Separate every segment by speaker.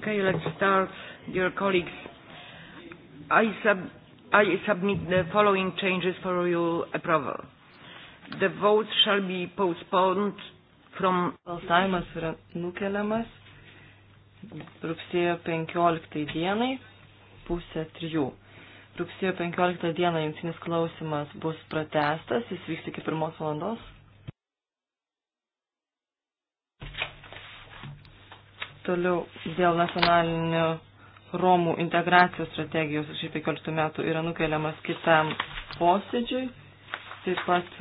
Speaker 1: Okay, let's start, dear colleagues. I, sub I submit the following changes for your approval. The vote shall be postponed from... Balsavimas yra nukeliamas rugsėjo 15 dienai, pusė trijų. Rugsėjo 15 dieną jungtinis klausimas bus pratestas, jis vyks iki pirmos valandos Toliau dėl nacionalinių Romų integracijos strategijos 2015 metų yra nukeliamas kitam posėdžiui. Taip pat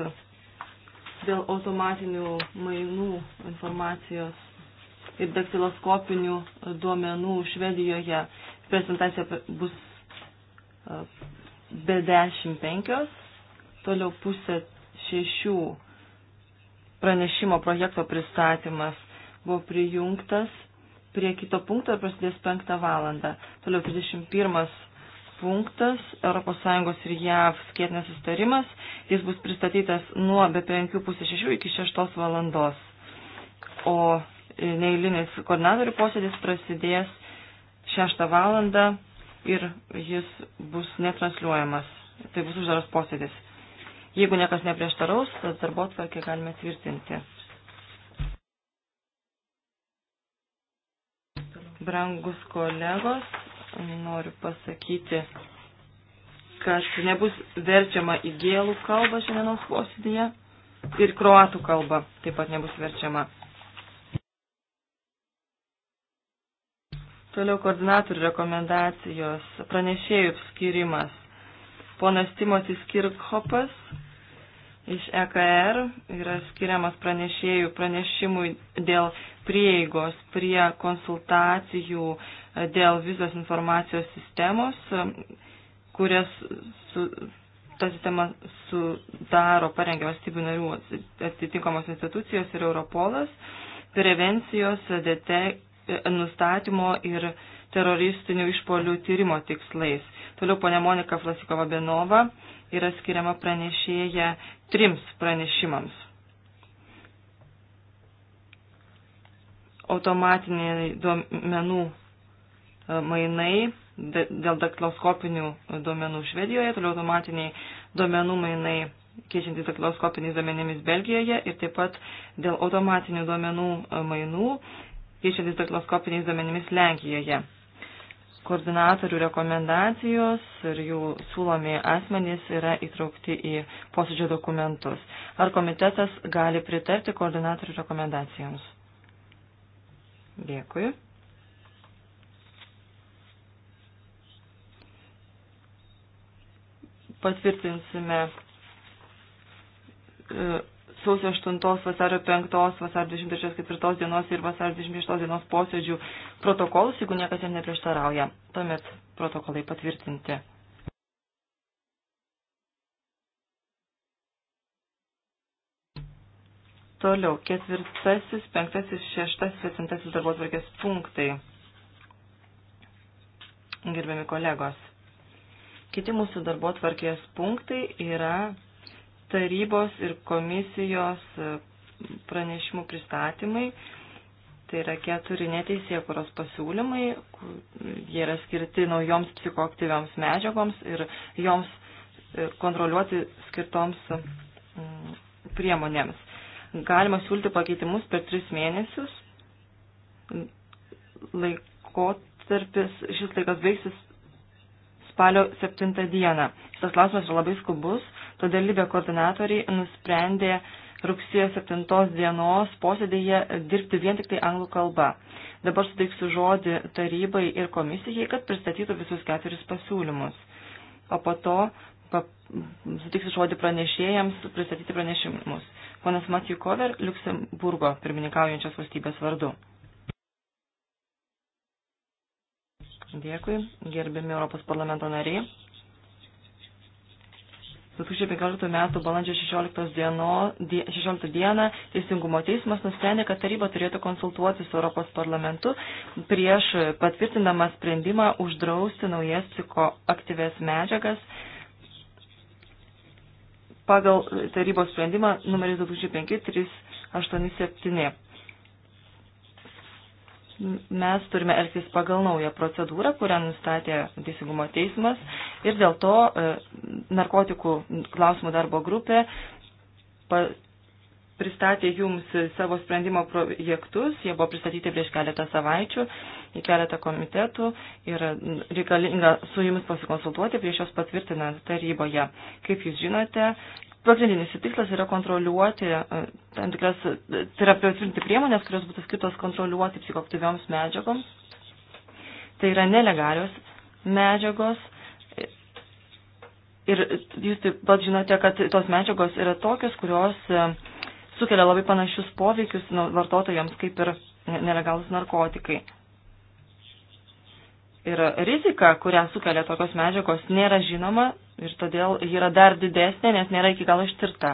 Speaker 1: dėl automatinių mainų informacijos ir daktiloskopinių duomenų Švedijoje prezentacija bus e, be 15, toliau pusė šešių pranešimo projekto pristatymas buvo prijungtas prie kito punkto ir prasidės 5 valandą. Toliau 31 punktas ES ir JAV skėtinės sustarimas. Jis bus pristatytas nuo be 5 pusė 6 iki 6 valandos. O neįlinis koordinatorių posėdis prasidės 6 valandą ir jis bus netransliuojamas. Tai bus uždaras posėdis. Jeigu niekas neprieštaraus, darbo tvarkė galime tvirtinti. brangus kolegos, noriu pasakyti, kad nebus verčiama į gėlų kalbą šiandienos posėdėje ir kroatų kalba taip pat nebus verčiama. Toliau koordinatorių rekomendacijos, pranešėjų skirimas. Ponas Timotis Kirkhopas iš EKR yra skiriamas pranešėjų pranešimui dėl prieigos prie konsultacijų e, dėl vizos informacijos sistemos, e, kurias su, ta sistema sudaro parengę valstybių narių atitinkamos institucijos ir Europolas, prevencijos, dete, nustatymo ir teroristinių išpolių tyrimo tikslais. Toliau ponė Monika Flasikova Benova yra skiriama pranešėja trims pranešimams. Automatiniai duomenų e, mainai dėl daktiloskopinių duomenų Švedijoje, toliau automatiniai duomenų mainai keičiantis daktiloskopiniais duomenimis Belgijoje ir taip pat dėl automatinių duomenų e, mainų keičiantis daktiloskopiniais duomenimis Lenkijoje koordinatorių rekomendacijos ir jų siūlomi asmenys yra įtraukti į posėdžio dokumentus. Ar komitetas gali pritarti koordinatorių rekomendacijoms? Dėkui. Patvirtinsime e, sausio 8, vasario 5, vasario 24 dienos ir vasario 26 dienos posėdžių protokolus, jeigu niekas jam neprieštarauja. Tuomet protokolai patvirtinti. Toliau, ketvirtasis, penktasis, šeštasis, septintasis darbo tvarkės punktai. Gerbiami kolegos. Kiti mūsų darbo tvarkės punktai yra tarybos ir komisijos e, pranešimų pristatymai. Tai yra keturi neteisėkuros pasiūlymai, jie yra skirti naujoms psichoaktyvioms medžiagoms ir joms e, kontroliuoti skirtoms mm, priemonėms. Galima siūlyti pakeitimus per tris mėnesius. Laikotarpis, šis laikas baigsis spalio 7 dieną. Šitas klausimas yra labai skubus Todėl Libė koordinatoriai nusprendė rugsėjo 7 dienos posėdėje dirbti vien tik tai anglų kalba. Dabar suteiksiu žodį tarybai ir komisijai, kad pristatytų visus keturis pasiūlymus. O po to suteiksiu žodį pranešėjams pristatyti pranešimus. Ponas Matijų Kover, Luksemburgo pirmininkaujančios valstybės vardu. Dėkui, gerbiami Europos parlamento nariai. 2015 m. balandžio 16 dieno, 16 dieną Teisingumo teismas nusprendė, kad taryba turėtų konsultuoti su Europos parlamentu prieš patvirtinamą sprendimą uždrausti naujas psichoaktyves medžiagas pagal tarybos sprendimą numeris 25387. Mes turime elgtis pagal naują procedūrą, kurią nustatė Teisingumo teismas ir dėl to e, narkotikų klausimų darbo grupė pristatė jums savo sprendimo projektus, jie buvo pristatyti prieš keletą savaičių į keletą komitetų ir reikalinga su jumis pasikonsultuoti prieš jos patvirtinant taryboje. Kaip jūs žinote, pagrindinis tikslas yra kontroliuoti e, tam tikras, e, tai yra pritvirtinti priemonės, kurios būtų skirtos kontroliuoti psichoktyvioms medžiagoms. Tai yra nelegalios medžiagos Ir jūs taip pat žinote, kad tos medžiagos yra tokios, kurios e, sukelia labai panašius poveikius nu, vartotojams kaip ir nelegalus narkotikai. Ir rizika, kurią sukelia tokios medžiagos, nėra žinoma ir todėl ji yra dar didesnė, nes nėra iki galo ištirta.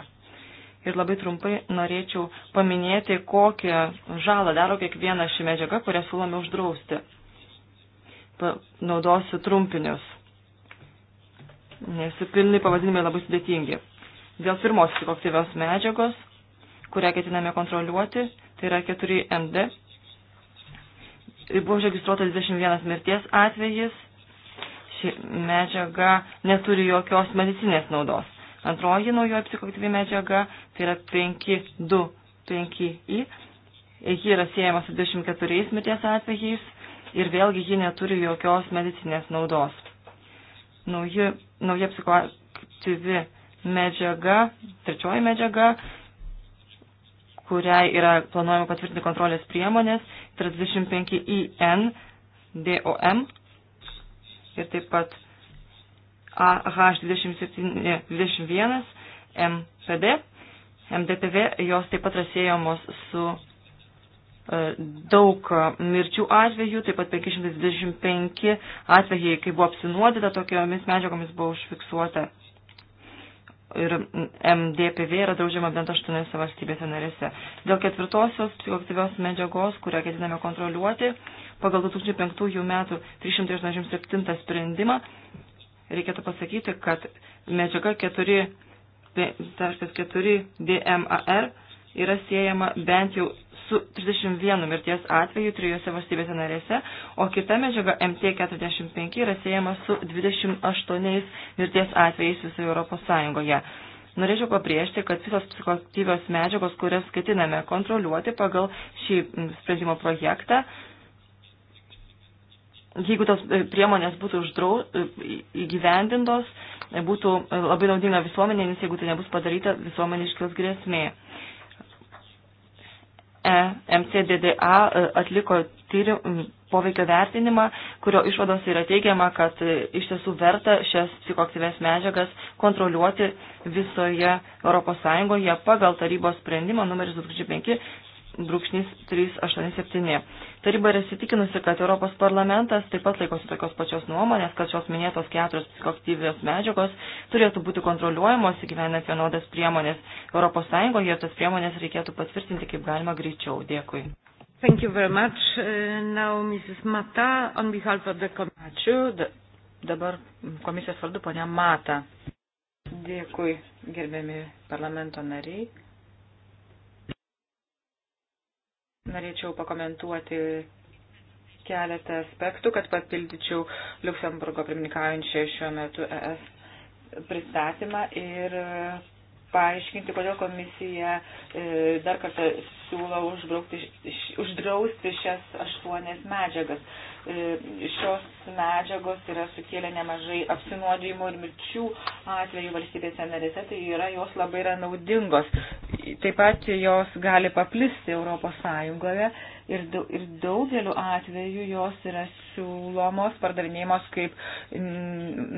Speaker 1: Ir labai trumpai norėčiau paminėti, kokią žalą daro kiekviena ši medžiaga, kurią siūlome uždrausti. Naudosiu trumpinius Nes pilni pavadinimai labai sudėtingi. Dėl pirmos psichoktyvios medžiagos, kurią ketiname kontroliuoti, tai yra 4MD, buvo užregistruotas 21 mirties atvejis, ši medžiaga neturi jokios medicinės naudos. Antroji naujoji psichoktyvi medžiaga, tai yra 525i, ji yra siejama su 24 mirties atvejais ir vėlgi ji neturi jokios medicinės naudos nauji, nauja psichoaktyvi medžiaga, trečioji medžiaga, kuriai yra planuojama patvirtinti kontrolės priemonės 35IN tai DOM ir taip pat AH2721 MPD, MDPV, jos taip pat rasėjamos su E, daug mirčių atvejų, taip pat 525 atvejai, kai buvo apsinuodyta tokiomis medžiagomis, buvo užfiksuota. Ir MDPV yra draudžiama bent aštuoniuose valstybėse narėse. Dėl ketvirtosios psichoaktyvios medžiagos, kurią ketiname kontroliuoti, pagal 2005 metų 387 sprendimą, reikėtų pasakyti, kad medžiaga 4.4 DMAR yra siejama bent jau su 31 mirties atveju trijose valstybėse narėse, o kita medžiaga MT45 yra siejama su 28 mirties atvejais visoje Europos Sąjungoje. Norėčiau pabrėžti, kad visos psichoaktyvios medžiagos, kurias ketiname kontroliuoti pagal šį sprendimo projektą, jeigu tos e, priemonės būtų uždrau, e, įgyvendintos, e, būtų labai naudinga visuomenė, nes jeigu tai nebus padaryta, visuomenė iškils grėsmė. E MCDDA e, atliko tyrim, poveikio vertinimą, kurio išvados yra teigiama, kad e, iš tiesų verta šias psichoktyves medžiagas kontroliuoti visoje ES pagal tarybos sprendimą numeris 2005 brūkšnys 387. Taryba yra įsitikinusi, kad Europos parlamentas taip pat laikosi tokios pačios nuomonės, kad šios minėtos keturios psichoktyvios medžiagos turėtų būti kontroliuojamos įgyvenant vienodas priemonės Europos Sąjungoje ir tas priemonės reikėtų patvirtinti kaip galima greičiau. Dėkui. Thank you very much. Uh, now, Mrs. Mata, on behalf of the committee. Ačiū. Dabar komisijos vardu ponia Mata. Dėkui, gerbiami parlamento nariai. norėčiau pakomentuoti keletą aspektų, kad papildyčiau Luxemburgo pirmininkaujančią šiuo metu ES pristatymą ir paaiškinti, kodėl komisija e, dar kartą siūlo uždrausti šias aštuonias medžiagas. E, šios medžiagos yra sukėlę nemažai apsinuodėjimų ir mirčių atvejų valstybėse narėse, tai yra jos labai yra naudingos. Taip pat jos gali paplisti Europos Sąjungoje ir, daug, ir daugeliu atveju jos yra siūlomos, pardavinėjimos kaip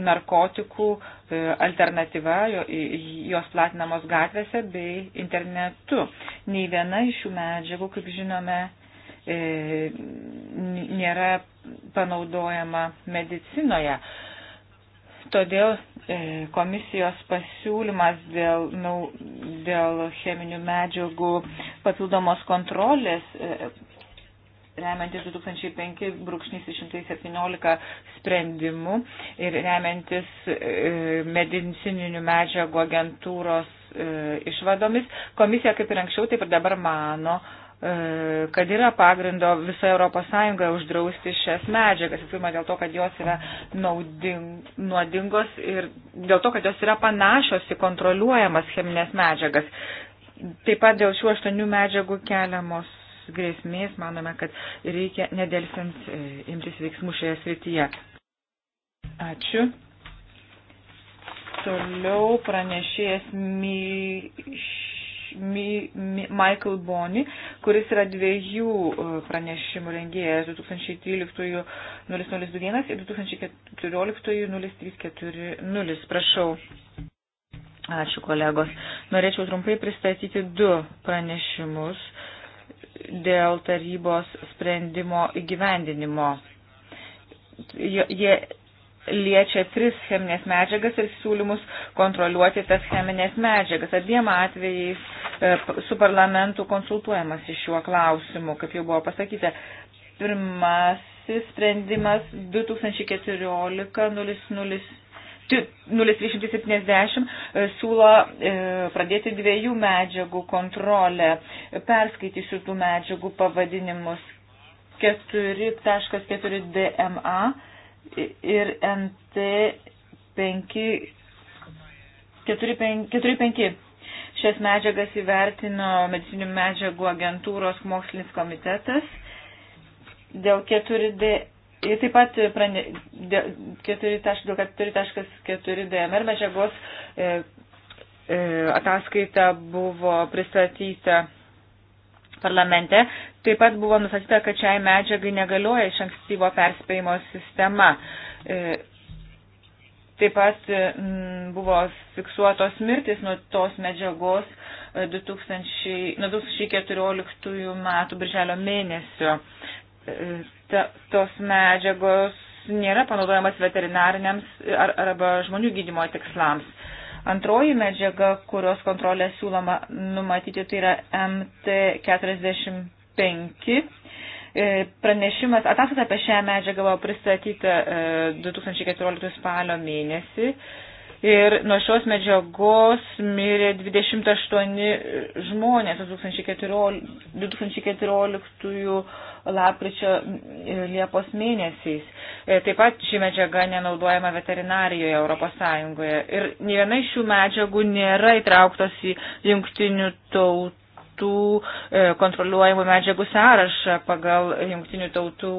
Speaker 1: narkotikų e, alternatyva, jos platinamos gatvėse bei internetu. Nei viena iš šių medžiagų, kaip žinome, E, nėra panaudojama medicinoje. Todėl e, komisijos pasiūlymas dėl, nu, dėl cheminių medžiagų papildomos kontrolės e, remiantis 2005-117 sprendimu ir remiantis medicininių medžiagų agentūros išvadomis, komisija kaip ir anksčiau, taip ir dabar mano, E, kad yra pagrindo visoje Europos Sąjungoje uždrausti šias medžiagas. Visų pirma, dėl to, kad jos yra nauding, nuodingos ir dėl to, kad jos yra panašios į kontroliuojamas cheminės medžiagas. Taip pat dėl šių aštuonių medžiagų keliamos grėsmės manome, kad reikia nedėlsant e, imtis veiksmų šioje srityje. Ačiū. Toliau pranešėjas Myš. Mi, Mi, Michael Boni, kuris yra dviejų e, pranešimų rengėjas 2013-0021 ir 2014-0340. Prašau. Ačiū kolegos. Norėčiau trumpai pristatyti du pranešimus dėl tarybos sprendimo įgyvendinimo. Jie liečia tris cheminės medžiagas ir siūlymus kontroliuoti tas cheminės medžiagas. Abiem atvejais e, su parlamentu konsultuojamas iš šiuo klausimu, kaip jau buvo pasakyta. Pirmasis sprendimas 2014-0370 e, siūlo e, pradėti dviejų medžiagų kontrolę. Perskaitysiu tų medžiagų pavadinimus 4.4 DMA ir NT 5, 4, 5, 4, 5. Šias medžiagas įvertino medicinių medžiagų agentūros mokslinis komitetas. Dėl 4D ir taip pat 4.4 DMR medžiagos e, e, ataskaita buvo pristatyta parlamente. Taip pat buvo nusatyta, kad šiai medžiagai negalioja iš ankstyvo perspėjimo sistema. E, taip pat e, buvo fiksuotos mirtis nuo tos medžiagos 2000, e, nuo 2014 metų birželio mėnesio. Ta, tos medžiagos nėra panaudojamas veterinariniams ar, arba žmonių gydimo tikslams. Antroji medžiaga, kurios kontrolę siūloma numatyti, tai yra MT45. E, pranešimas, ataskaita apie šią medžiagą buvo pristatyta 2014 e, spalio mėnesį ir nuo šios medžiagos mirė 28 žmonės 2014, 2014 lapkričio e, Liepos mėnesiais. E, taip pat ši medžiaga nenaudojama veterinarijoje Europos Sąjungoje ir nė viena iš šių medžiagų nėra įtrauktos į jungtinių tautų tų e, kontroliuojamų medžiagų sąrašą pagal Junktinių tautų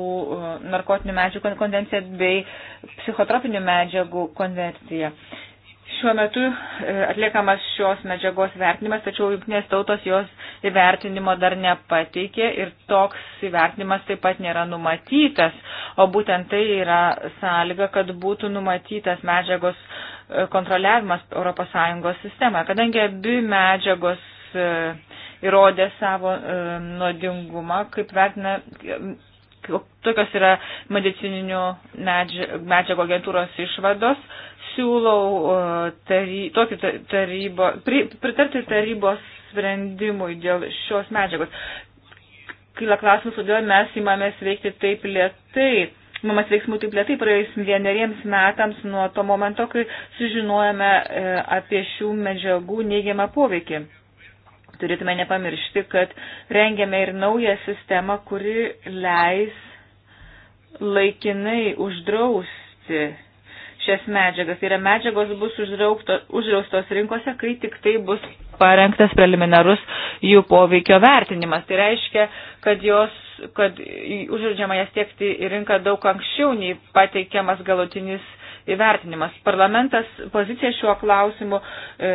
Speaker 1: narkotinių medžiagų konvenciją bei psichotropinių medžiagų konvenciją. Šiuo metu e, atliekamas šios medžiagos vertinimas, tačiau jungtinės tautos jos įvertinimo dar nepateikė ir toks įvertinimas taip pat nėra numatytas, o būtent tai yra sąlyga, kad būtų numatytas medžiagos e, kontroliavimas ES sistemoje. Kadangi abi medžiagos e, įrodė savo nuodingumą, kaip vertina tokios yra medicininių medžiagų agentūros išvados, siūlau tary, tokį tarybo, pri, pritarti tarybos sprendimui dėl šios medžiagos. Kyla klausimas, kodėl mes įmamės veikti taip lietai. Mamas veiksmų taip lietai praėjus vieneriems metams nuo to momento, kai sužinojame e, apie šių medžiagų neigiamą poveikį. Turėtume nepamiršti, kad rengiame ir naują sistemą, kuri leis laikinai uždrausti šias medžiagas. Tai yra medžiagos bus uždraukto, uždraustos rinkose, kai tik tai bus parengtas preliminarus jų poveikio vertinimas. Tai reiškia, kad jos kad uždraudžiama jas tiekti į rinką daug anksčiau nei pateikiamas galutinis įvertinimas. Parlamentas poziciją šiuo klausimu e,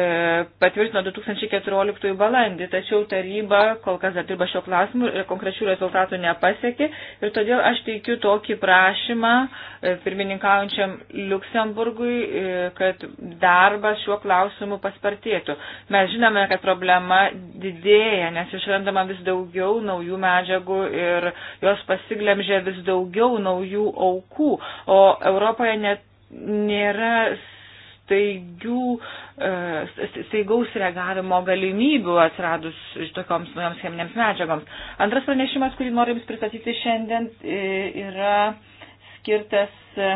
Speaker 1: patvirtino 2014 balandį, tačiau taryba kol kas dar dirba šiuo klausimu ir konkrečių rezultatų nepasiekė. Ir todėl aš teikiu tokį prašymą e, pirmininkaujančiam Luksemburgui, e, kad darbas šiuo klausimu paspartėtų. Mes žinome, kad problema didėja, nes išrandama vis daugiau naujų medžiagų ir jos pasiglemžia vis daugiau naujų aukų. O Europoje net nėra staigių, e, staigaus reagavimo galimybių atsiradus tokioms naujoms cheminėms medžiagoms. Antras pranešimas, kurį noriu Jums pristatyti šiandien, e, yra skirtas e,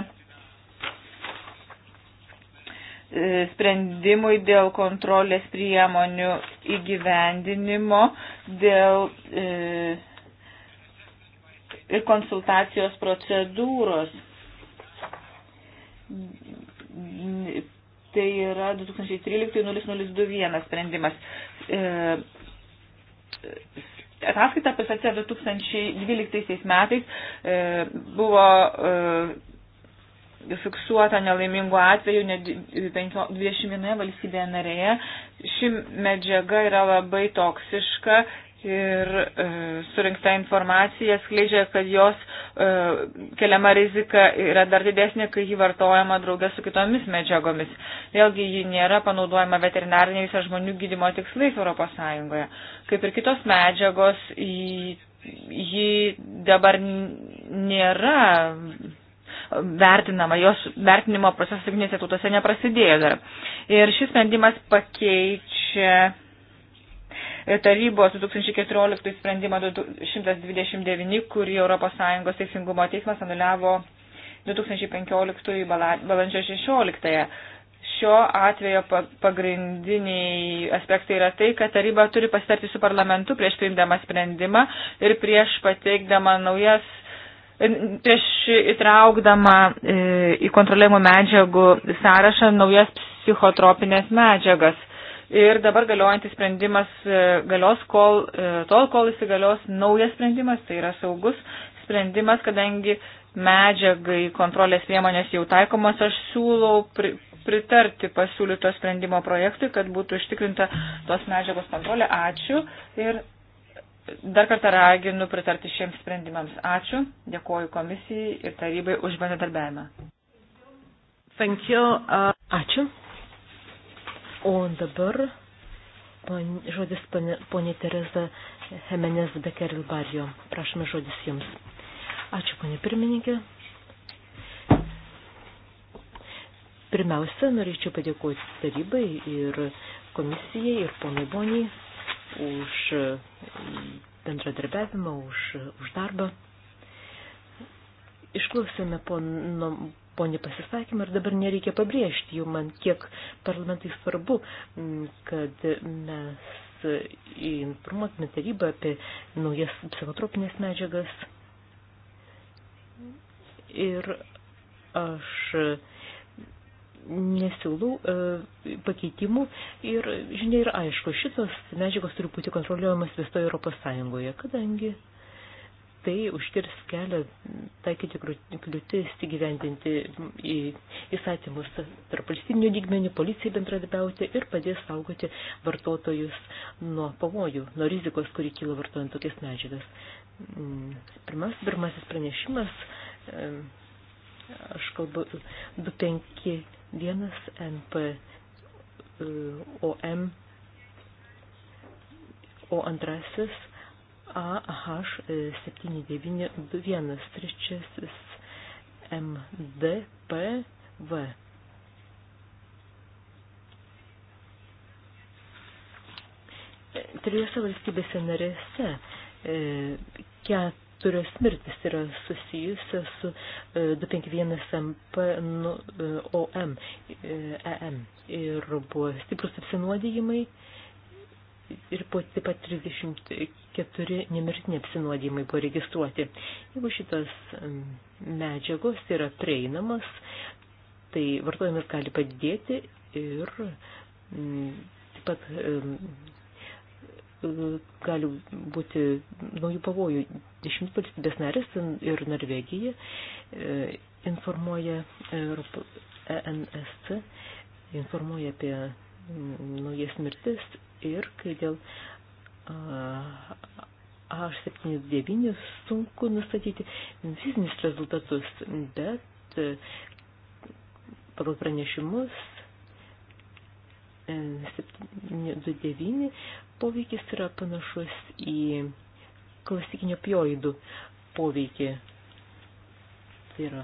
Speaker 1: sprendimui dėl kontrolės priemonių įgyvendinimo, dėl ir konsultacijos procedūros Tai yra 2013-0021 sprendimas. E, ataskaita pasakė 2012 metais e, buvo e, fiksuota nelaimingų atvejų net 21 valstybėje narėje. Ši medžiaga yra labai toksiška Ir e, surinkta informacija skleidžia, kad jos e, keliama rizika yra dar didesnė, kai ji vartojama draugė su kitomis medžiagomis. Vėlgi, ji nėra panaudojama veterinariniais ar žmonių gydimo tikslais ES. Kaip ir kitos medžiagos, ji, ji dabar nėra vertinama, jos vertinimo procesas jungtinėse tautose neprasidėjo dar. Ir šis sprendimas pakeičia tarybos 2014 sprendimą 129, kurį ES teisingumo teismas anuliavo 2015 balandžio 16. Šio atvejo pagrindiniai aspektai yra tai, kad taryba turi pasitarti su parlamentu prieš priimdama sprendimą ir prieš pateikdama naujas prieš įtraukdama e, į kontroliavimo medžiagų sąrašą naujas psichotropinės medžiagas ir dabar galiojantis sprendimas e, galios kol, e, tol, kol įsigalios naujas sprendimas, tai yra saugus sprendimas, kadangi medžiagai kontrolės priemonės jau taikomos, aš siūlau pri, pritarti pasiūlyto sprendimo projektui, kad būtų ištikrinta tos medžiagos kontrolė. Ačiū ir dar kartą raginu pritarti šiems sprendimams. Ačiū, dėkoju komisijai ir tarybai už bendradarbiavimą. Thank you. Uh, ačiū. O dabar pan,
Speaker 2: žodis ponė Tereza Hemenez Bekeril Barrio. Prašome žodis jums. Ačiū, ponė pirmininkė. Pirmiausia, norėčiau padėkoti tarybai ir komisijai ir ponai Boniai už bendradarbiavimą, už, už darbą. Išklausėme pono ponė pasisakymą ir dabar nereikia pabrėžti jau man, kiek parlamentai svarbu, mm, kad mes informuotume tarybą apie naujas psichotropinės medžiagas. Ir aš nesiūlau e, pakeitimų ir žinia ir aišku, šitos medžiagos turi būti kontroliuojamas visoje Europos Sąjungoje, kadangi tai užkirs kelią taikyti kliūtis įgyvendinti į įsatymus tarp valstybinio lygmenį, policijai bendradarbiauti ir padės saugoti vartotojus nuo pavojų, nuo rizikos, kuri kyla vartojant tokias medžiagas. Mm, pirmas, pirmasis pranešimas, aš kalbu 251 NP OM, o antrasis AH7921 trečiasis MDPV. Trijose valstybėse narėse e, keturios mirtis yra susijusios su e, 251MP nu, e, OM e, EM ir buvo stiprus apsinuodijimai. E, ir po taip pat 34 nemirtini apsinuodimai buvo registruoti. Jeigu šitos medžiagos yra prieinamos, tai vartojimas gali padidėti ir taip pat gali būti naujų pavojų. Dešimt valstybės narės ir Norvegija e, informuoja ENSC, e informuoja apie naujas mirtis ir kai dėl A79 sunku nustatyti fizinius rezultatus, bet pagal pranešimus 729 poveikis yra panašus į klasikinio pioidų poveikį. Tai yra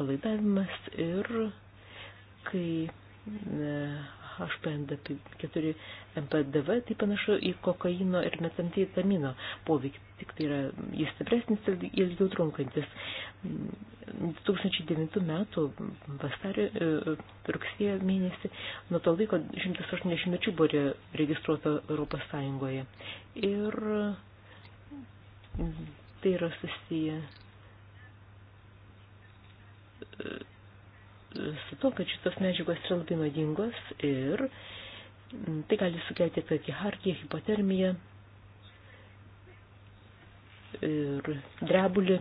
Speaker 2: palaidavimas ir kai H4 MPDV, tai panašu į kokaino ir metamfetamino poveikį, tik tai yra jis stipresnis ir ilgiau trunkantis. 2009 mm, metų vasario e, rugsėjo mėnesį nuo to laiko 180 mečių buvo registruota Europos Sąjungoje. Ir mm, tai yra susiję e, su to, kad šitos medžiagos yra labai nuodingos ir tai gali sukelti takihardiją, hipotermiją ir drebulį,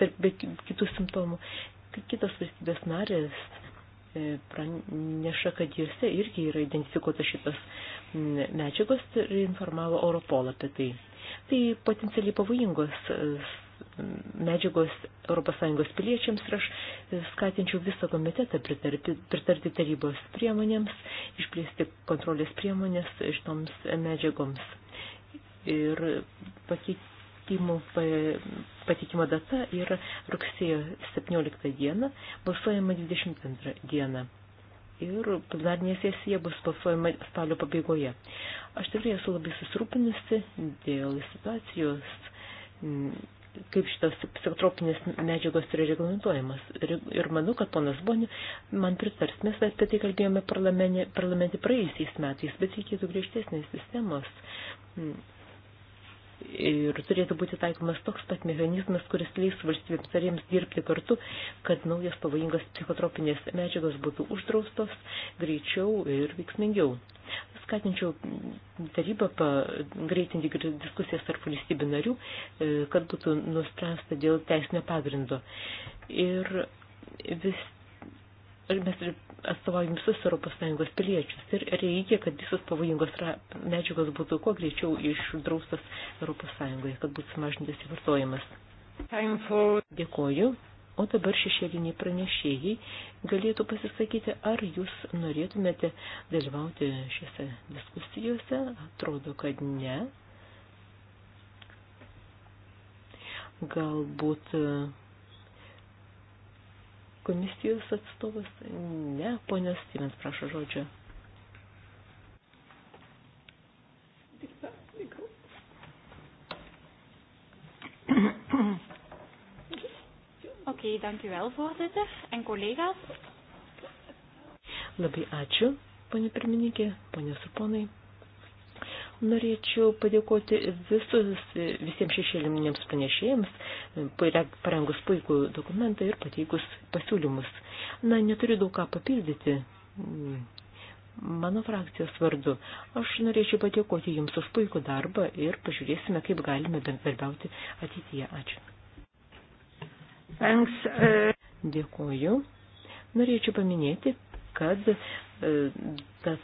Speaker 2: tarp be kitų simptomų. Kitos valstybės narės e, praneša, kad juose irgi yra identifikuota šitas medžiagos ir informavo Europol apie tai. Tai potencialiai pavojingos e, medžiagos ES piliečiams ir aš skatinčiau visą komitetą pritarti, pritarti tarybos priemonėms, išplėsti kontrolės priemonės šitoms medžiagoms. Ir pakeitimų patikimo data yra rugsėjo 17 diena, balsuojama 22 diena ir plenarinė sesija bus balsuojama spalio pabaigoje. Aš tikrai esu labai susirūpinusi dėl situacijos kaip šitas psichotropinės medžiagos yra reglamentuojamas. Ir manau, kad ponas Boni man pritars. Mes apie tai kalbėjome parlamente praėjusiais metais, bet reikėtų griežtesnės sistemos mm ir turėtų būti taikomas toks pat mechanizmas, kuris leis valstybėms tariems dirbti kartu, kad naujos pavojingos psichotropinės medžiagos būtų uždraustos greičiau ir veiksmingiau. Skatinčiau tarybą greitinti diskusijas tarp valstybių narių, e, kad būtų nuspręsta dėl teisinio pagrindo. Ir vis mes atstovaujam visus Europos Sąjungos piliečius ir reikia, kad visos pavojingos medžiagos būtų kuo greičiau išdraustas Europos Sąjungoje, kad būtų sumažintas įvartojimas. For... Dėkoju. O dabar šešėliniai pranešėjai galėtų pasisakyti, ar jūs norėtumėte dalyvauti šiuose diskusijose. Atrodo, kad ne. Galbūt komisijos atstovas? Ne, ponios Stevens prašo žodžio.
Speaker 1: Oké, okay, dank u wel, voorzitter. En collega's?
Speaker 2: Labai ačiū, ponė pirmininkė, ponės ir ponai. Norėčiau padėkoti visus, visiems šešėliminėms pranešėjams, parengus puikų dokumentą ir pateikus pasiūlymus. Na, neturiu daug ką papildyti. Mano frakcijos vardu. Aš norėčiau padėkoti Jums už puikų darbą ir pažiūrėsime, kaip galime bendradarbiauti ateityje. Ačiū. Thanks. E. Dėkuoju. Norėčiau paminėti, kad e, tas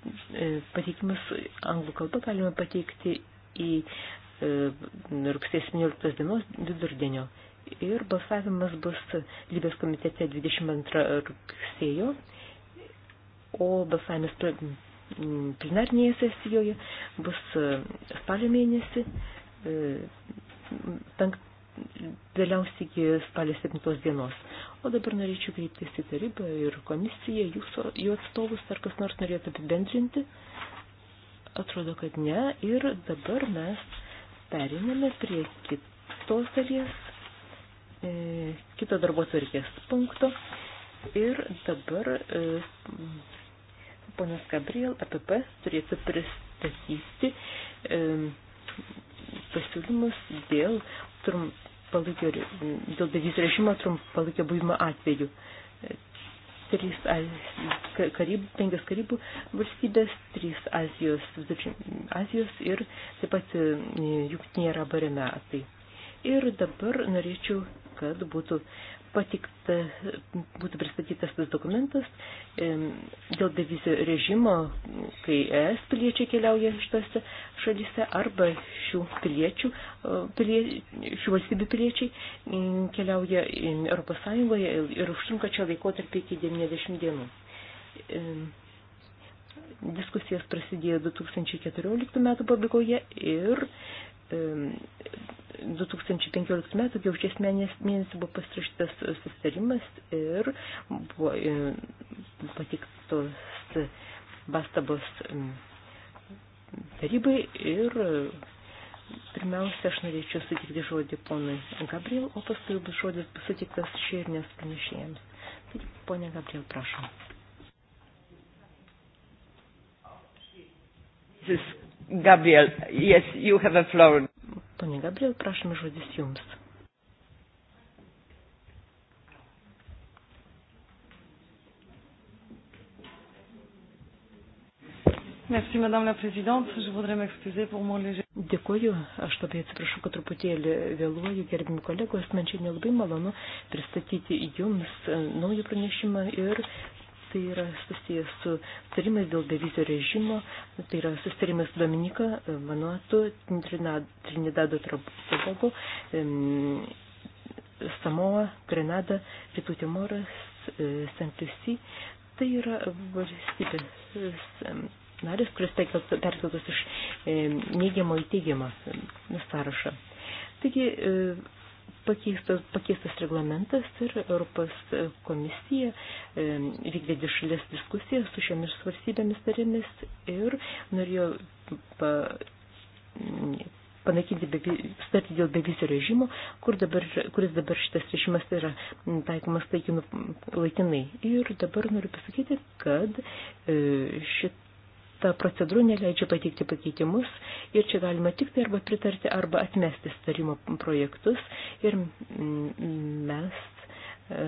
Speaker 2: E, pateikimus anglų kalba galima pateikti į e, rugsės 17 dienos vidurdienio. Ir balsavimas bus lybės komitete 22 rugsėjo, o balsavimas plenarnėje sesijoje bus e, spalio mėnesį, penk, vėliausiai iki spalio 7 dienos. O dabar norėčiau kreiptis į tarybą ir komisiją, jūsų, jų atstovus, ar kas nors norėtų apibendrinti. Atrodo, kad ne. Ir dabar mes periname prie kitos dalies, e, kito darbo tvarkės punkto. Ir dabar e, ponas Gabriel APP turėtų pristatyti e, pasiūlymus dėl trum, trumpalaikio, mm, dėl bevizio režimo trumpalaikio buvimo atveju. E, trys, karib, penkios karibų valstybės, trys Azijos, mm, Azijos ir taip pat e, Jungtinė Arabų Emiratai. Ir dabar norėčiau, kad būtų patikta, būtų pristatytas tas dokumentas dėl bevizio režimo, kai ES piliečiai keliauja iš tas šalyse arba šių piliečių, pilie, šių valstybių piliečiai keliauja Europos Sąjungoje ir užtrunka čia laikotarpį iki 90 dienų. Diskusijos prasidėjo 2014 metų pabaigoje ir 2015 metų gegužės mėnesį buvo pasirašytas susitarimas ir buvo e, patiktos pastabos tarybai ir pirmiausia, aš norėčiau sutikti žodį ponui Gabriel, o paskui bus žodis sutiktas širnės pranešėjams. Taigi, ponė Gabriel, prašom. Gabriel, yes, you have a floor. Pone Gabriel, prašom žodis jums.
Speaker 1: Merci, Madame la Présidente.
Speaker 2: Je voudrais m'excuser pour mon léger. Dėkuoju, aš labai atsiprašau, kad truputėlį vėluoju, gerbimi kolegos, man čia nelabai malonu pristatyti jums e, naują pranešimą ir tai yra susijęs su sutarimais dėl bevizio režimo, tai yra sutarimas su Dominika, Vanuatu, e, Trinidado Tobago, Samoa, Grenada, Rytų Timoras, e, Santusi. Tai yra valstybės e, narės, kuris perkeltas iš neigiamo į teigiamą sąrašą. Taigi, pakeistas, pakeistas reglamentas ir Europos komisija e, vykdė dišalės diskusiją su šiomis valstybėmis tarėmis ir norėjo pa, panaikinti sutartį dėl bevizio režimo, kur dabar, kuris dabar šitas režimas yra taikomas laikinu, laikinai. Ir dabar noriu pasakyti, kad e, šit ta procedūra neleidžia pateikti pakeitimus ir čia galima tik tai arba pritarti, arba atmesti starimo projektus ir mes e,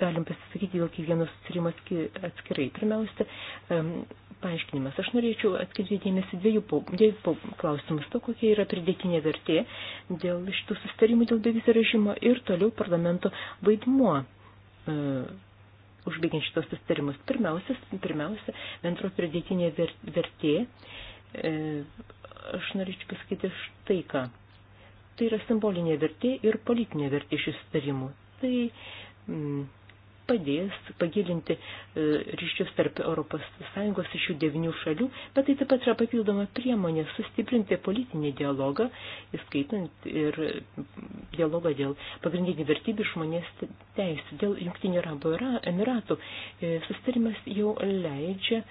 Speaker 2: galim pasisakyti dėl kiekvieno sustarimo atskirai. Pirmiausia, e, paaiškinimas. Aš norėčiau atkreipti dėmesį dviejų, po, dviejų po klausimus, to kokia yra pridėtinė vertė dėl šitų sustarimų dėl bevizio režimo ir toliau parlamento vaidmuo. E, užbaigiant šitos sustarimus. Pirmiausia, pirmiausia bendro pridėtinė vertė. E, aš norėčiau pasakyti štai ką. Tai yra simbolinė vertė ir politinė vertė šių sustarimų. Tai mm, padės pagilinti e, ryšius tarp ES iš šių devinių šalių, bet tai taip pat yra papildoma priemonė sustiprinti politinį dialogą, įskaitant ir dialogą dėl pagrindinių vertybių žmonės teisų. Dėl Junktinių Arabų Emiratų e, sustarimas jau leidžia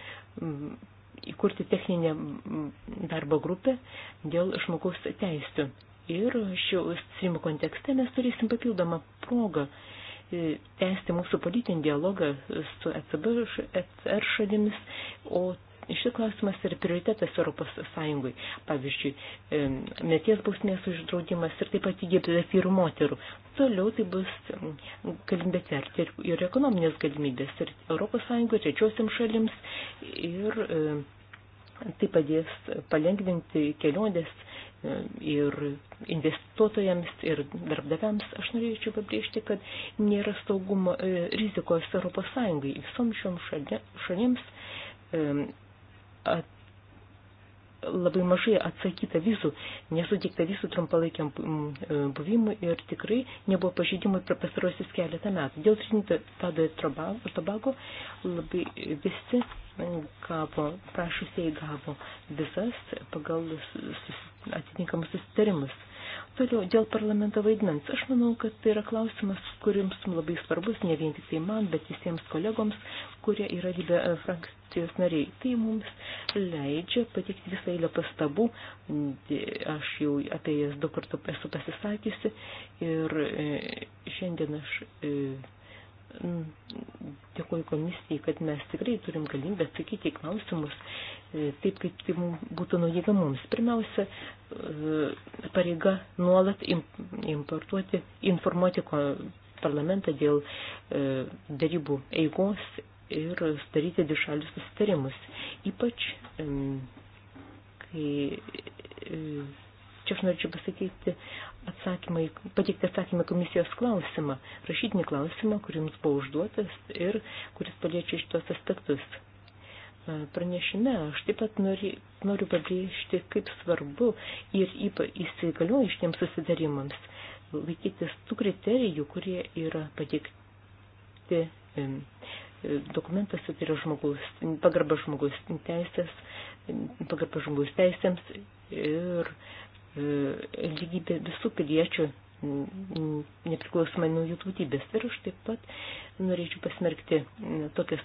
Speaker 2: įkurti techninę darbo grupę dėl žmogaus teisų. Ir šio streamų kontekste mes turėsim papildomą progą uh, E, tęsti mūsų politinį dialogą su ECB, ECR šalimis, o šis klausimas yra prioritetas Europos Sąjungui. Pavyzdžiui, e, meties bausmės uždraudimas ir taip pat įgėbės vyrų moterų. Toliau tai bus galimybė tverti ir, ir ekonominės galimybės ir Europos Sąjungoje, trečiosiam šalims ir e, tai padės palengvinti kelionės ir investuotojams, ir darbdaviams, aš norėčiau pabrėžti, kad nėra saugumo e, rizikos Europos Sąjungai visom šiom šalims e, at, labai mažai atsakyta vizų, nesuteikta vizų trumpalaikiam e, buvimui ir tikrai nebuvo pažeidimų per pastarosius keletą metų. Dėl Trinidado ir Tobago labai visi gavo, prašusiai gavo visas pagal sus, atitinkamus susitarimus. Toliau, dėl parlamento vaidmens. Aš manau, kad tai yra klausimas, kuriams labai svarbus, ne vien tik tai man, bet visiems kolegoms, kurie yra lybė e, frakcijos nariai. Tai mums leidžia patikti visą eilę pastabų. Aš jau apie jas daug kartų esu pasisakysi ir e, šiandien aš e, dėkoju komisijai, kad mes tikrai turim galimybę atsakyti į klausimus e, taip, kaip tai būtų naudinga mums. Pirmiausia, e, pareiga nuolat importuoti, informuoti parlamentą dėl e, darybų eigos ir sudaryti dišalius susitarimus. Ypač, kai Čia aš norėčiau pasakyti atsakymą, pateikti atsakymą komisijos klausimą, rašytinį klausimą, kurį jums buvo užduotas ir kuris paliečia šitos aspektus. Pranešime aš taip pat nori, noriu pabrėžti, kaip svarbu ir įsigaliuoju šitiems susidarimams laikytis tų kriterijų, kurie yra pateikti dokumentuose, tai yra žmogus, pagarba žmogus teisės, pagarba žmogus teisėms ir e, E, lygybė visų piliečių nepriklausomai nuo jų tautybės. Ir aš taip pat norėčiau pasmerkti e, tokias,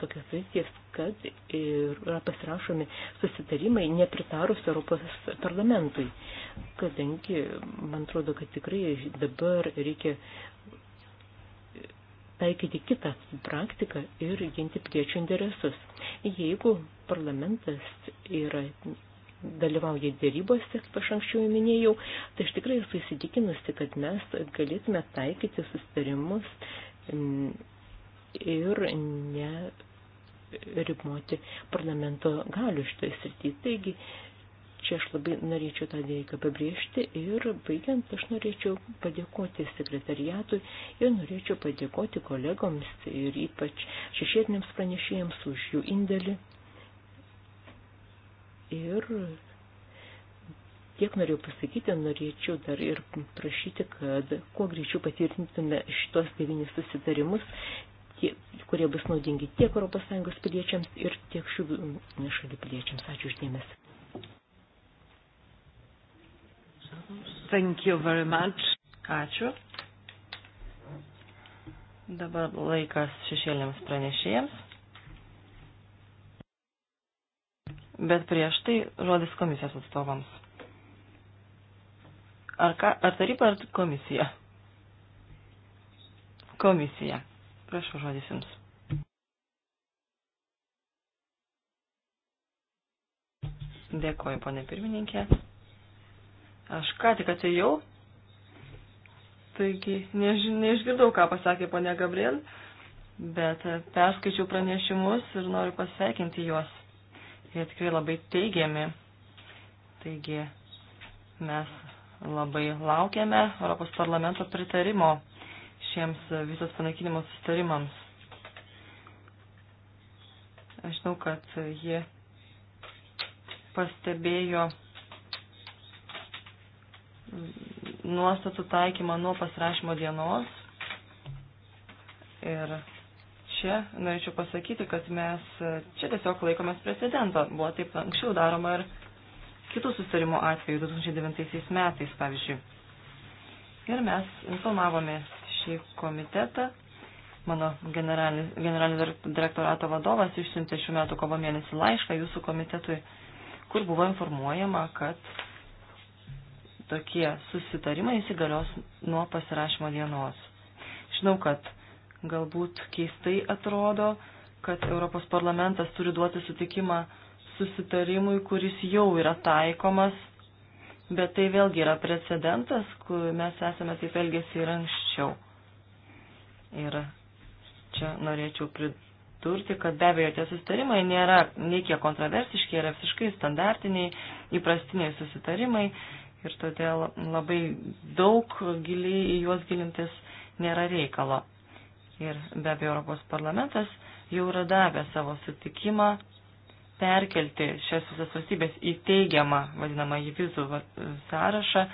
Speaker 2: tokias pozicijas, kad yra pasirašomi susitarimai nepritarus Europos parlamentui, kadangi man atrodo, kad tikrai dabar reikia taikyti kitą praktiką ir ginti piliečių interesus. Jeigu parlamentas yra dalyvauja dėrybose, kaip aš anksčiau minėjau, tai aš tikrai esu įsitikinusi, kad mes galėtume taikyti sustarimus mm, ir neriboti parlamento galių šitoje srityje. Taigi, čia aš labai norėčiau tą dalyką pabrėžti ir baigiant aš norėčiau padėkoti sekretariatui ir norėčiau padėkoti kolegoms ir ypač šešėtiniams pranešėjams už jų indėlį Ir tiek norėjau pasakyti, norėčiau dar ir prašyti, kad kuo greičiau patvirtintume šitos devynis susitarimus, tie, kurie bus naudingi tiek ES piliečiams ir tiek šių šalių
Speaker 1: piliečiams. Ačiū uždėmesi. Thank you very much. Ačiū. Dabar laikas šešėliams pranešėjams. Bet prieš tai žodis komisijos atstovams. Ar, ka, ar taryba, ar komisija? Komisija. Prašau žodis jums. Dėkoju, ponė pirmininkė. Aš ką tik atėjau, taigi než, neišgirdau, ką pasakė ponė Gabriel, bet perskaičiau pranešimus ir noriu pasveikinti juos jie tikrai labai teigiami. Taigi mes labai laukiame Europos parlamento pritarimo šiems visos panaikinimo sustarimams. Aš žinau, kad jie pastebėjo nuostatų taikymą nuo pasirašymo dienos ir čia norėčiau pasakyti, kad mes čia tiesiog laikomės precedento. Buvo taip anksčiau daroma ir kitų susitarimų atveju 2009 metais, pavyzdžiui. Ir mes informavome šį komitetą. Mano generalinis, generalinis direktorato vadovas išsiuntė šių metų kovo mėnesį laišką jūsų komitetui, kur buvo informuojama, kad tokie susitarimai įsigalios nuo pasirašymo dienos. Žinau, kad galbūt keistai atrodo, kad Europos parlamentas turi duoti sutikimą susitarimui, kuris jau yra taikomas, bet tai vėlgi yra precedentas, kur mes esame taip elgėsi ir anksčiau. Ir čia norėčiau pridurti, kad be abejo tie susitarimai nėra nei kiek kontroversiški, yra visiškai standartiniai, įprastiniai susitarimai ir todėl labai daug giliai į juos gilintis nėra reikalo. Ir be abejo, Europos parlamentas jau yra davęs savo sutikimą perkelti šias visas valstybės į teigiamą, vadinamą į vizų sąrašą.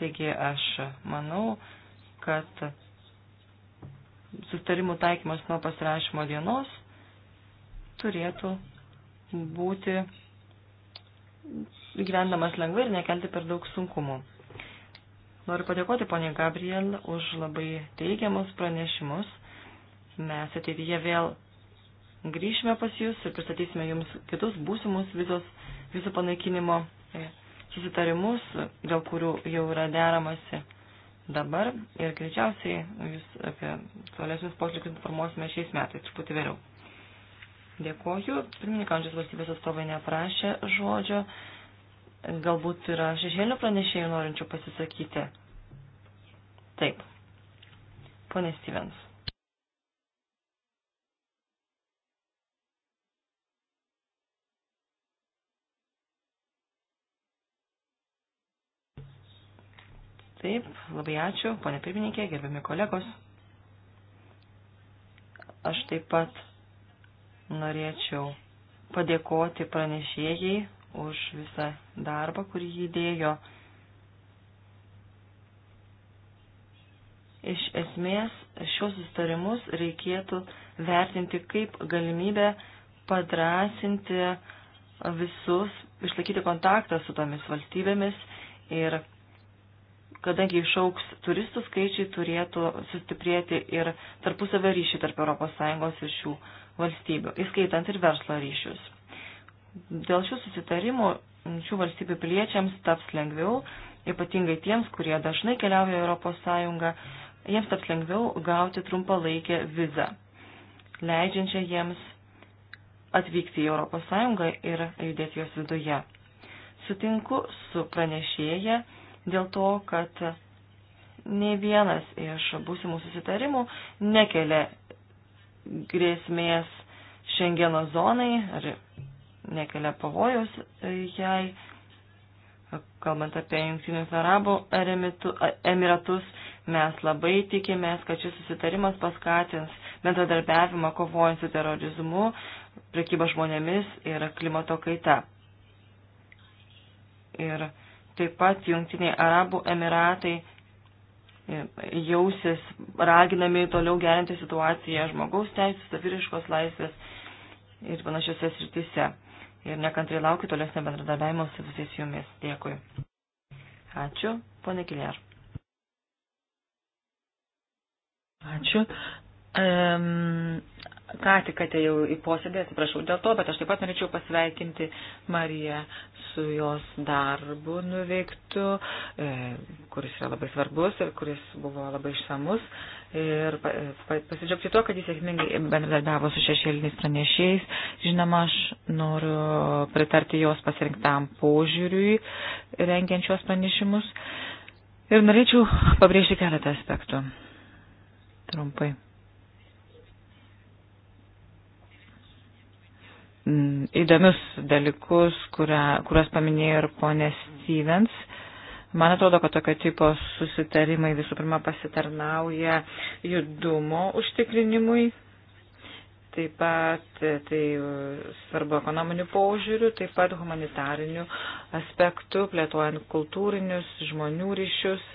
Speaker 1: Taigi aš manau, kad sustarimų taikymas nuo pasirašymo dienos turėtų būti gyvendamas lengvai ir nekelti per daug sunkumų. Noriu padėkoti ponė Gabriel už labai teigiamus pranešimus Mes ateityje vėl grįšime pas Jūs ir pristatysime Jums kitus būsimus vizos, vizų panaikinimo e, susitarimus, dėl kurių jau yra deramasi dabar ir greičiausiai Jūs apie tolesnius poslikius informuosime šiais metais, truputį vėliau. Dėkuoju. Pirmininkančios valstybės atstovai neprašė žodžio. Galbūt yra šešėlio pranešėjų norinčių pasisakyti. Taip. Pone Stevens. Taip, labai ačiū, ponė pirmininkė, gerbiami kolegos. Aš taip pat norėčiau padėkoti pranešėjai už visą darbą, kurį jį dėjo. Iš esmės, šios sustarimus reikėtų vertinti kaip galimybę padrasinti visus, išlaikyti kontaktą su tomis valstybėmis ir kadangi išauks turistų skaičiai, turėtų sustiprėti ir tarpusavę ryšį tarp ES ir šių valstybių, įskaitant ir verslo ryšius. Dėl šių susitarimų šių valstybių piliečiams taps lengviau, ypatingai tiems, kurie dažnai keliauja ES, jiems taps lengviau gauti trumpalaikę vizą, leidžiančią jiems atvykti į ES ir judėti jos viduje. Sutinku su pranešėja, dėl to, kad nei vienas iš būsimų susitarimų nekelia grėsmės Šengeno zonai ar nekelia pavojus e, jai, kalbant apie Junktinius Arabų Emiratus, mes labai tikimės, kad šis susitarimas paskatins bendradarbiavimą kovojant su terorizmu, prekyba žmonėmis ir klimato kaita. Ir Taip pat Jungtiniai Arabų Emiratai jausis raginami toliau gerinti situaciją žmogaus teisų, saviriškos laisvės ir panašiose srityse. Ir nekantrai laukiu tolesnio bendradarbiavimo su visais jumis. Dėkui. Ačiū, ponė Kiliar. Ačiū. Um, ką tik atėjau į posėdį, atsiprašau dėl to, bet aš taip pat norėčiau pasveikinti Mariją su jos darbu nuveiktu, e, kuris yra labai svarbus ir kuris buvo labai išsamus. Ir e, pasidžiaugti tuo, kad jis sėkmingai bendradarbiavo su šešėliniais pranešėjais. Žinoma, aš noriu pritarti jos pasirinktam požiūriui rengiančios pranešimus. Ir norėčiau pabrėžti keletą aspektų. Trumpai. Mm, įdomius dalykus, kuria, kuriuos paminėjo ir ponė Stevens. Man atrodo, kad tokio tipo susitarimai visų pirma pasitarnauja judumo užtikrinimui, taip pat tai svarbu ekonominių paužiūrių, taip pat humanitarinių aspektų, plėtojant kultūrinius žmonių ryšius.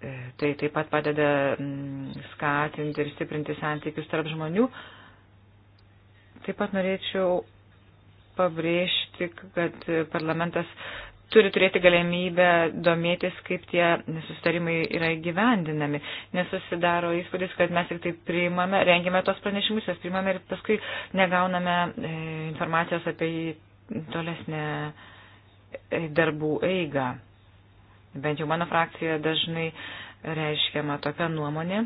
Speaker 1: E, tai taip pat padeda mm, skatinti ir stiprinti santykius tarp žmonių. Taip pat norėčiau pabrėžti, kad parlamentas turi turėti galimybę domėtis, kaip tie susitarimai yra įgyvendinami. Nesusidaro įspūdis, kad mes tik tai priimame, rengiame tos pranešimus, jas priimame ir paskui negauname e, informacijos apie jį tolesnę e, darbų eigą. Bent jau mano frakcija dažnai reiškiama tokia nuomonė.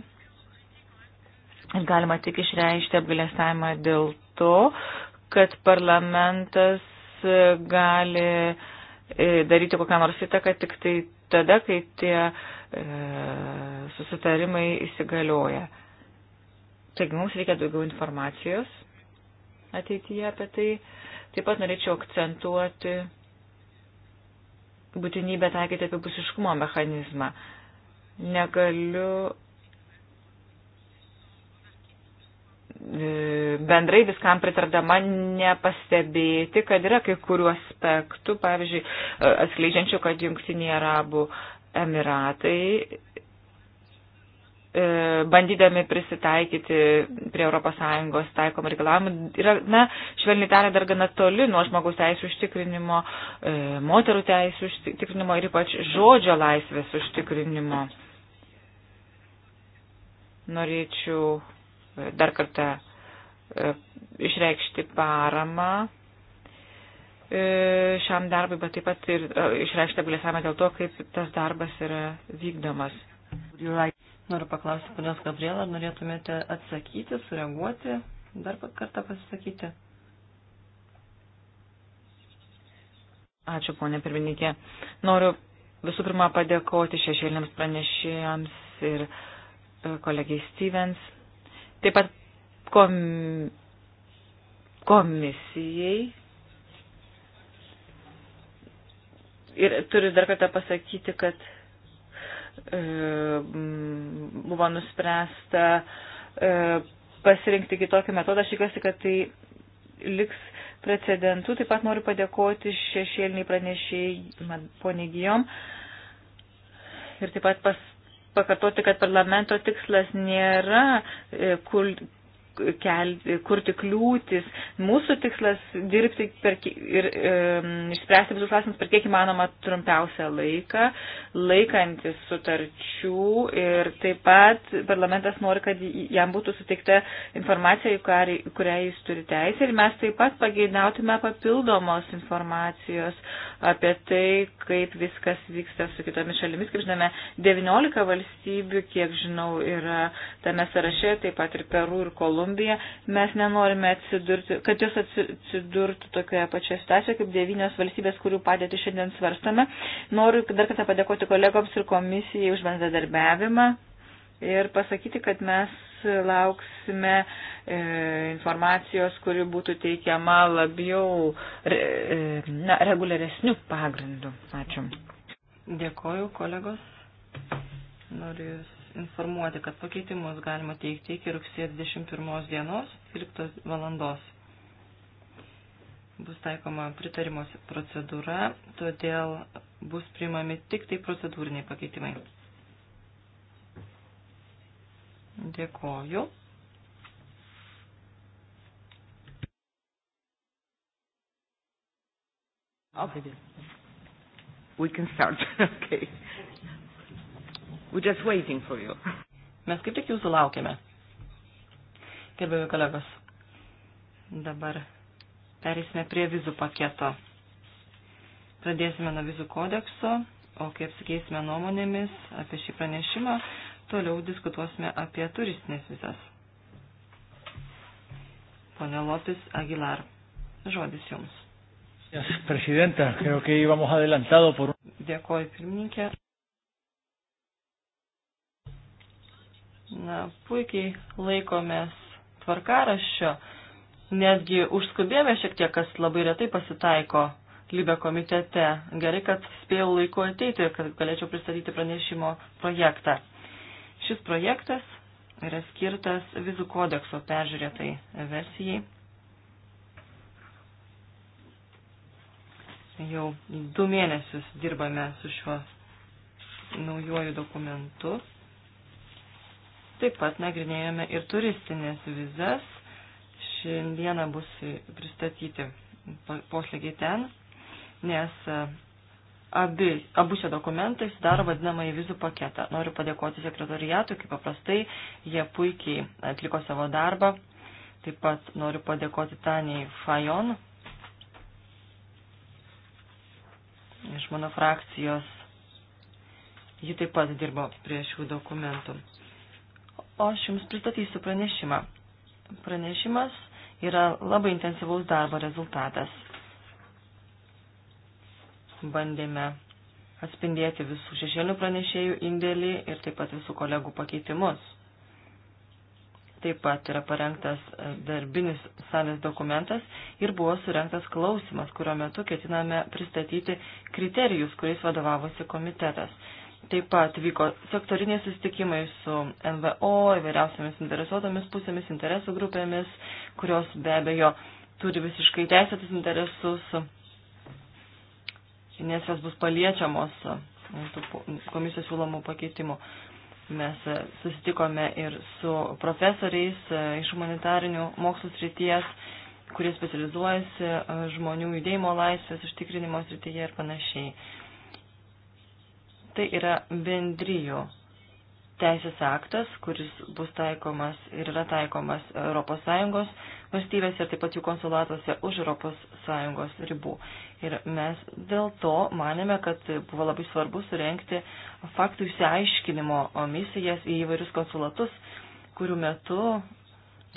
Speaker 1: Galima tik išreikšti apgalėstavimą dėl to, kad parlamentas e, gali e, daryti kokią nors įtaką tik tai tada, kai tie e, susitarimai įsigalioja. Taigi mums reikia daugiau informacijos ateityje apie tai. Taip pat norėčiau akcentuoti būtinybę taikyti apipusiškumo mechanizmą. Negaliu E, bendrai viskam pritardama nepastebėti, kad yra kai kurių aspektų, pavyzdžiui, e, atskleidžiančių, kad Junktiniai Arabų Emiratai e, bandydami prisitaikyti prie ES taikomų reikalavimų, yra, na, švelniai tariant, dar gana toli nuo žmogaus teisų užtikrinimo, moterų teisų užtikrinimo ir ypač žodžio laisvės užtikrinimo. Norėčiau dar kartą e, išreikšti paramą e, šiam darbui, bet taip pat ir e, išreikšti apgalėsavimą dėl to, kaip tas darbas yra vykdomas. Noriu paklausti, ponios Gabriela, ar norėtumėte atsakyti, sureaguoti, dar kartą pasisakyti? Ačiū, ponė pirmininkė. Noriu visų pirma padėkoti šešėlėms pranešėjams ir kolegiai Stevens Taip pat kom, komisijai. Ir turiu dar kartą pasakyti, kad e, buvo nuspręsta e, pasirinkti kitokį metodą. Aš tikiuosi, kad tai liks precedentų. Taip pat noriu padėkoti šešėliniai pranešėjai, man ponė Gijom. E, ir taip pat pas, pakartoti, kad parlamento tikslas nėra e, kelti, kurti kliūtis. Mūsų tikslas dirbti per, ir e, išspręsti visus klausimus per kiek įmanoma trumpiausią laiką, laikantis sutarčių ir taip pat parlamentas nori, kad jam būtų suteikta informacija, kurią jis turi teisę ir mes taip pat pageidautume papildomos informacijos apie tai, kaip viskas vyksta su kitomis šalimis. Kaip žinome, 19 valstybių, kiek žinau, yra tame sąraše, taip pat ir Peru ir Kolumbija. Kolumbiją, mes nenorime atsidurti, kad jos atsidurtų tokioje pačioje situacijoje kaip devynios valstybės, kurių padėtį šiandien svarstame. Noriu dar kartą padėkoti kolegoms ir komisijai už bendradarbiavimą ir pasakyti, kad mes lauksime e, informacijos, kuri būtų teikiama labiau re, e, na, reguliaresnių pagrindų. Ačiū. Dėkoju, kolegos. Noriu Jūs informuoti, kad pakeitimus galima teikti iki rugsėjo 21 dienos 12 valandos. Bus taikoma pritarimos procedūra, todėl bus priimami tik tai procedūriniai pakeitimai. Dėkoju. Okay. We can start. okay. We're just waiting for you. Mes kaip tik jūsų laukiame. Gerbėjai kolegos, dabar perėsime prie vizų paketo. Pradėsime nuo vizų kodekso, o kai apsikeisime nuomonėmis apie šį pranešimą, toliau diskutuosime apie turistinės vizas. Pone Lopis Aguilar, žodis Jums. Presidenta, creo que íbamos adelantado por. Dėkoju, pirmininkė. Na, puikiai laikomės tvarkaraščio, netgi užskubėjome šiek tiek, kas labai retai pasitaiko Libe komitete. Gerai, kad spėjau laiku ateiti, kad galėčiau pristatyti pranešimo projektą. Šis projektas yra skirtas vizų kodekso peržiūrėtai versijai. Jau du mėnesius dirbame su šiuo naujuoju dokumentu. Taip pat nagrinėjome ir turistinės vizas. Šiandieną bus pristatyti posėgiai ten, nes e, abi, abu šie dokumentai sudaro vadinamąjį vizų paketą. Noriu padėkoti sekretoriatui, kaip paprastai, jie puikiai atliko savo darbą. Taip pat noriu padėkoti Taniai Fajon iš mano frakcijos. Ji taip pat dirbo prie šių dokumentų o aš jums pristatysiu pranešimą. Pranešimas yra labai intensyvaus darbo rezultatas. Bandėme atspindėti visų šešėlių pranešėjų indėlį ir taip pat visų kolegų pakeitimus. Taip pat yra parengtas e, darbinis salės dokumentas ir buvo surengtas klausimas, kurio metu ketiname pristatyti kriterijus, kuriais vadovavosi komitetas. Taip pat vyko sektoriniai susitikimai su NVO, įvairiausiamis interesuotomis pusėmis, interesų grupėmis, kurios be abejo turi visiškai teisėtus interesus, nes jos bus paliečiamos komisijos siūlomų pakeitimų. Mes susitikome ir su profesoriais e, iš humanitarinių mokslų srities, kurie specializuojasi e, žmonių judėjimo laisvės užtikrinimo srityje ir panašiai. Tai yra bendrijų teisės aktas, kuris bus taikomas ir yra taikomas ES valstybės ir taip pat jų konsulatuose už ES ribų. Ir mes dėl to manėme, kad buvo labai svarbu surenkti faktų išsiaiškinimo misijas į įvairius konsulatus, kurių metu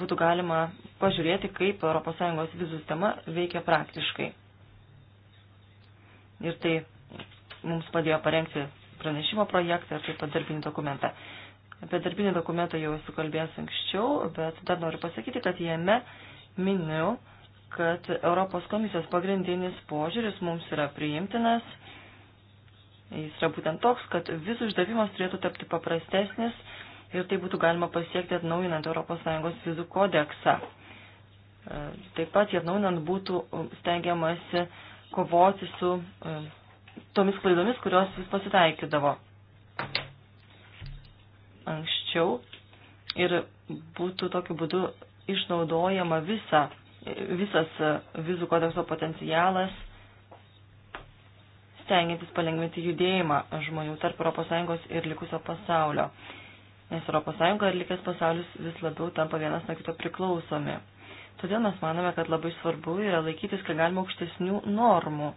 Speaker 1: būtų galima pažiūrėti, kaip ES vizų sistema veikia praktiškai. Ir tai mums padėjo parengti pranešimo projektą ir taip pat darbinį dokumentą. Apie darbinį dokumentą jau esu kalbėjęs anksčiau, bet dar noriu pasakyti, kad jame miniu, kad Europos komisijos pagrindinis požiūris mums yra priimtinas. Jis yra būtent toks, kad vizų išdavimas turėtų tapti paprastesnis ir tai būtų galima pasiekti atnaujinant ES vizų kodeksą. Taip pat, atnaujinant, būtų stengiamasi kovoti su tomis klaidomis, kurios vis pasitaikydavo anksčiau ir būtų tokiu būdu išnaudojama visa, visas vizų kodekso potencialas, stengiantis palengvinti judėjimą žmonių tarp ES ir likusio pasaulio, nes ES ir likęs pasaulis vis labiau tampa vienas nuo kito priklausomi. Todėl mes manome, kad labai svarbu yra laikytis, kai galima aukštesnių normų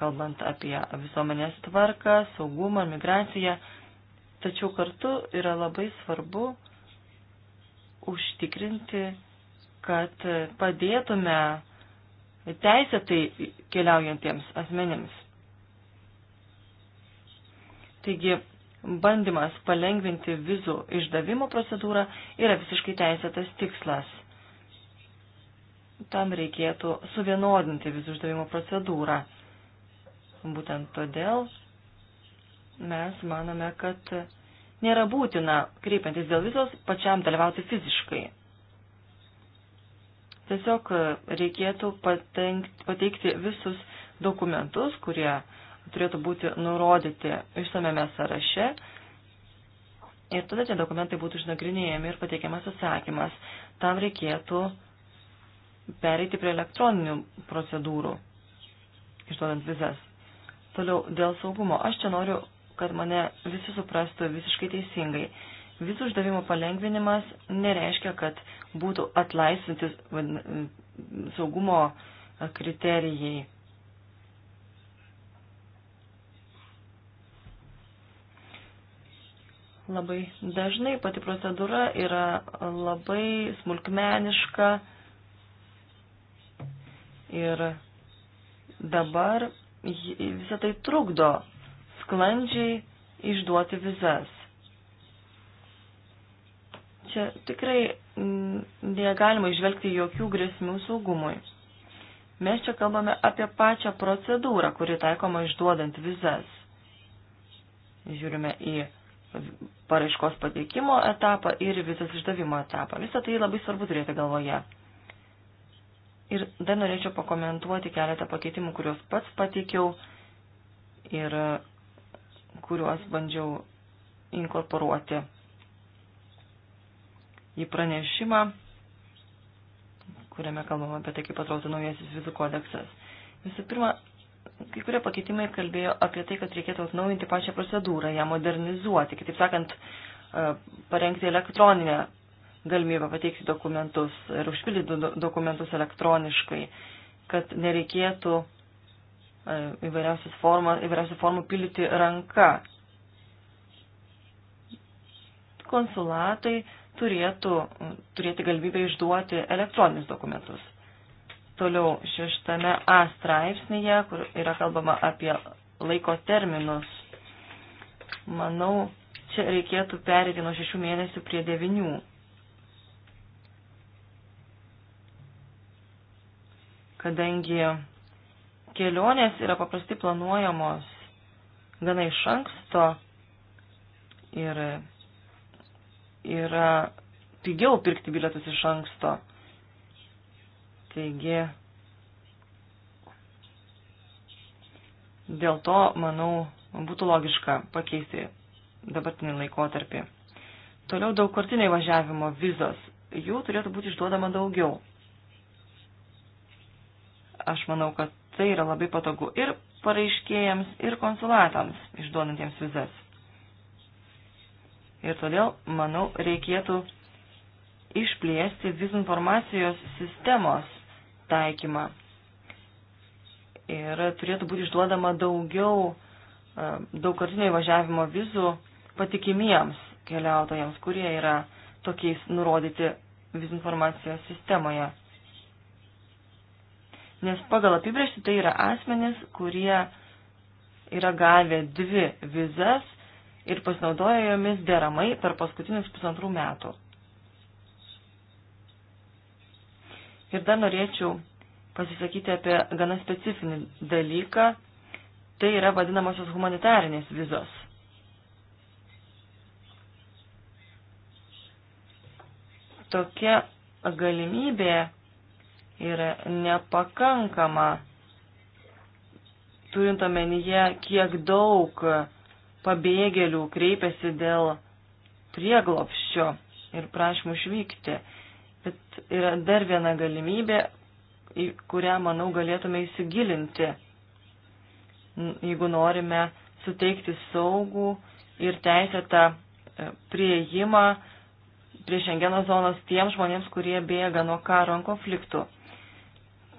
Speaker 1: kalbant apie visuomenės tvarką, saugumą, migraciją. Tačiau kartu yra labai svarbu užtikrinti, kad padėtume teisėtai keliaujantiems asmenims. Taigi, bandymas palengvinti vizų išdavimo procedūrą yra visiškai teisėtas tikslas. Tam reikėtų suvienodinti vizų išdavimo procedūrą. Būtent todėl mes manome, kad nėra būtina, kreipiantis dėl vizos, pačiam dalyvauti fiziškai. Tiesiog reikėtų pateikti visus dokumentus, kurie turėtų būti nurodyti išsameme sąraše. Ir tada tie dokumentai būtų išnagrinėjami ir pateikiamas atsakymas. Tam reikėtų pereiti prie elektroninių procedūrų, išduodant vizas. Toliau dėl saugumo. Aš čia noriu, kad mane visi suprastų visiškai teisingai. Visų uždavimų palengvinimas nereiškia, kad būtų atlaisvinti saugumo kriterijai. Labai dažnai pati procedūra yra labai smulkmeniška ir dabar visą tai trukdo sklandžiai išduoti vizas. Čia tikrai mm, negalima išvelgti jokių grėsmių saugumui. Mes čia kalbame apie pačią procedūrą, kuri taikoma išduodant vizas. Žiūrime į paraiškos pateikimo etapą ir vizos išdavimo etapą. Visą tai labai svarbu turėti galvoje. Ir dar norėčiau pakomentuoti keletą pakeitimų, kuriuos pats pateikiau ir kuriuos bandžiau inkorporuoti į pranešimą, kuriame kalbama apie tai, kaip atrodo naujasis vizų kodeksas. Visų pirma, kai kurie pakeitimai kalbėjo apie tai, kad reikėtų atnaujinti pačią procedūrą, ją modernizuoti, kitaip sakant, e, parengti elektroninę galimybę pateikti dokumentus ir užpildyti dokumentus elektroniškai, kad nereikėtų e, įvairiausių formų, formų pildyti ranka. Konsulatai turėtų turėti galimybę išduoti elektroninius dokumentus. Toliau šeštame A straipsnėje, kur yra kalbama apie laiko terminus. Manau, čia reikėtų perėti nuo šešių mėnesių prie devinių kadangi kelionės yra paprastai planuojamos gana iš anksto ir yra pigiau pirkti bilietus iš anksto. Taigi, dėl to, manau, būtų logiška pakeisti dabartinį laikotarpį. Toliau daugkartiniai važiavimo vizos. Jų turėtų būti išduodama daugiau. Aš manau, kad tai yra labai patogu ir pareiškėjams, ir konsulatams išduodantiems vizas. Ir todėl, manau, reikėtų išplėsti vizų informacijos sistemos taikymą. Ir turėtų būti išduodama daugiau e, daugkartinio įvažiavimo vizų patikimiems keliautojams, kurie yra tokiais nurodyti vizų informacijos sistemoje nes pagal apibrėžtį tai yra asmenys, kurie yra gavę dvi vizas ir pasinaudojo jomis deramai per paskutinius pusantrų metų. Ir dar norėčiau pasisakyti apie gana specifinį dalyką. Tai yra vadinamosios humanitarinės vizos. Tokia galimybė yra nepakankama, turint omenyje, kiek daug pabėgėlių kreipiasi dėl prieglopščio ir prašymų išvykti. Bet yra dar viena galimybė, į kurią, manau, galėtume įsigilinti, jeigu norime suteikti saugų ir teisėtą e, prieimą prie Šengeno zonos tiems žmonėms, kurie bėga nuo karo ant konfliktų.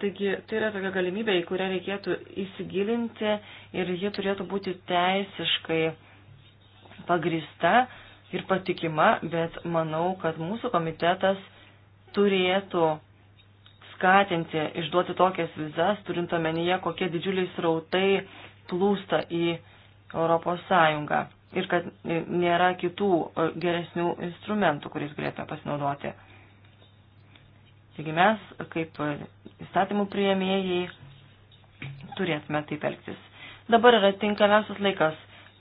Speaker 1: Taigi tai yra tokia galimybė, į kurią reikėtų įsigilinti ir ji turėtų būti teisiškai pagrista ir patikima, bet manau, kad mūsų komitetas turėtų skatinti išduoti tokias vizas, turint omenyje, kokie didžiuliai srautai plūsta į Europos Sąjungą ir kad nėra kitų geresnių instrumentų, kuriais galėtume pasinaudoti. Taigi mes, kaip įstatymų prieimėjai, turėtume taip elgtis. Dabar yra tinkamiausias laikas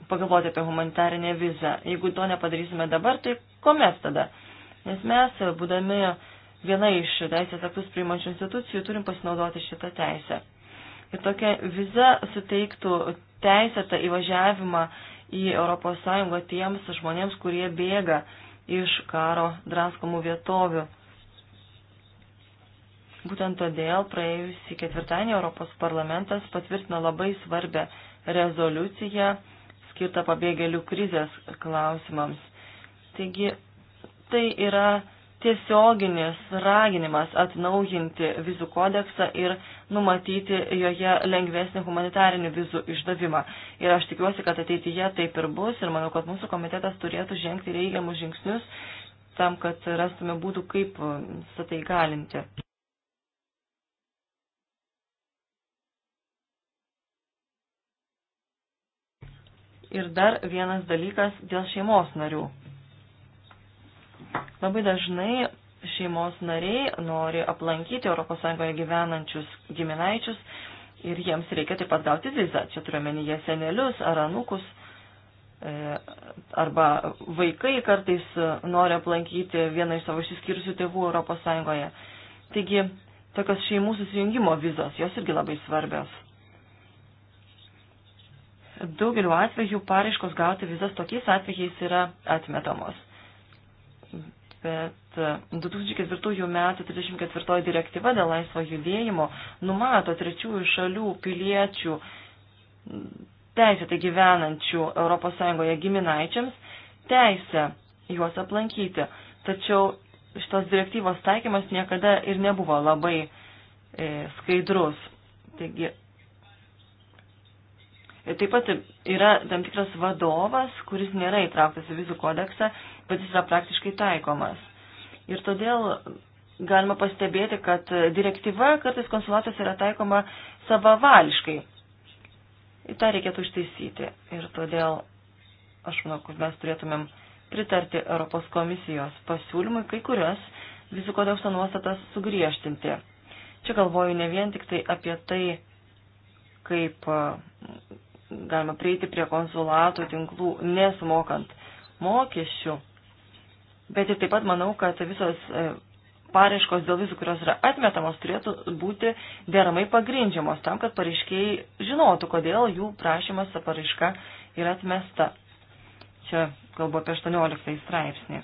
Speaker 1: pagalvoti apie humanitarinę vizą. Jeigu to nepadarysime dabar, tai kuomet tada? Nes mes, būdami viena iš teisės aktus priimančių institucijų, turim pasinaudoti šitą teisę. Ir tokia viza suteiktų teisėtą įvažiavimą į ES tiems žmonėms, kurie bėga iš karo draskomų vietovių. Būtent todėl praėjusį ketvirtadienį Europos parlamentas patvirtino labai svarbę rezoliuciją skirtą pabėgėlių krizės klausimams. Taigi tai yra tiesioginis raginimas atnaujinti vizų kodeksą ir numatyti joje lengvesnį humanitarinių vizų išdavimą. Ir aš tikiuosi, kad ateityje taip ir bus ir manau, kad mūsų komitetas turėtų žengti reikiamus žingsnius tam, kad rastume būdų, kaip visą e, tai galinti. Ir dar vienas dalykas dėl šeimos narių. Labai dažnai šeimos nariai nori aplankyti ES gyvenančius giminaičius ir jiems reikia taip pat gauti vizą. Čia turiuomenyje senelius ar anukus. E, arba vaikai kartais nori aplankyti vieną iš savo išsiskyrusių tėvų ES. Taigi, tokios šeimų susijungimo vizos, jos irgi labai svarbios. Daugeliu atveju paraiškos gauti vizas tokiais atvejais yra atmetamos. Bet 2004 e, metų 34 direktyva dėl laisvo judėjimo numato trečiųjų šalių piliečių teisėtai gyvenančių ES giminaičiams teisę juos aplankyti. Tačiau šitos direktyvos taikymas niekada ir nebuvo labai e, skaidrus. Taigi Taip pat yra tam tikras vadovas, kuris nėra įtrauktas į vizų kodeksą, bet jis yra praktiškai taikomas. Ir todėl galima pastebėti, kad direktyva kartais konsulatas yra taikoma savavališkai. Į tą reikėtų ištaisyti. Ir todėl aš manau, kad mes turėtumėm pritarti Europos komisijos pasiūlymui kai kurias vizų kodekso nuostatas sugriežtinti. Čia galvoju ne vien tik tai apie tai, kaip galima prieiti prie konsulatų tinklų nesumokant mokesčių. Bet ir taip pat manau, kad visos e, paraiškos dėl vizų, kurios yra atmetamos, turėtų būti deramai pagrindžiamos tam, kad pareiškiai žinotų, kodėl jų prašymas paraiška yra atmesta. Čia kalbu apie 18 straipsnį.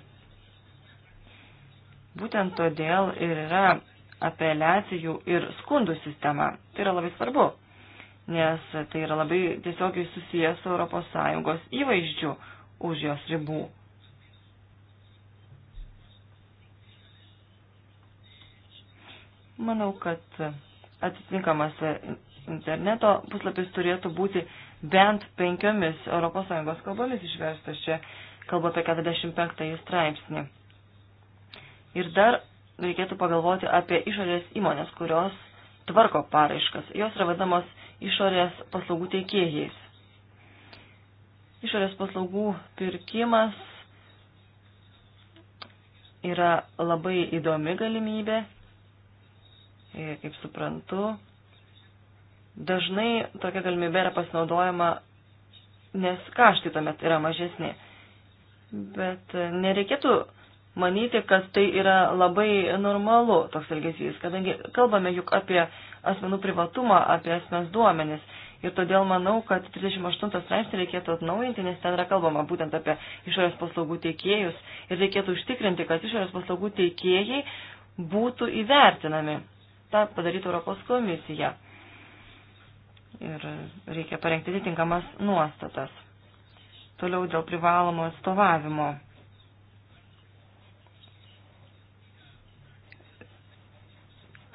Speaker 1: Būtent todėl ir yra apeliacijų ir skundų sistema. Tai yra labai svarbu nes tai yra labai tiesiogiai susijęs su ES įvaizdžiu už jos ribų. Manau, kad atitinkamas interneto puslapis turėtų būti bent penkiomis ES kalbomis išverstas čia, kalba apie 45 straipsnį. Ir dar reikėtų pagalvoti apie išorės įmonės, kurios tvarko paraiškas. Jos yra vadinamos išorės paslaugų teikėjais. Išorės paslaugų pirkimas yra labai įdomi galimybė ir, e, kaip suprantu, dažnai tokia galimybė yra pasinaudojama, nes kaštai tuomet yra mažesni. Bet e, nereikėtų manyti, kad tai yra labai normalu toks elgesys, kadangi kalbame juk apie asmenų privatumą, apie asmens duomenis. Ir todėl manau, kad 38 straipsnį reikėtų atnaujinti, nes ten yra kalbama būtent apie išorės paslaugų teikėjus ir reikėtų užtikrinti, kad išorės paslaugų teikėjai būtų įvertinami. Ta padarytų Europos komisija. Ir reikia parengti atitinkamas nuostatas. Toliau dėl privalomo atstovavimo.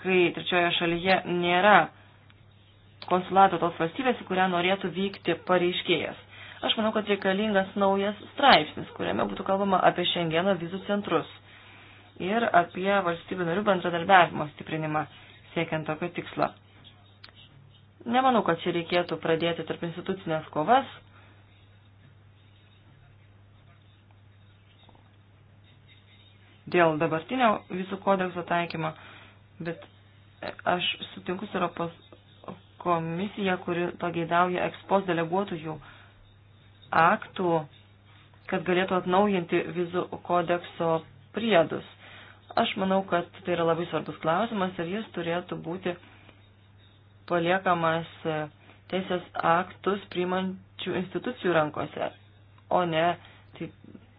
Speaker 1: kai trečioje šalyje nėra konsulato tos valstybės, į kurią norėtų vykti pareiškėjas. Aš manau, kad reikalingas naujas straipsnis, kuriame būtų kalbama apie Šengeno vizų centrus ir apie valstybių narių bendradarbiavimo stiprinimą siekiant tokio tikslo. Nemanau, kad čia reikėtų pradėti tarp institucinės kovas. Dėl dabartinio visų kodekso taikymo Bet aš sutinku su Europos komisija, kuri pageidauja ekspos deleguotųjų aktų, kad galėtų atnaujinti vizų kodekso priedus. Aš manau, kad tai yra labai svarbus klausimas ir jis turėtų būti paliekamas teisės aktus priimančių institucijų rankose, o ne tai,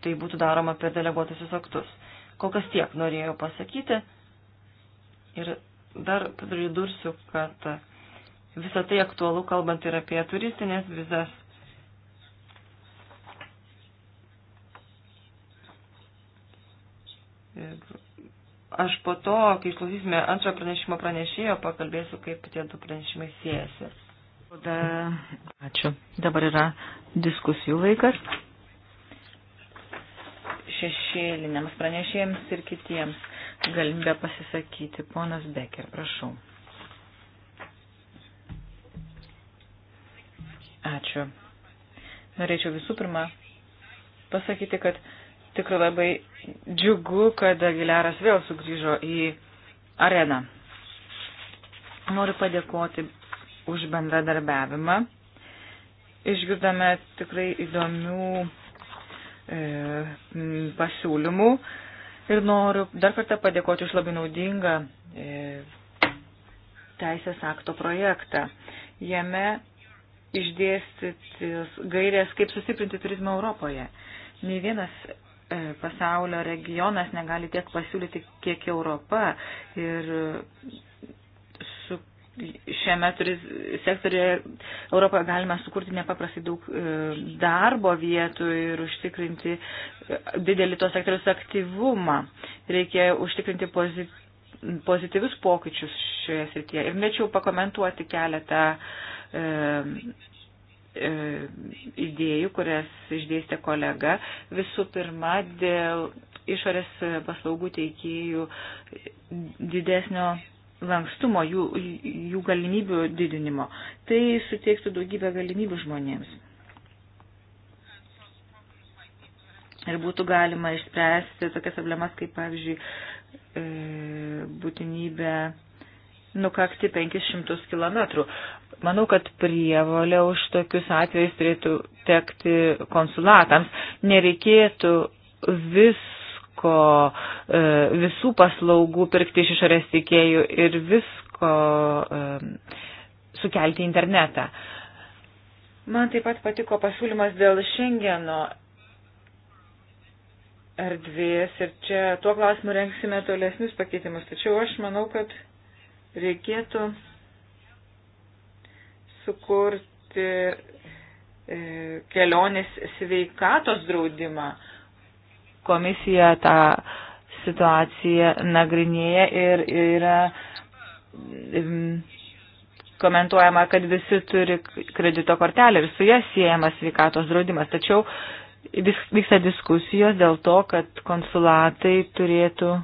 Speaker 1: tai būtų daroma per deleguotusius aktus. Kol kas tiek norėjau pasakyti. Ir dar pridursiu, kad visą tai aktualu kalbant ir apie turistinės vizas. Ir aš po to, kai išklausysime antrą pranešimo pranešėjo, pakalbėsiu, kaip tie du pranešimai siejasi. Da, ačiū. Dabar yra diskusijų laikas šešėliniams pranešėjams ir kitiems galimybę pasisakyti. Ponas Becker, prašau. Ačiū. Norėčiau visų pirma pasakyti, kad tikrai labai džiugu, kad Aguilaras vėl sugrįžo į areną. Noriu padėkoti už bendradarbiavimą. Išgirdome tikrai įdomių e, pasiūlymų. E, Ir noriu dar kartą padėkoti už labai naudingą e, teisės akto projektą. Jame išdėstytis gairės, kaip sustiprinti turizmą Europoje. Nei vienas e, pasaulio regionas negali tiek pasiūlyti, kiek Europa. Ir šiame sektorėje Europoje galime sukurti nepaprastai daug e, darbo vietų ir užtikrinti e, didelį to sektoriaus aktyvumą. Reikia užtikrinti pozityvius pokyčius šioje srityje. Ir norėčiau pakomentuoti keletą e, e, idėjų, kurias išdėstė kolega. Visų pirma, dėl išorės paslaugų teikėjų didesnio lankstumo, jų, jų galimybių didinimo. Tai suteiktų daugybę galimybių žmonėms. Ir būtų galima išspręsti tokias problemas, kaip pavyzdžiui, e, būtinybę nukakti 500 km. Manau, kad prievolė už tokius atvejus turėtų tekti konsulatams. Nereikėtų vis atsisako e, visų paslaugų pirkti iš išorės tikėjų ir visko e, sukelti internetą. Man taip pat patiko pasiūlymas dėl Šengeno erdvės ir čia tuo klausimu rengsime tolesnius pakeitimus. Tačiau aš manau, kad reikėtų sukurti e, kelionės sveikatos draudimą. Komisija tą situaciją nagrinėja ir yra mm, komentuojama, kad visi turi kredito kortelę ir su ją siejamas sveikatos draudimas. Tačiau vyksta diskusijos dėl to, kad konsulatai turėtų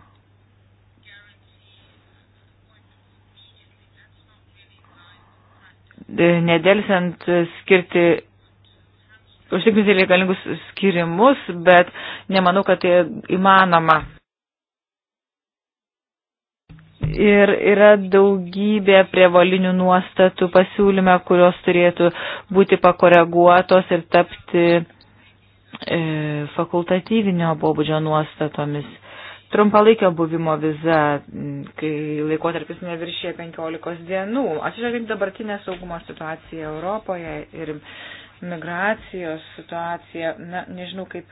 Speaker 1: nedelsiant skirti užtikrinti reikalingus skirimus, bet nemanau, kad tai įmanoma. Ir yra daugybė prievalinių nuostatų pasiūlyme, kurios turėtų būti pakoreguotos ir tapti e, fakultatyvinio pobūdžio nuostatomis. Trumpalaikio buvimo viza, kai laikotarpis neviršė 15 dienų, atsižvelgiant dabartinę saugumo situaciją Europoje ir migracijos situaciją. Na, nežinau, kaip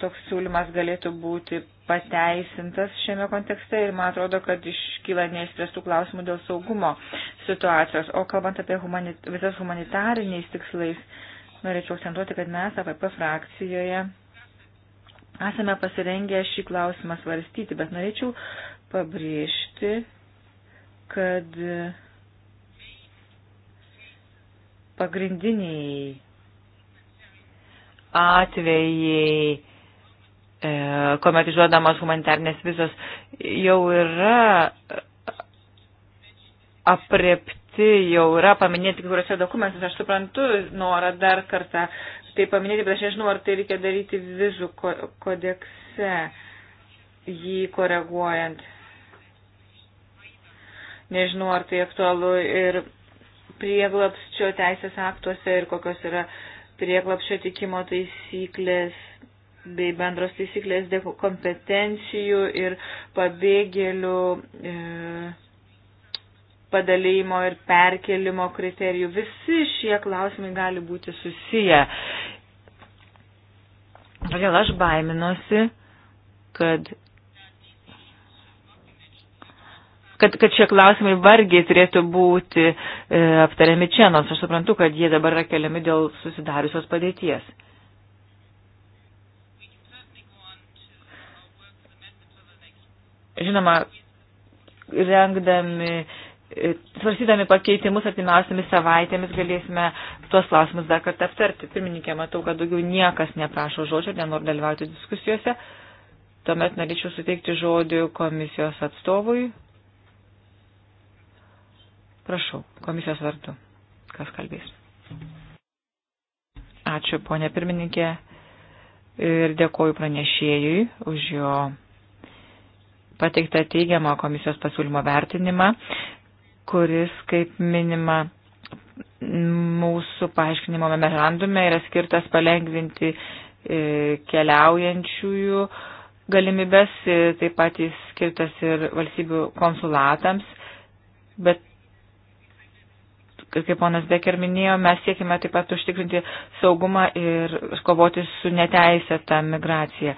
Speaker 1: toks siūlymas galėtų būti pateisintas šiame kontekste ir man atrodo, kad iškyla neišspręstų klausimų dėl saugumo situacijos. O kalbant apie humanit visas humanitariniais tikslais, norėčiau akcentuoti, kad mes APP frakcijoje esame pasirengę šį klausimą svarstyti, bet norėčiau pabrėžti, kad pagrindiniai atvejai, e, kuomet išduodamos humanitarnės vizos, jau yra aprepti, jau yra paminėti kai kuriuose dokumentuose. Aš suprantu norą dar kartą tai paminėti, bet aš nežinau, ar tai reikia daryti vizų kodekse, jį koreguojant. Nežinau, ar tai aktualu ir prieglapsčio teisės aktuose ir kokios yra uh, prieglapšio tikimo taisyklės bei bendros taisyklės dėl kompetencijų ir pabėgėlių e, padalymo ir perkelimo kriterijų. Visi šie klausimai gali būti susiję. Todėl aš baiminuosi, kad kad, kad šie klausimai vargiai turėtų būti e, aptariami čia, nors aš suprantu, kad jie dabar yra keliami dėl susidariusios padėties. Žinoma, rengdami, e, svarstydami pakeitimus atimiausiamis savaitėmis galėsime tuos klausimus dar kartą aptarti. Pirmininkė, matau, kad daugiau niekas neprašo žodžio, nenori dalyvauti diskusijose. Tuomet norėčiau suteikti žodį komisijos atstovui, Prašau, komisijos vardu, kas kalbės. Ačiū, ponė pirmininkė, ir dėkoju pranešėjui už jo pateiktą teigiamą komisijos pasiūlymo vertinimą, kuris, kaip minima, mūsų paaiškinimo memorandume yra skirtas palengvinti e, keliaujančiųjų galimybės, e, taip pat jis skirtas ir valstybių konsulatams, bet kaip ponas Becker minėjo, mes siekime taip pat užtikrinti saugumą ir kovoti su neteisėta migracija.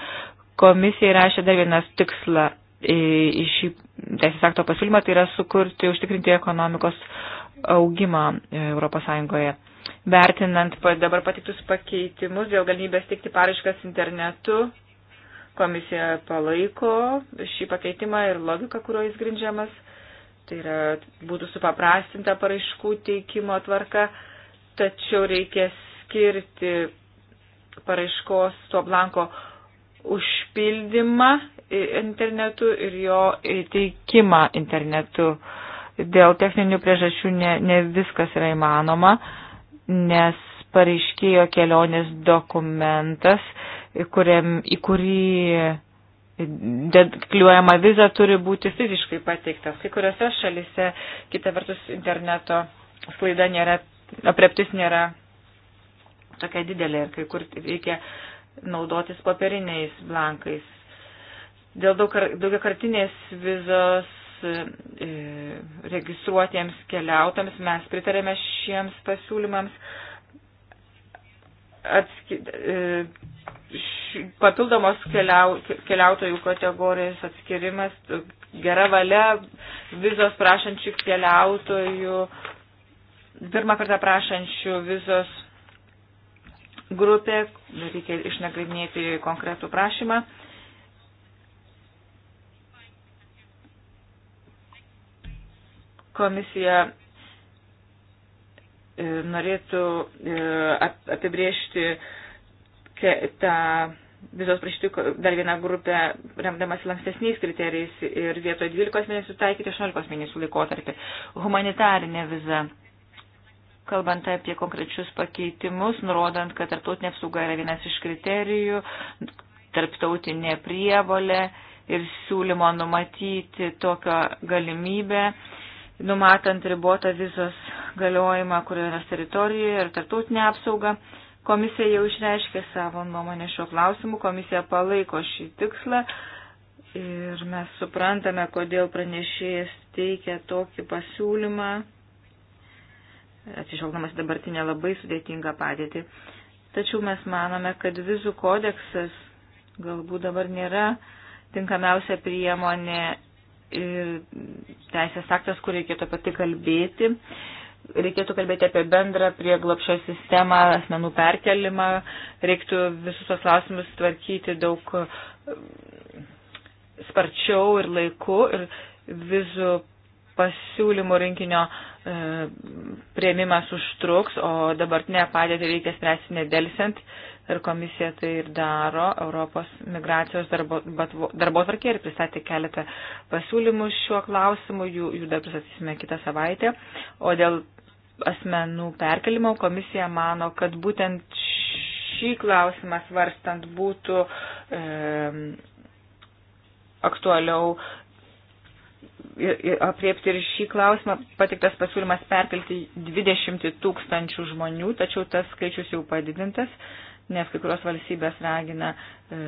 Speaker 1: Komisija rašė dar vienas tikslą į šį teisės akto pasiūlymą, tai yra sukurti, užtikrinti ekonomikos augimą ES. Vertinant dabar patiktus pakeitimus dėl galimybės teikti paraiškas internetu, komisija palaiko šį pakeitimą ir logiką, kurio jis grindžiamas tai yra būtų supaprastinta paraiškų teikimo tvarka, tačiau reikia skirti paraiškos tuo blanko užpildymą internetu ir jo teikimą internetu. Dėl techninių priežasčių ne, ne viskas yra įmanoma, nes pareiškėjo kelionės dokumentas, kuriam, į kurį kliuojama viza turi būti fiziškai pateiktas. Kai kuriuose šalise, kita vertus, interneto sklaida nėra, apreptis nėra tokia didelė ir kai kur reikia naudotis popieriniais blankais. Dėl daugiakartinės vizos e, registruotiems keliautams mes pritarėme šiems pasiūlymams atski, e, papildomos keliau, keliautojų kategorijos atskirimas, gera valia vizos prašančių keliautojų, pirmą kartą prašančių vizos grupė, reikia išnagrinėti konkretų prašymą. Komisija E, norėtų e, apibriežti tą vizos prašytojų dar vieną grupę, remdamas lankstesniais kriterijais ir vietoje 12 mėnesių taikyti 18 mėnesių laikotarpį. Humanitarinė viza. Kalbant apie konkrečius pakeitimus, nurodant, kad tarptautinė apsauga yra vienas iš kriterijų, tarptautinė prievolė ir siūlymo numatyti tokią galimybę numatant ribotą vizos galiojimą kuriomis teritorijoje ir tartautinę apsaugą. Komisija jau išreiškė savo nuomonę šiuo klausimu, komisija palaiko šį tikslą ir mes suprantame, kodėl pranešėjas teikia tokį pasiūlymą, atsižvelgdamas dabartinę labai sudėtingą padėtį. Tačiau mes manome, kad vizų kodeksas galbūt dabar nėra tinkamiausia priemonė E, teisės aktas, kur reikėtų apie tai kalbėti. Reikėtų kalbėti apie bendrą prieglapšio sistemą, asmenų perkelimą. Reiktų visus tos klausimus tvarkyti daug e, sparčiau ir laiku. Ir vizų pasiūlymų rinkinio e, prieimimas užtruks, o dabartinę padėtį reikia spręsti nedelsiant. E, ir komisija tai ir daro Europos migracijos darbo, darbo tvarkė ir pristatė keletą pasiūlymų šiuo klausimu, jų, jų dar pristatysime kitą savaitę. O dėl asmenų perkelimo komisija mano, kad būtent šį klausimą svarstant būtų e, aktualiau apriepti ir šį klausimą. Patiktas pasiūlymas perkelti 20 tūkstančių žmonių, tačiau tas skaičius jau padidintas. E, nes kai kurios valstybės ragina e,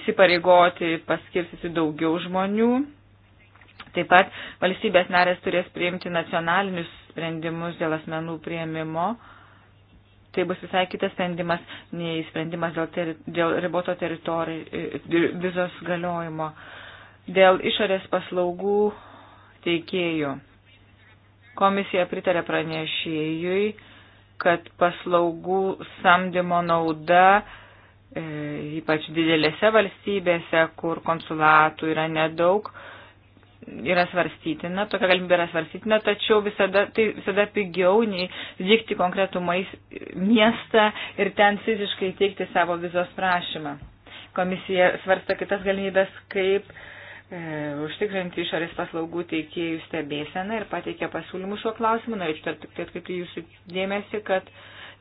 Speaker 1: įsipareigoti paskirstyti daugiau žmonių. Taip pat valstybės narės turės priimti nacionalinius sprendimus dėl asmenų prieimimo. Tai bus visai kitas sprendimas, nei sprendimas dėl, teri, dėl riboto teritorijų e, vizos galiojimo. Dėl išorės paslaugų teikėjų. Komisija pritarė pranešėjui kad paslaugų samdymo nauda, e, ypač didelėse valstybėse, kur konsulatų yra nedaug, yra svarstytina, tokia galimybė yra svarstytina, tačiau visada, tai visada pigiau nei vykti konkretų mais, miestą ir ten fiziškai teikti savo vizos prašymą. Komisija svarsta kitas galimybės, kaip uh, E, užtikrinti išorės paslaugų teikėjų stebėseną ir pateikė pasiūlymų šiuo klausimu. Norėčiau tik atkreipti jūsų dėmesį, kad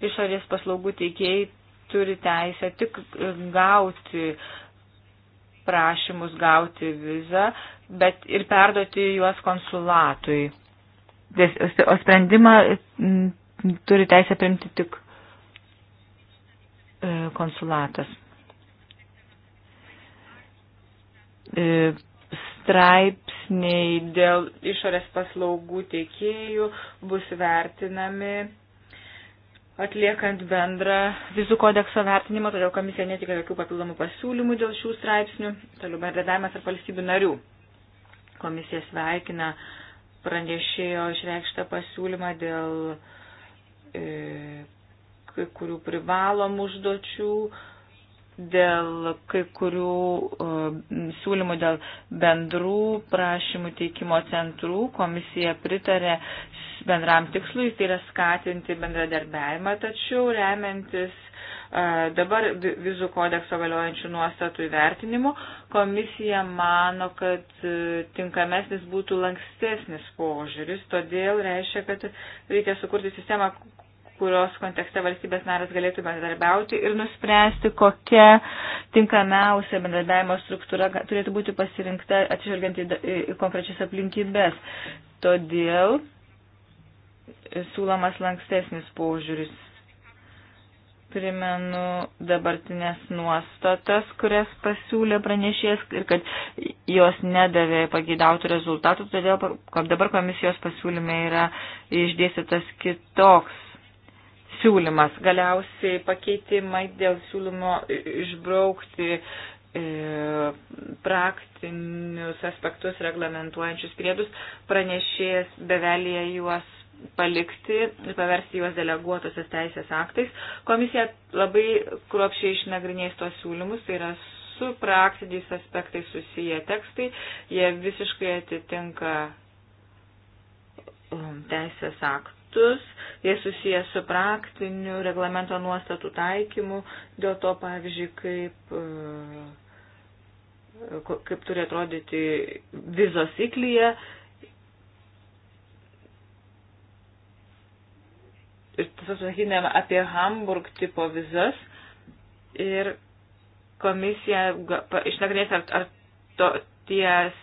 Speaker 1: išorės paslaugų teikėjai turi teisę tik gauti prašymus, gauti vizą, bet ir perduoti juos konsulatui. O sprendimą turi teisę priimti tik e, konsulatas e, straipsniai dėl išorės paslaugų teikėjų bus vertinami atliekant bendrą vizų kodekso vertinimą, todėl komisija netika jokių papildomų pasiūlymų dėl šių straipsnių, toliau bendradavimas ir valstybių narių. Komisija sveikina pranešėjo išreikštą pasiūlymą dėl e, kai kurių privalomų užduočių, e, dėl kai kurių e, siūlymų dėl bendrų prašymų teikimo centrų komisija pritarė bendram tikslui, tai yra skatinti bendradarbiavimą, tačiau remiantis e, dabar vizų kodekso galiojančių nuostatų įvertinimu, komisija mano, kad e, tinkamesnis būtų lankstesnis požiūris, todėl reiškia, kad reikia sukurti sistemą, kurios kontekste valstybės narės galėtų bendradarbiauti ir nuspręsti, kokia tinkamiausia bendradarbiavimo struktūra turėtų būti pasirinkta atsižvelgiant į, į konkrečias aplinkybės. Todėl siūlomas lankstesnis požiūris. Primenu dabartinės nuostatas, kurias pasiūlė pranešės ir kad jos nedavė pagydautų rezultatų, todėl kad dabar komisijos pasiūlyme yra išdėstytas kitoks siūlymas. Galiausiai pakeitimai dėl siūlymo išbraukti e, praktinius aspektus reglamentuojančius priedus, pranešėjas bevelėje juos palikti ir paversti juos deleguotosios teisės aktais. Komisija labai kruopšiai išnagrinės tuos siūlymus, tai yra su praktiniais aspektais susiję tekstai, jie visiškai atitinka um, teisės aktų aktus, jie susijęs su praktiniu reglamento nuostatų taikymu, dėl to, pavyzdžiui, kaip, e, kaip turi atrodyti vizos iklyje. Ir pasakydėm apie Hamburg tipo vizas ir komisija išnagrinės, ar, ar to, ties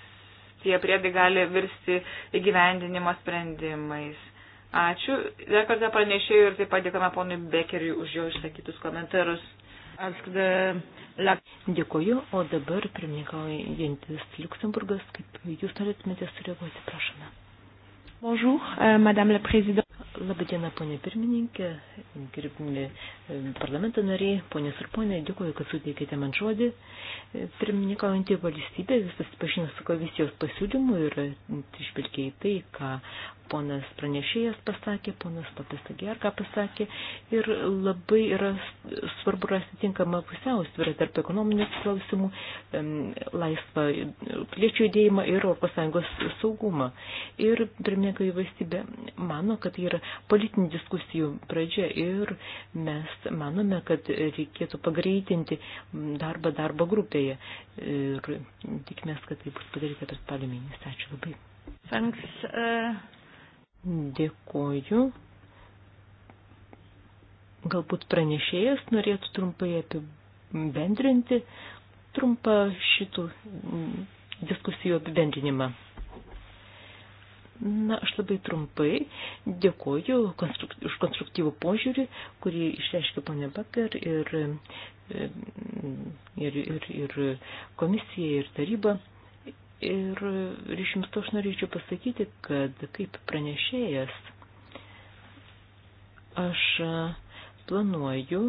Speaker 1: tie priedai gali virsti įgyvendinimo sprendimais. Ačiū. Dar kartą pranešėjau ir taip pat dėkame ponui Bekeriui už jo išsakytus komentarus.
Speaker 2: Dėkuoju, o dabar pirmininkaujantis Luxemburgas, kaip jūs norėtumėte sureaguoti, prašome. Bonjour, euh, madame la présidente. Labadiena, ponė pirmininkė, gerbimi e, parlamento nariai, ponės ir ponė, dėkuoju, kad suteikėte man žodį. E, Pirmininkaujantį valstybę vis susipažino su komisijos pasiūlymu ir e, išpilkė į tai, ką ponas pranešėjas pasakė, ponas to pasakė, ar ką pasakė. Ir labai yra svarbu rasti tinkamą pusiausvyrą tarp ekonominių klausimų, laisvą piliečių judėjimą ir ES saugumą. Ir pirmininkai valstybė mano, kad tai yra politinių diskusijų pradžia ir mes manome, kad reikėtų pagreitinti darbą darbo grupėje. Ir tikimės, kad tai bus padaryta per spalio mėnesį. Ačiū labai. Thanks. Uh... Dėkuoju. Galbūt pranešėjas norėtų trumpai apibendrinti trumpą šitų diskusijų apibendrinimą. Na, aš labai trumpai dėkoju konstrukty, už konstruktyvų požiūrį, kurį išreiškė ponė Bakar ir, ir, ir, ir komisija, ir taryba. Ir iš jums to aš norėčiau pasakyti, kad kaip pranešėjas aš planuoju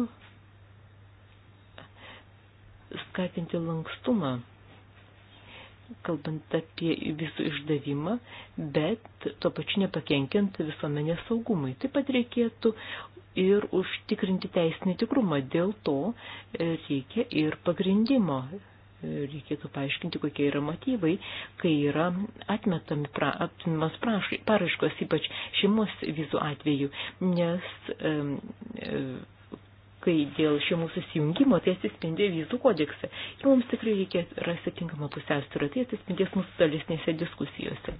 Speaker 2: skatinti lankstumą, kalbant apie visų išdavimą, bet tuo pačiu nepakenkiant visuomenės saugumui. Taip pat reikėtų ir užtikrinti teisinį tikrumą. Dėl to reikia ir pagrindimo reikėtų paaiškinti, kokie yra motyvai, kai yra atmetami pra, atmetamas paraškos, ypač šeimos vizų atveju, nes e, e, kai dėl šio mūsų sujungimo tai atsispindė vizų kodekse. Ir mums tikrai reikia rasti tinkamą pusiausvyrą, tai atsispindės mūsų tolesnėse diskusijose.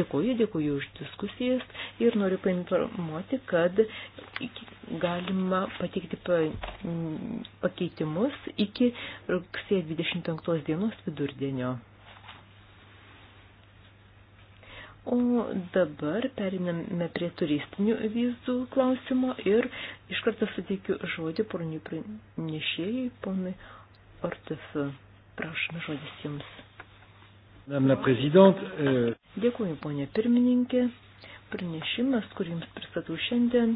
Speaker 2: Dėkuoju, dėkuoju už diskusijas ir noriu painformuoti, kad galima pateikti pa, pakeitimus iki rugsėjo 25 dienos vidurdienio. O dabar periname prie turistinių vizų klausimo ir iš karto suteikiu žodį pornių pranešėjai, ponui Ortesu. Prašome žodis jums. Euh, Dėkuoju, ponė pirmininkė. Pranešimas, kurį jums pristatau šiandien,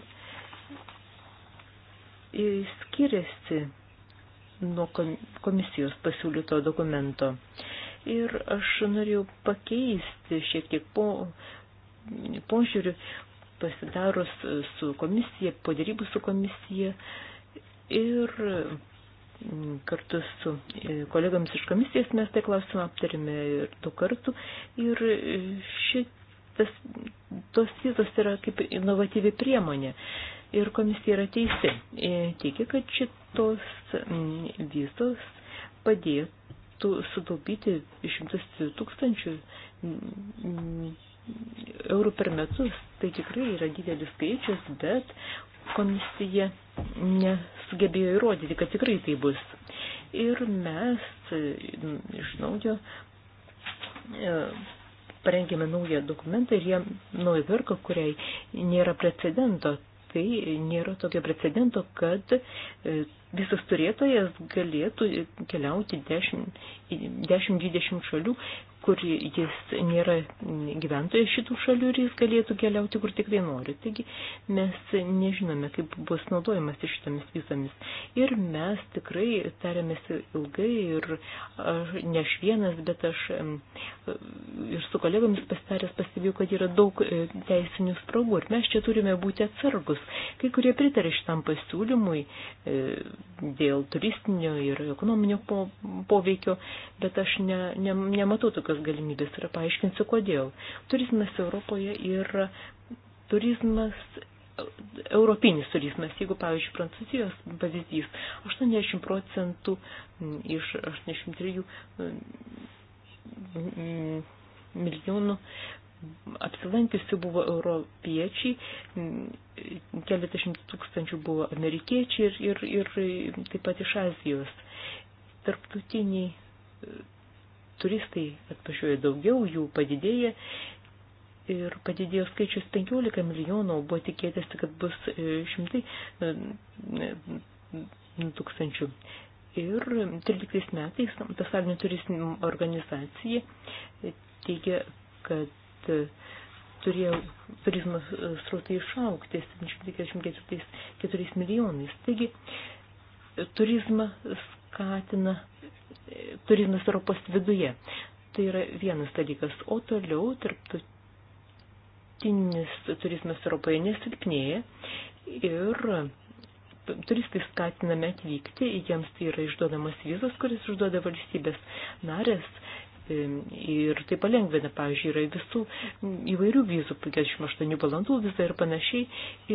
Speaker 2: skiriasi nuo komisijos pasiūlyto dokumento ir aš norėjau pakeisti šiek tiek po, požiūrį, pasidarus su komisija, po darybų su komisija ir mm, kartu su e, kolegams iš komisijos mes tai klausimą aptarėme ir du kartų ir e, šitas, tos vietos yra kaip inovatyvi priemonė ir komisija yra teisi. E, Teikia, kad šitos mm, vietos padėtų tu, sutaupyti šimtus tūkstančių eurų per metus. Tai tikrai yra didelis skaičius, bet komisija nesugebėjo įrodyti, kad tikrai tai bus. Ir mes iš naujo e, parengėme naują dokumentą ir jie naują virką, kuriai nėra precedento kai nėra tokio precedento, kad e, visas turėtojas galėtų keliauti 10-20 šalių kur jis nėra gyventojas šitų šalių ir jis galėtų keliauti kur tikrai nori. Taigi mes nežinome, kaip bus naudojamas šitomis vizomis. Ir mes tikrai tarėmės ilgai ir ne aš vienas, bet aš ir su kolegomis pasitaręs pastebėjau, kad yra daug e, teisinių spragų ir mes čia turime būti atsargus. Kai kurie pritarė šitam pasiūlymui e, dėl turistinio ir ekonominio poveikio, bet aš ne, ne, nematau tokio vienodas galimybės ir paaiškinsiu kodėl. Turizmas Europoje yra turizmas europinis turizmas. Jeigu, pavyzdžiui, Prancūzijos pavyzdys, 80 procentų iš 83 milijonų apsilankiusių buvo europiečiai, keletasdešimt tūkstančių buvo amerikiečiai ir, ir, ir taip pat iš Azijos. Tarptautiniai turistai atvažiuoja daugiau, jų padidėja ir padidėjo skaičius 15 milijonų, buvo tikėtasi, kad bus e, šimtai e, tūkstančių. Ir 13 metais pasaulinė turistinė organizacija e, teigia, kad turėjo turizmo srautai išaukti 744 milijonais. Taigi, turizmą skatina turizmas Europos viduje. Tai yra vienas dalykas. O toliau tarptautinis turizmas Europoje nesilpnėja ir turistai skatiname atvykti, jiems tai yra išduodamas vizas, kuris išduoda valstybės narės. Ir tai palengvina, pavyzdžiui, yra visų įvairių vizų, 48 valandų vizą ir panašiai.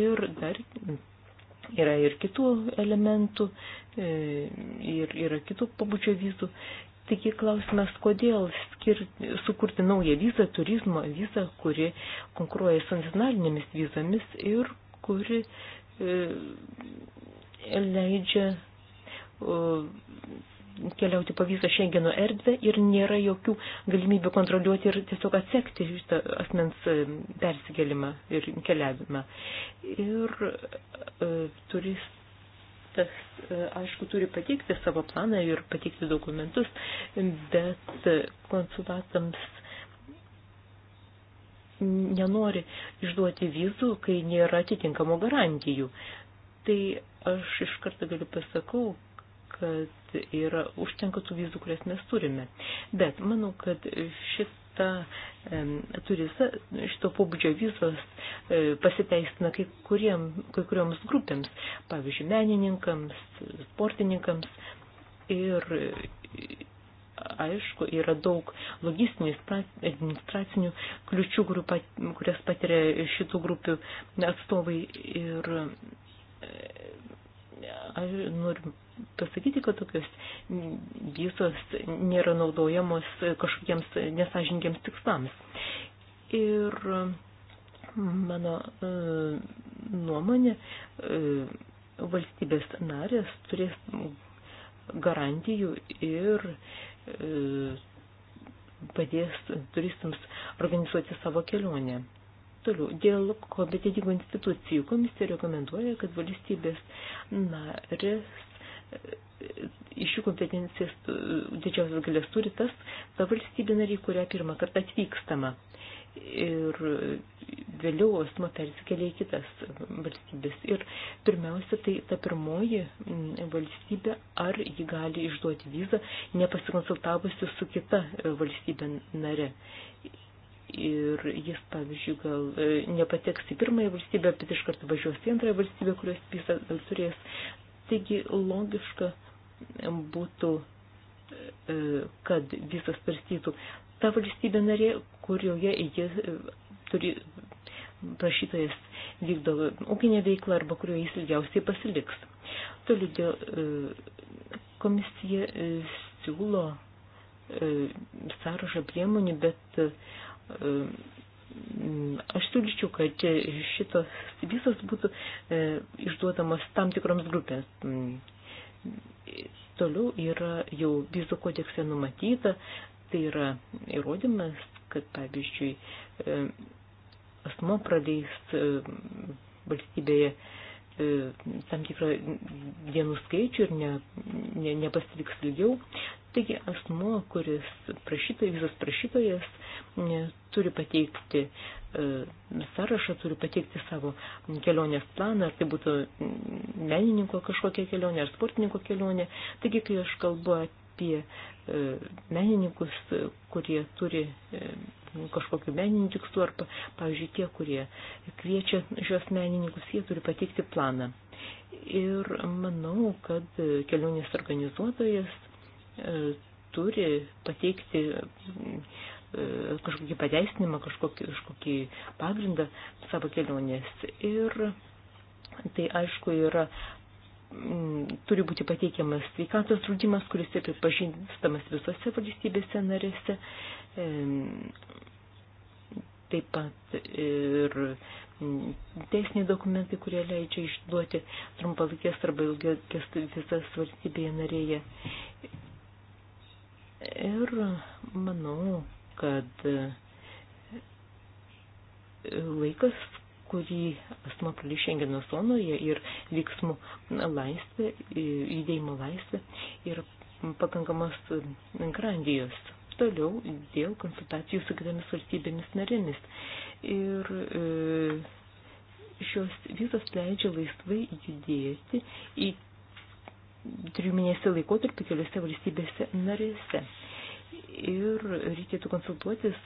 Speaker 2: Ir dar Yra ir kitų elementų, e, ir, yra kitų pabučio vizų. Taigi klausimas, kodėl skir... sukurti naują vizą, turizmo vizą, kuri konkuruoja su nacionalinėmis vizomis ir kuri e, leidžia e, keliauti po visą Šengeno erdvę ir nėra jokių galimybių kontroliuoti ir tiesiog atsekti šitą asmens e, persikėlimą ir keliavimą. Ir e, turistas, e, aišku, turi pateikti savo planą ir pateikti dokumentus, bet konsulatams nenori išduoti vizų, kai nėra atitinkamo garantijų. Tai aš iš karto galiu pasakau, kad yra užtenka tų vizų, kurias mes turime. Bet manau, kad šis ta, turi šito pobūdžio vizos e, pasiteisina kai, kuriem, kai kurioms grupėms, pavyzdžiui, menininkams, sportininkams ir aišku, yra daug logistinių administracinių kliučių, kurias patiria šitų grupių atstovai ir e, noriu pasakyti, kad tokios vizos nėra naudojamos kažkokiems nesažingiams tikslams. Ir mano e, nuomonė, e, valstybės narės turės garantijų ir e, padės turistams organizuoti savo kelionę. Toliau, dėl kompetitingų institucijų komisija rekomenduoja, kad valstybės narės iš jų kompetencijas e, didžiausias galės turi tas ta valstybė nariai, kurią pirmą kartą atvykstama. Ir vėliau asmo persikelia į kitas valstybės. Ir pirmiausia, tai ta pirmoji valstybė, ar ji gali išduoti vizą, nepasikonsultavusi su kita e, valstybė nare ir jis, pavyzdžiui, gal e, nepateks į pirmąją valstybę, bet iš karto važiuos į antrąją valstybę, kurios visą turės Taigi logiška būtų, e, kad visas svarstytų ta valstybė narė, kurioje jie turi prašytojas vykdo ūkinę veiklą arba kurioje jis ilgiausiai pasiliks. Toliau dėl e, komisija e, siūlo sąrašą priemonių, bet Mm, aš siūlyčiau, kad e, šitos visos būtų e, išduodamos tam tikroms grupės. Mm, toliau yra jau vizų kodekse numatyta, tai yra įrodymas, kad pavyzdžiui e, asmo praleis e, valstybėje e, E, tam tikrą dienų skaičių ir ne, ne, nepasiliks ilgiau. Taigi asmo, kuris prašytojas, visas prašytojas, e, turi pateikti e, sąrašą, turi pateikti savo kelionės planą, ar tai būtų menininko kažkokia kelionė, ar sportininko kelionė. Taigi, kai aš kalbu apie menininkus, kurie turi kažkokiu meniniu tikslu, ar, pavyzdžiui, tie, kurie kviečia šios menininkus, jie turi pateikti planą. Ir manau, kad kelionės organizuotojas e, turi pateikti e, kažkokį pateisinimą, kažkokį, kažkokį pagrindą savo kelionės. Ir tai aišku yra turi būti pateikiamas sveikatos draudimas, kuris yra pripažįstamas visose valstybėse narėse taip pat ir teisiniai dokumentai, kurie leidžia išduoti trumpalaikės arba ilgės visas valstybėje narėje. Ir manau, kad laikas, kurį asmo prali Šengeno zonoje ir vyksmų laisvė, judėjimo laisvė yra pakankamas grandijos toliau dėl konsultacijų su kitomis valstybėmis narėmis. Ir e, šios vizos leidžia laisvai judėti į triminėse laikotarpį keliose valstybėse narėse. Ir reikėtų konsultuotis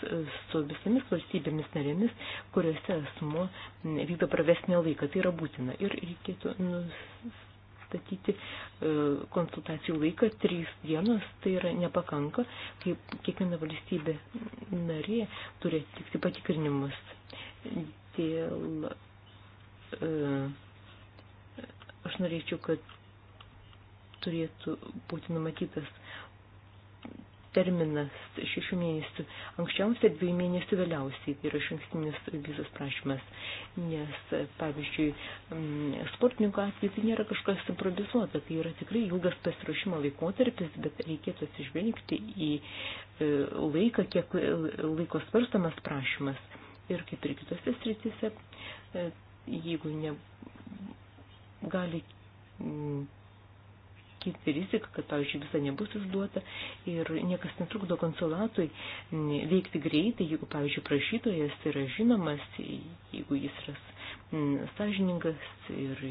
Speaker 2: su visomis valstybėmis narėmis, kuriuose asmo vykdo pravesnį laiką. Tai yra būtina. Ir reikėtų nus nustatyti e, konsultacijų laiką trys dienos, tai yra nepakanka, kaip kiekviena valstybė narė turi atlikti patikrinimus dėl e, aš norėčiau, kad turėtų būti numatytas terminas šešių mėnesių anksčiausiai, dviejų mėnesių vėliausiai, tai yra šinkstinis vizos prašymas, nes, pavyzdžiui, mm, sportininko atveju tai nėra kažkas improvizuota, tai yra tikrai ilgas pasiruošimo laikotarpis, bet reikėtų atsižvelgti į e, laiką, kiek laiko svarstamas prašymas ir kaip ir kitose srityse, e, jeigu ne, gali mm, kilti rizika, kad, pavyzdžiui, visa nebus išduota ir niekas netrukdo konsulatui veikti greitai, jeigu, pavyzdžiui, prašytojas yra žinomas, jeigu jis yra sąžiningas ir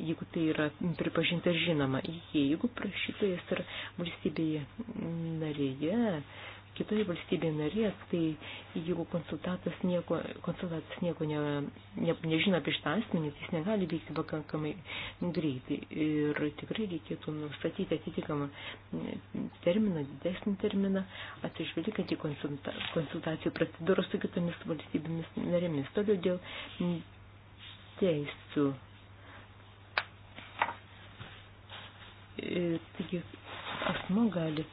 Speaker 2: jeigu tai yra pripažinta žinoma, jeigu prašytojas yra valstybėje narėje, kitoje valstybėje narės, tai jeigu konsultatas nieko, konsultatas nieko ne, ne, nežino apie šitą asmenį, tai jis negali veikti pakankamai greitai. Ir tikrai reikėtų nustatyti atitinkamą mm, terminą, didesnį terminą, atsižvelgiant į konsulta, konsultacijų procedūros su kitomis valstybėmis narėmis. Toliau dėl mm, teisų. E, taigi, asmo gali uh,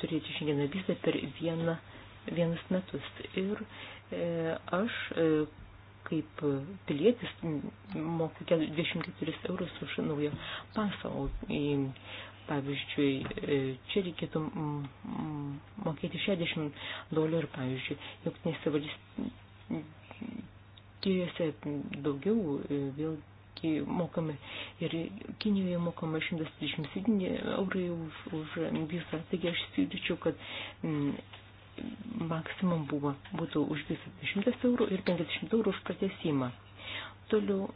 Speaker 2: turėti šiandieną vizą per vieną, vienus metus. Ir e, aš e, kaip pilietis moku 24 eurus už naują pasą. Pavyzdžiui, e, čia reikėtų mokėti 60 dolerių, pavyzdžiui, jog nesivalys tyriuose daugiau e, vėl mokami ir Kinijoje mokama 137 eurai už, už visą. Taigi aš siūlyčiau, kad m, mm, maksimum buvo, būtų už visą 100 tai eurų ir 50 eurų už pratesimą. Toliau,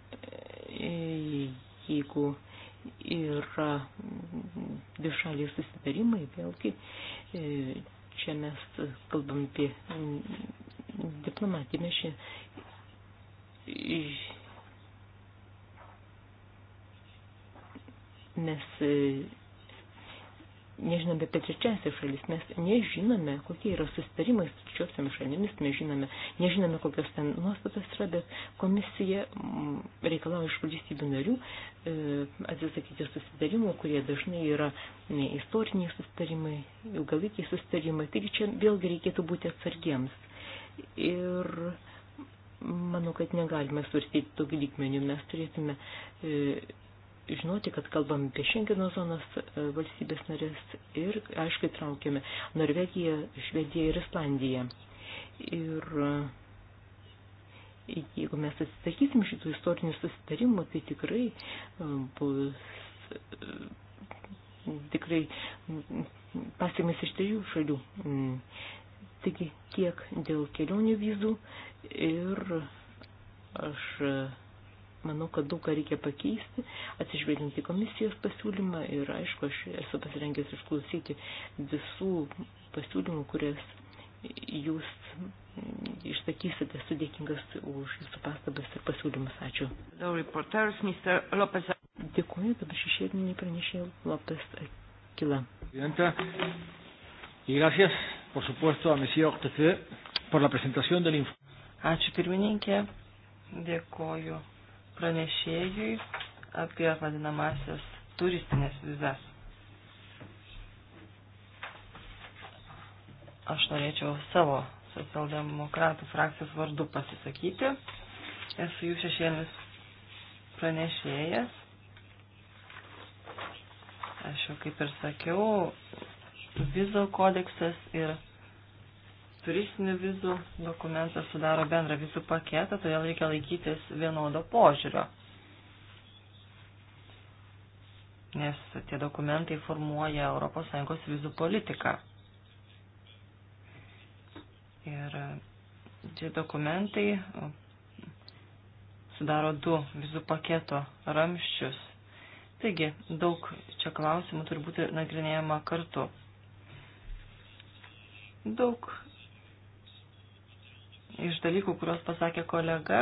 Speaker 2: e, jeigu yra mm, dvišaliai susitarimai, vėlgi e, čia mes kalbam apie mm, diplomatiją, mes čia mes e, nežinome apie trečiasias šalis, mes nežinome, kokie yra sustarimai su trečiosiomis šalimis, mes žinome, nežinome, kokios ten nuostatos yra, bet komisija reikalauja iš valstybių narių e, atsisakyti susitarimų, kurie dažnai yra ne, istoriniai sustarimai, ilgalaikiai sustarimai, taigi čia vėlgi reikėtų būti atsargiems. Ir manau, kad negalime svarstyti tokių lygmenių, mes turėtume e, žinoti, kad kalbam apie Šengeno zonos e, valstybės narės ir, aišku, traukiame Norvegiją, Švediją ir Islandiją. Ir e, jeigu mes atsisakysim šitų istorinių susitarimų, tai tikrai e, bus tikrai pasiekmes iš trijų šalių. Mm. Taigi tiek dėl kelionių vizų ir aš manau, kad daug ką reikia pakeisti, atsižvelgiant į komisijos pasiūlymą ir aišku, aš esu pasirengęs išklausyti visų pasiūlymų, kurias jūs išsakysite, esu dėkingas už jūsų pastabas ir pasiūlymus. Ačiū. Dėkuoju, dabar šešėdiniai pranešė Lopes Akila.
Speaker 1: Y gracias, por supuesto, a Monsieur Ortefeu por la presentación del informe. Ačiū pirmininkė, dėkoju pranešėjui apie vadinamasias turistinės vizas. Aš norėčiau savo socialdemokratų frakcijos vardu pasisakyti. Esu jų šešėlis pranešėjas. Aš jau kaip ir sakiau, vizo kodeksas ir turistinių vizų dokumentas sudaro bendrą vizų paketą, todėl reikia laikytis vienodo požiūrio. Nes tie dokumentai formuoja ES vizų politiką. Ir tie dokumentai sudaro du vizų paketo ramščius. Taigi, daug čia klausimų turi būti nagrinėjama kartu. Daug iš dalykų, kuriuos pasakė kolega,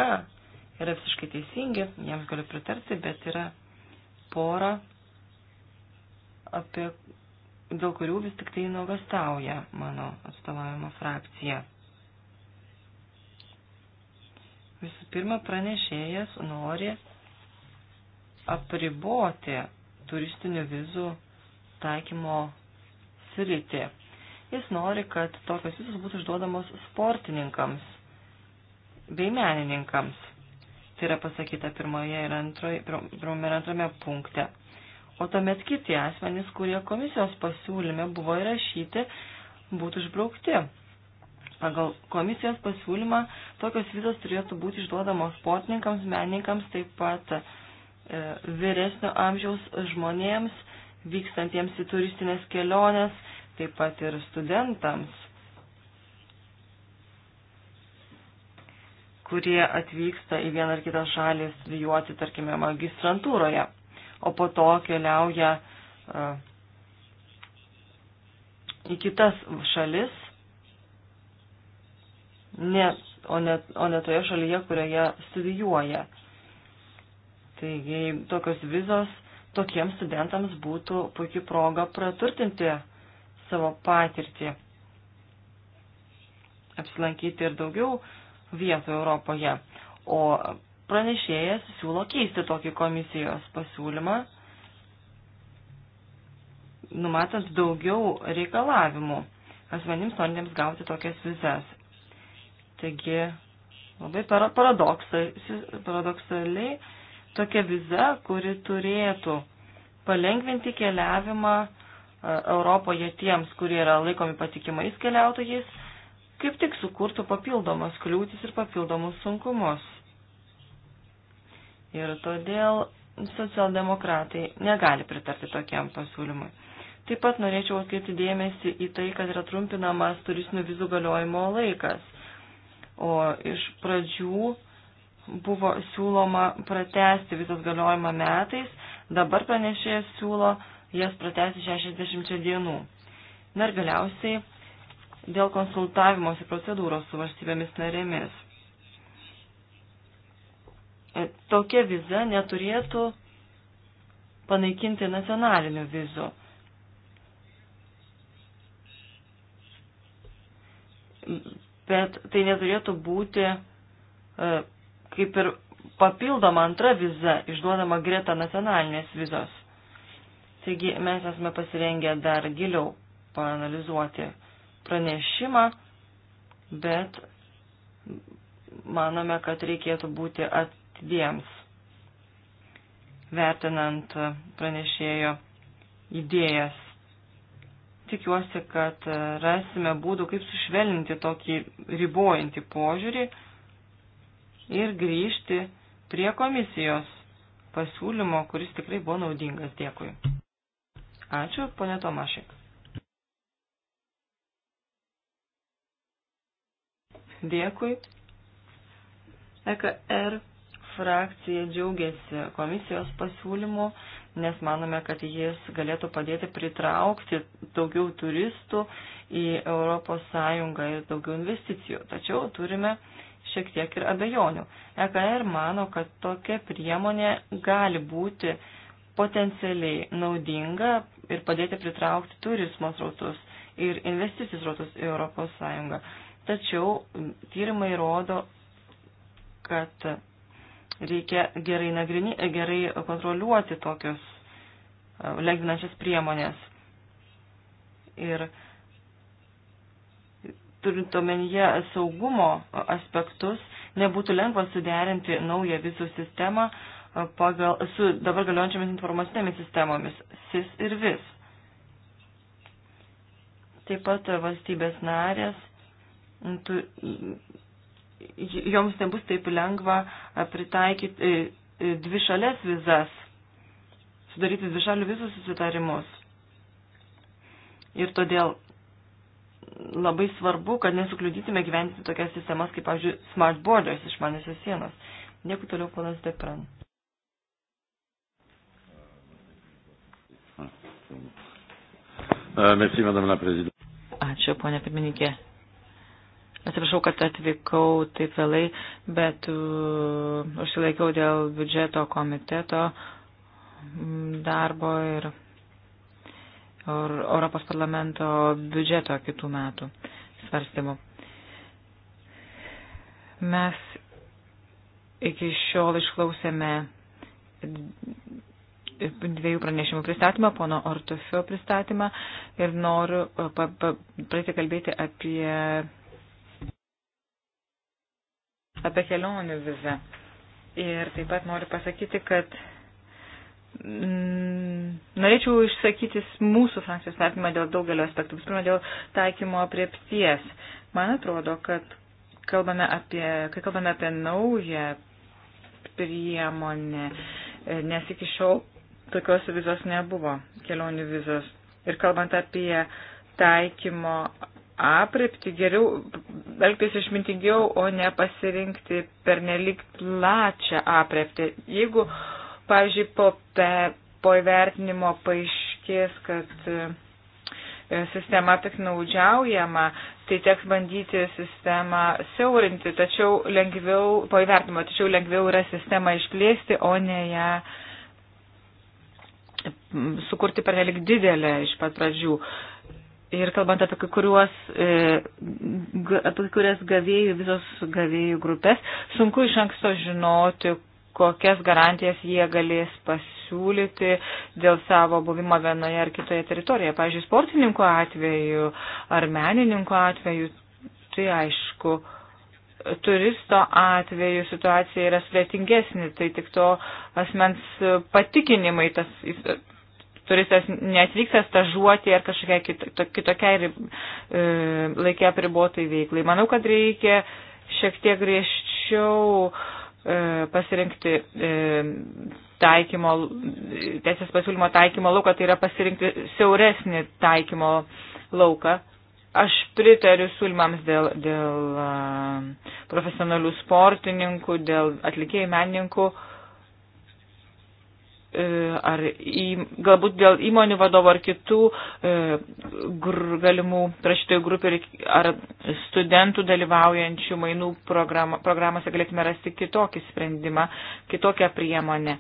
Speaker 1: yra visiškai teisingi, jiems galiu pritarti, bet yra pora, apie, dėl kurių vis tik tai nuogastauja mano atstovavimo frakcija. Visų pirma, pranešėjas nori apriboti turistinių vizų taikymo sritį. Jis nori, kad tokios visos būtų išduodamos sportininkams bei menininkams. Tai yra pasakyta pirmoje ir, antroje, pirmame ir antrame punkte. O tuomet kiti asmenys, kurie komisijos pasiūlyme buvo įrašyti, būtų išbraukti. Pagal komisijos pasiūlymą tokios vizos turėtų būti išduodamos sportininkams, menininkams, taip pat e, vyresnio amžiaus žmonėms, vykstantiems į turistinės keliones, taip pat ir studentams kurie atvyksta į vieną ar kitą šalį studijuoti, tarkime, magistrantūroje, o po to keliauja e, į kitas šalis, ne, o, ne, o ne toje šalyje, kurioje studijuoja. Taigi tokios vizos tokiems studentams būtų puikia proga praturtinti savo patirtį, apsilankyti ir daugiau vietų Europoje. O pranešėjas siūlo keisti tokį komisijos pasiūlymą, numatant daugiau reikalavimų asmenims norintiems gauti tokias vizas. Taigi, labai paradoksaliai, tokia viza, kuri turėtų palengvinti keliavimą e, Europoje tiems, kurie yra laikomi patikimais keliautojais, kaip tik sukurtų papildomas kliūtis ir papildomus sunkumus. Ir todėl socialdemokratai negali pritarti tokiam pasiūlymui. Taip pat norėčiau atkreipti dėmesį į tai, kad yra trumpinamas turistinių vizų galiojimo laikas. O iš pradžių buvo siūloma pratesti vizos galiojimą metais, dabar pranešėjas siūlo jas pratesti 60 dienų. Na ir galiausiai dėl konsultavimosi procedūros su valstybėmis narėmis. E, tokia viza neturėtų panaikinti nacionalinių vizų. Bet tai neturėtų būti e, kaip ir papildoma antra viza išduodama greta nacionalinės vizos. Taigi mes esame pasirengę dar giliau paanalizuoti pranešimą, bet manome, kad reikėtų būti atidiems, vertinant pranešėjo idėjas. Tikiuosi, kad rasime būdų, kaip sušvelninti tokį ribojantį požiūrį ir grįžti prie komisijos pasiūlymo, kuris tikrai buvo naudingas. Dėkui. Ačiū, ponė Tomašik. Dėkui. EKR frakcija džiaugiasi komisijos pasiūlymu, nes manome, kad jis galėtų padėti pritraukti daugiau turistų į ES ir daugiau investicijų. Tačiau turime šiek tiek ir abejonių. EKR mano, kad tokia priemonė gali būti potencialiai naudinga ir padėti pritraukti turismo srautus ir investicijų srautus į ES. Tačiau tyrimai rodo, kad reikia gerai, nagrini, gerai kontroliuoti tokios e, lengvinančias priemonės. Ir turint omenyje saugumo aspektus, nebūtų lengva suderinti naują vizų sistemą e, pagal, su dabar galiojančiamis informacinėmis sistemomis SIS ir VIS. Taip pat valstybės narės joms nebus taip lengva pritaikyti e, e, dvi šalės vizas, sudaryti dvi šalių vizų susitarimus. Ir todėl labai svarbu, kad nesukliudytume gyventi tokias sistemas kaip, pavyzdžiui, smart borders išmanėsios sienos. Dėkui toliau, ponas Depran. Ačiū, ponė pirmininkė. Atsiprašau, kad atvykau taip vėlai, bet uh, užsilaikiau dėl biudžeto komiteto darbo ir Europos parlamento biudžeto kitų metų svarstymų. Mes iki šiol išklausėme dviejų pranešimų pristatymą, pono Ortofio pristatymą ir noriu pradėti kalbėti apie apie kelionių vizą. Ir taip pat noriu pasakyti, kad mm, norėčiau išsakyti mūsų frakcijos vertinimą dėl daugelio aspektų. Visų pirma, dėl taikymo priepties. Man atrodo, kad kalbame apie, kai kalbame apie naują priemonę, nes iki šiol tokios vizos nebuvo, kelionių vizos. Ir kalbant apie taikymo aprepti, geriau elgtis išmintingiau, o ne pasirinkti pernelik plačią aprepti. Jeigu, pavyzdžiui, po, pe, po įvertinimo paaiškės, kad e, sistema piknaudžiaujama, tai teks bandyti sistemą siaurinti, tačiau lengviau, po įvertinimo, tačiau lengviau yra sistemą išplėsti, o ne ją sukurti pernelik didelę iš pat pradžių. Uh, Ir kalbant apie kai, kuriuos, e, apie kai kurias gavėjų, visos gavėjų grupės, sunku iš anksto žinoti, kokias garantijas jie galės pasiūlyti dėl savo buvimo vienoje ar kitoje teritorijoje. Pavyzdžiui, sportininkų atveju ar menininkų atveju, tai aišku, turisto atveju situacija yra sudėtingesnė, tai tik to asmens patikinimai, tas turistas neatvyksta stažuoti ar kažkokiai kito, kitokiai e, laikė apribotai veiklai. Manau, kad reikia šiek tiek griežčiau e, pasirinkti e, taikymo, teisės pasiūlymo taikymo lauką, tai yra pasirinkti siauresnį taikymo lauką. Aš pritariu siūlymams dėl, dėl e, profesionalių sportininkų, dėl atlikėjų menininkų. E, E, ar į, galbūt dėl įmonių vadovo ar kitų e, gr, galimų rašytojų grupių ar studentų dalyvaujančių mainų program, programose galėtume rasti kitokį sprendimą, kitokią priemonę.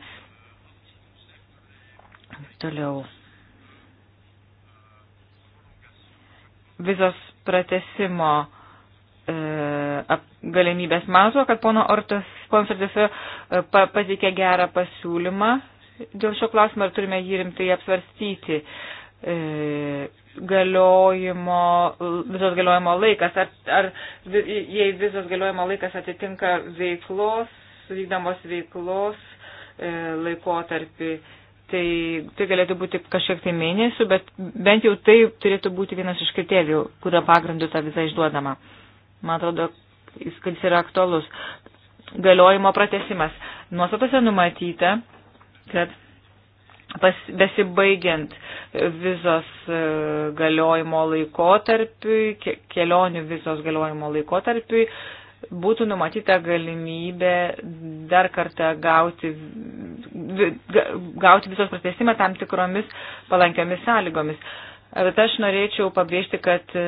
Speaker 1: Toliau. Vizos pratesimo e, ap, galimybės mazo, kad pono Ortas, ponas Ortas e, pateikė gerą pasiūlymą dėl šio klausimo ir turime jį rimtai apsvarstyti. E, galiojimo, vizos galiojimo laikas, ar, ar jei vizos galiojimo laikas atitinka veiklos, vykdamos veiklos e, laikotarpį, tai, tai galėtų būti kažkiek tai mėnesių, bet bent jau tai turėtų būti vienas iš kriterijų, kurio pagrindu ta viza išduodama. Man atrodo, jis, kad jis yra aktualus. Galiojimo pratesimas. Nuostatose numatyta, kad pas, besibaigiant vizos e, galiojimo laikotarpiui, ke, kelionių vizos galiojimo laikotarpiui, būtų numatyta galimybė dar kartą gauti, gauti visos pratesimą tam tikromis palankiamis sąlygomis. E, bet aš norėčiau pabrėžti, kad e,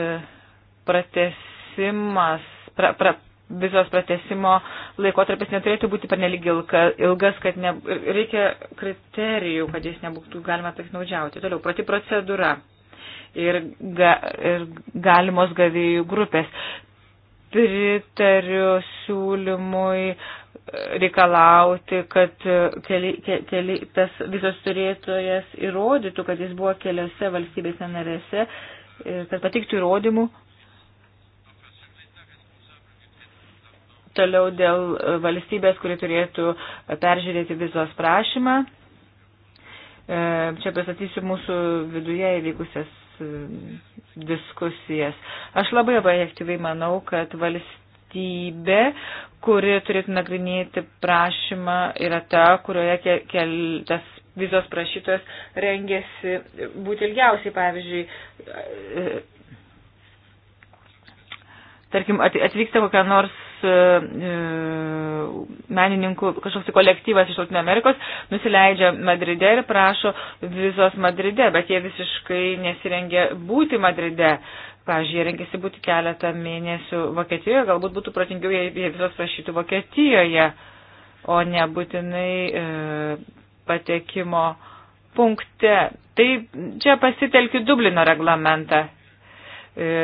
Speaker 1: pratesimas, pra, pra, vizos pratesimo laikotarpis neturėtų būti pernelyg ilgas, kad ne, reikia kriterijų, kad jis nebūtų galima piknaudžiauti. Toliau, pati procedūra ir, ga, ir galimos gavėjų grupės. Pritariu siūlymui e, reikalauti, kad keli, keli, tas visos turėtojas įrodytų, kad jis buvo keliose valstybėse narėse ir kad patiktų įrodymų, Toliau dėl e, valstybės, kuri turėtų peržiūrėti vizos prašymą. E, čia pristatysiu mūsų viduje įvykusias e, diskusijas. Aš labai labai aktyviai manau, kad valstybė, kuri turėtų nagrinėti prašymą, yra ta, kurioje kel, tas vizos prašytojas rengėsi būti ilgiausiai, pavyzdžiui, tarkim, atvyksta kokia nors E, e, menininkų, kažkoks tai kolektyvas iš Latino Amerikos nusileidžia Madride ir prašo vizos Madride, bet jie visiškai nesirengia būti Madride. Pavyzdžiui, jie rengėsi būti keletą mėnesių Vokietijoje, galbūt būtų pratingiau, jei jie visos prašytų Vokietijoje, o nebūtinai e, patekimo punkte. Tai čia pasitelkiu Dublino reglamentą. E,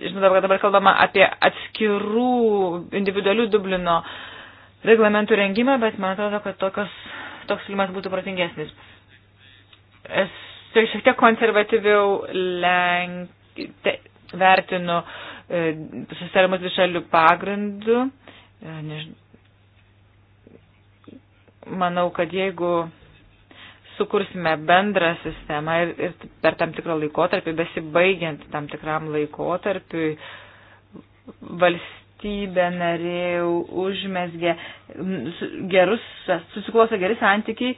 Speaker 1: žinau, kad dabar kalbama apie atskirų individualių Dublino reglamentų rengimą, bet man atrodo, kad tokios, toks siūlymas būtų pratingesnis. Esu šiek tiek konservatyviau lenk, te, vertinu e, susitarimus dvišalių pagrindų. E, než... Manau, kad jeigu sukursime bendrą sistemą ir, ir per tam tikrą laikotarpį, besibaigiant tam tikram laikotarpiui, valstybė narė užmesgė gerus, susiklosė geri santykiai,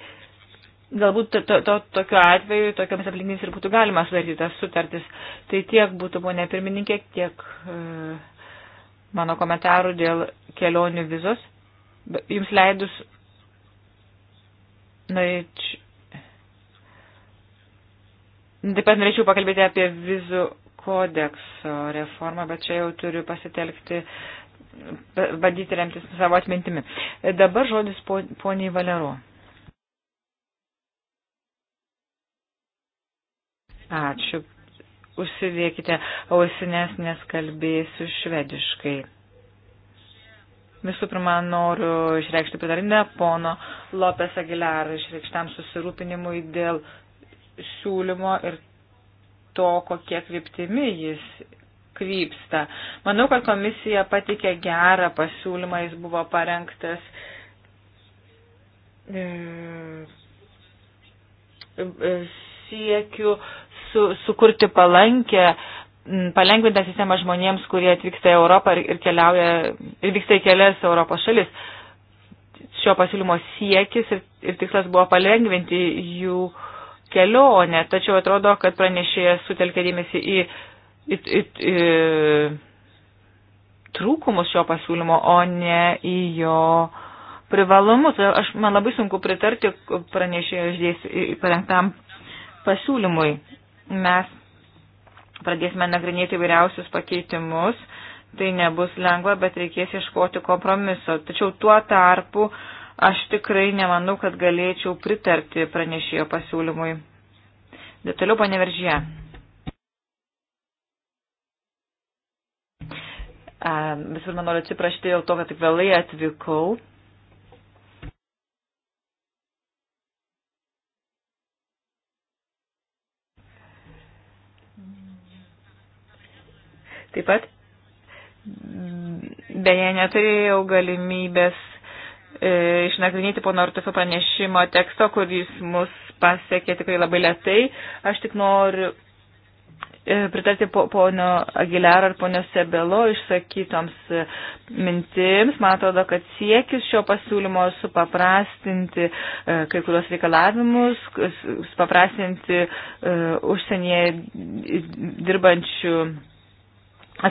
Speaker 1: galbūt to, to, to, tokiu atveju, tokiamis aplinkybėmis ir būtų galima sudaryti tas sutartis. Tai tiek būtų, ponė pirmininkė, tiek e, mano komentarų dėl kelionių vizos. Jums leidus norėčiau Taip pat norėčiau pakalbėti apie vizų kodekso reformą, bet čia jau turiu pasitelkti, bandyti remtis savo atmintimi. Dabar žodis poniai Valero. Ačiū. Užsidėkite ausinės, nes kalbėsiu švediškai. Visų pirma, noriu išreikšti pritarimą pono Lopes Aguilar išreikštam susirūpinimui dėl siūlymo ir to, kokie kryptimi jis krypsta. Manau, kad komisija patikė gerą pasiūlymą, jis buvo parengtas e, e, siekiu su, sukurti palankę, palengvintą sistemą žmonėms, kurie atvyksta į Europą ir, ir, keliauja, ir vyksta į kelias Europos šalis. Šio pasiūlymo siekis ir, ir tikslas buvo palengvinti jų uh, kelionę, tačiau atrodo, kad pranešėjas sutelkė dėmesį į, į, į, į trūkumus šio pasiūlymo, o ne į jo privalumus. Aš man labai sunku pritarti pranešėjo išdės parengtam pasiūlymui. Mes pradėsime nagrinėti vairiausius pakeitimus. Tai nebus lengva, bet reikės ieškoti kompromiso. Tačiau tuo tarpu uh, Aš tikrai nemanau, kad galėčiau pritarti pranešėjo pasiūlymui. Detaliau paneveržyje. Visur man noriu atsiprašyti dėl to, kad tik vėlai atvykau. Taip pat, beje, neturėjau galimybės E, išnagrinėti pono Artufo pranešimo teksto, kuris mus pasiekė tikrai labai lietai. Aš tik noriu e, pritarti pono Aguilera ir ponio Sebelo išsakytoms e, mintims. Man atrodo, kad siekis šio pasiūlymo supaprastinti kai kurios reikalavimus, supaprastinti užsienyje dirbančių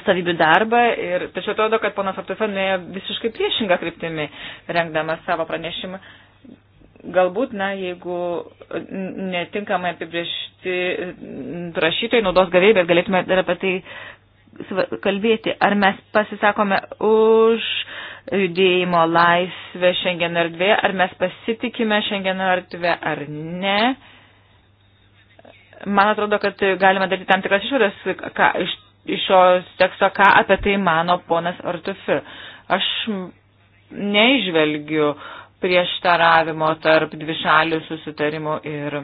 Speaker 1: savybių darbą ir tačiau atrodo, kad ponas Artufe nuėjo visiškai priešingą kryptimį, rengdamas savo pranešimą. Galbūt, na, jeigu netinkamai apibriešti prašytojai naudos gavėjai, bet galėtume dar apie tai kalbėti, ar mes pasisakome už judėjimo laisvę Šengeno erdvėje, ar mes pasitikime Šengeno erdvę ar ne. Man atrodo, kad galima daryti tam tikras išvadas, ką iš iš šios teksto, ką apie tai mano ponas Artufi. Aš neižvelgiu prieštaravimo tarp dvišalių susitarimų ir,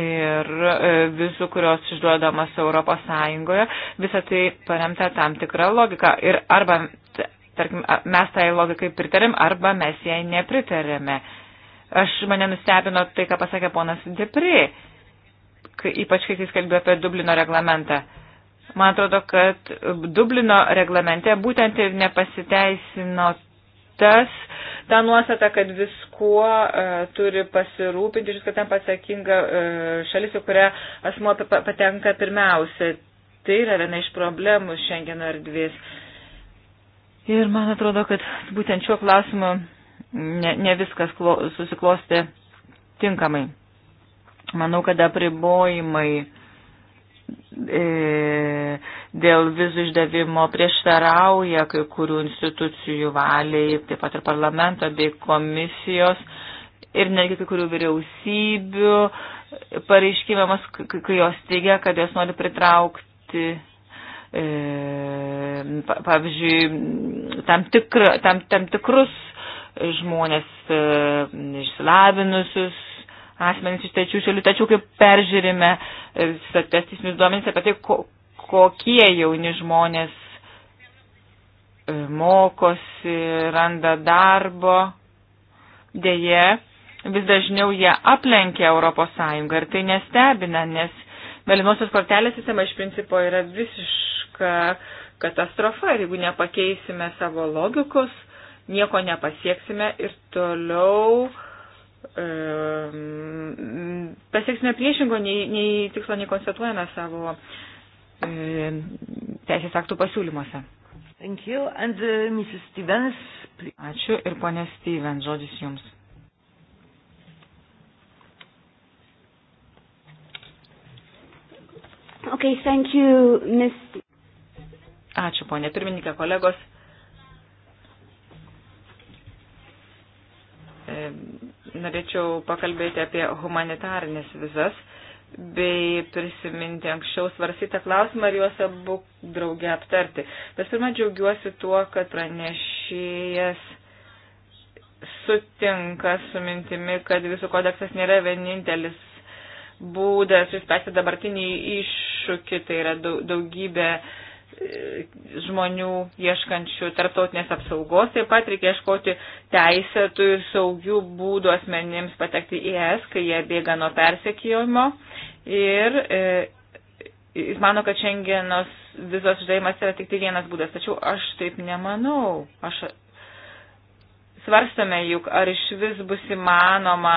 Speaker 1: ir e, visų, kurios išduodamas Europos Sąjungoje. Visą tai paremta tam tikrą logiką. Ir arba, tarkim, mes tai logikai pritarėm, arba mes jai nepritarėme. Aš mane nustebino tai, ką pasakė ponas Depri kai, ypač kai jis kalbėjo apie Dublino reglamentą. Man atrodo, kad Dublino reglamente būtent ir nepasiteisino tas, ta nuostata, kad viskuo uh, turi pasirūpinti, žinot, kad ten pasakinga uh, šalis, į kurią asmuo patenka pirmiausia. Tai yra viena iš problemų šiandieno erdvės. Ir man atrodo, kad būtent šiuo klausimu ne, ne viskas klo, susiklosti tinkamai. Manau, kad apribojimai e, dėl vizų išdavimo prieštarauja kai kurių institucijų valiai, taip pat ir parlamento bei komisijos ir netgi kai kurių vyriausybių pareiškimas, kai jos teigia, kad jos nori pritraukti, e, pavyzdžiui, tam, tikra, tam, tam tikrus žmonės e, išsilavinusius, asmenys iš trečių šalių, tačiau kaip peržiūrime e, statistinius duomenys apie tai, ko, kokie jauni žmonės e, mokosi, randa darbo, dėje vis dažniau jie aplenkia Europos Sąjungą ir tai nestebina, nes melinosios kortelės sistema iš principo yra visiška katastrofa ir jeigu nepakeisime savo logikos, nieko nepasieksime ir toliau uh, Ehm, pasieksime priešingo, nei, nei tikslo nekonstatuojame savo e, teisės aktų pasiūlymuose. Thank you. And uh, Mrs. Stevens. Please. Ačiū ir ponė Stevens, žodis jums. Okay, thank you, Ms. Ačiū, ponė pirmininkė, kolegos. E, norėčiau pakalbėti apie humanitarnės vizas bei prisiminti anksčiau svarsytą klausimą ir juos abu draugę aptarti. Bet pirmą džiaugiuosi tuo, kad pranešėjas sutinka su mintimi, kad visų kodeksas nėra vienintelis būdas išspręsti dabartinį iššūkį, tai yra daugybė uh, žmonių ieškančių tarptautinės apsaugos. Taip pat reikia ieškoti teisėtų ir saugių būdų asmenims patekti į ES, kai jie bėga nuo persekiojimo. Ir e, jis mano, kad šiandienos vizos uždėjimas yra tik tai vienas būdas, tačiau aš taip nemanau. Aš svarstame juk, ar iš vis bus įmanoma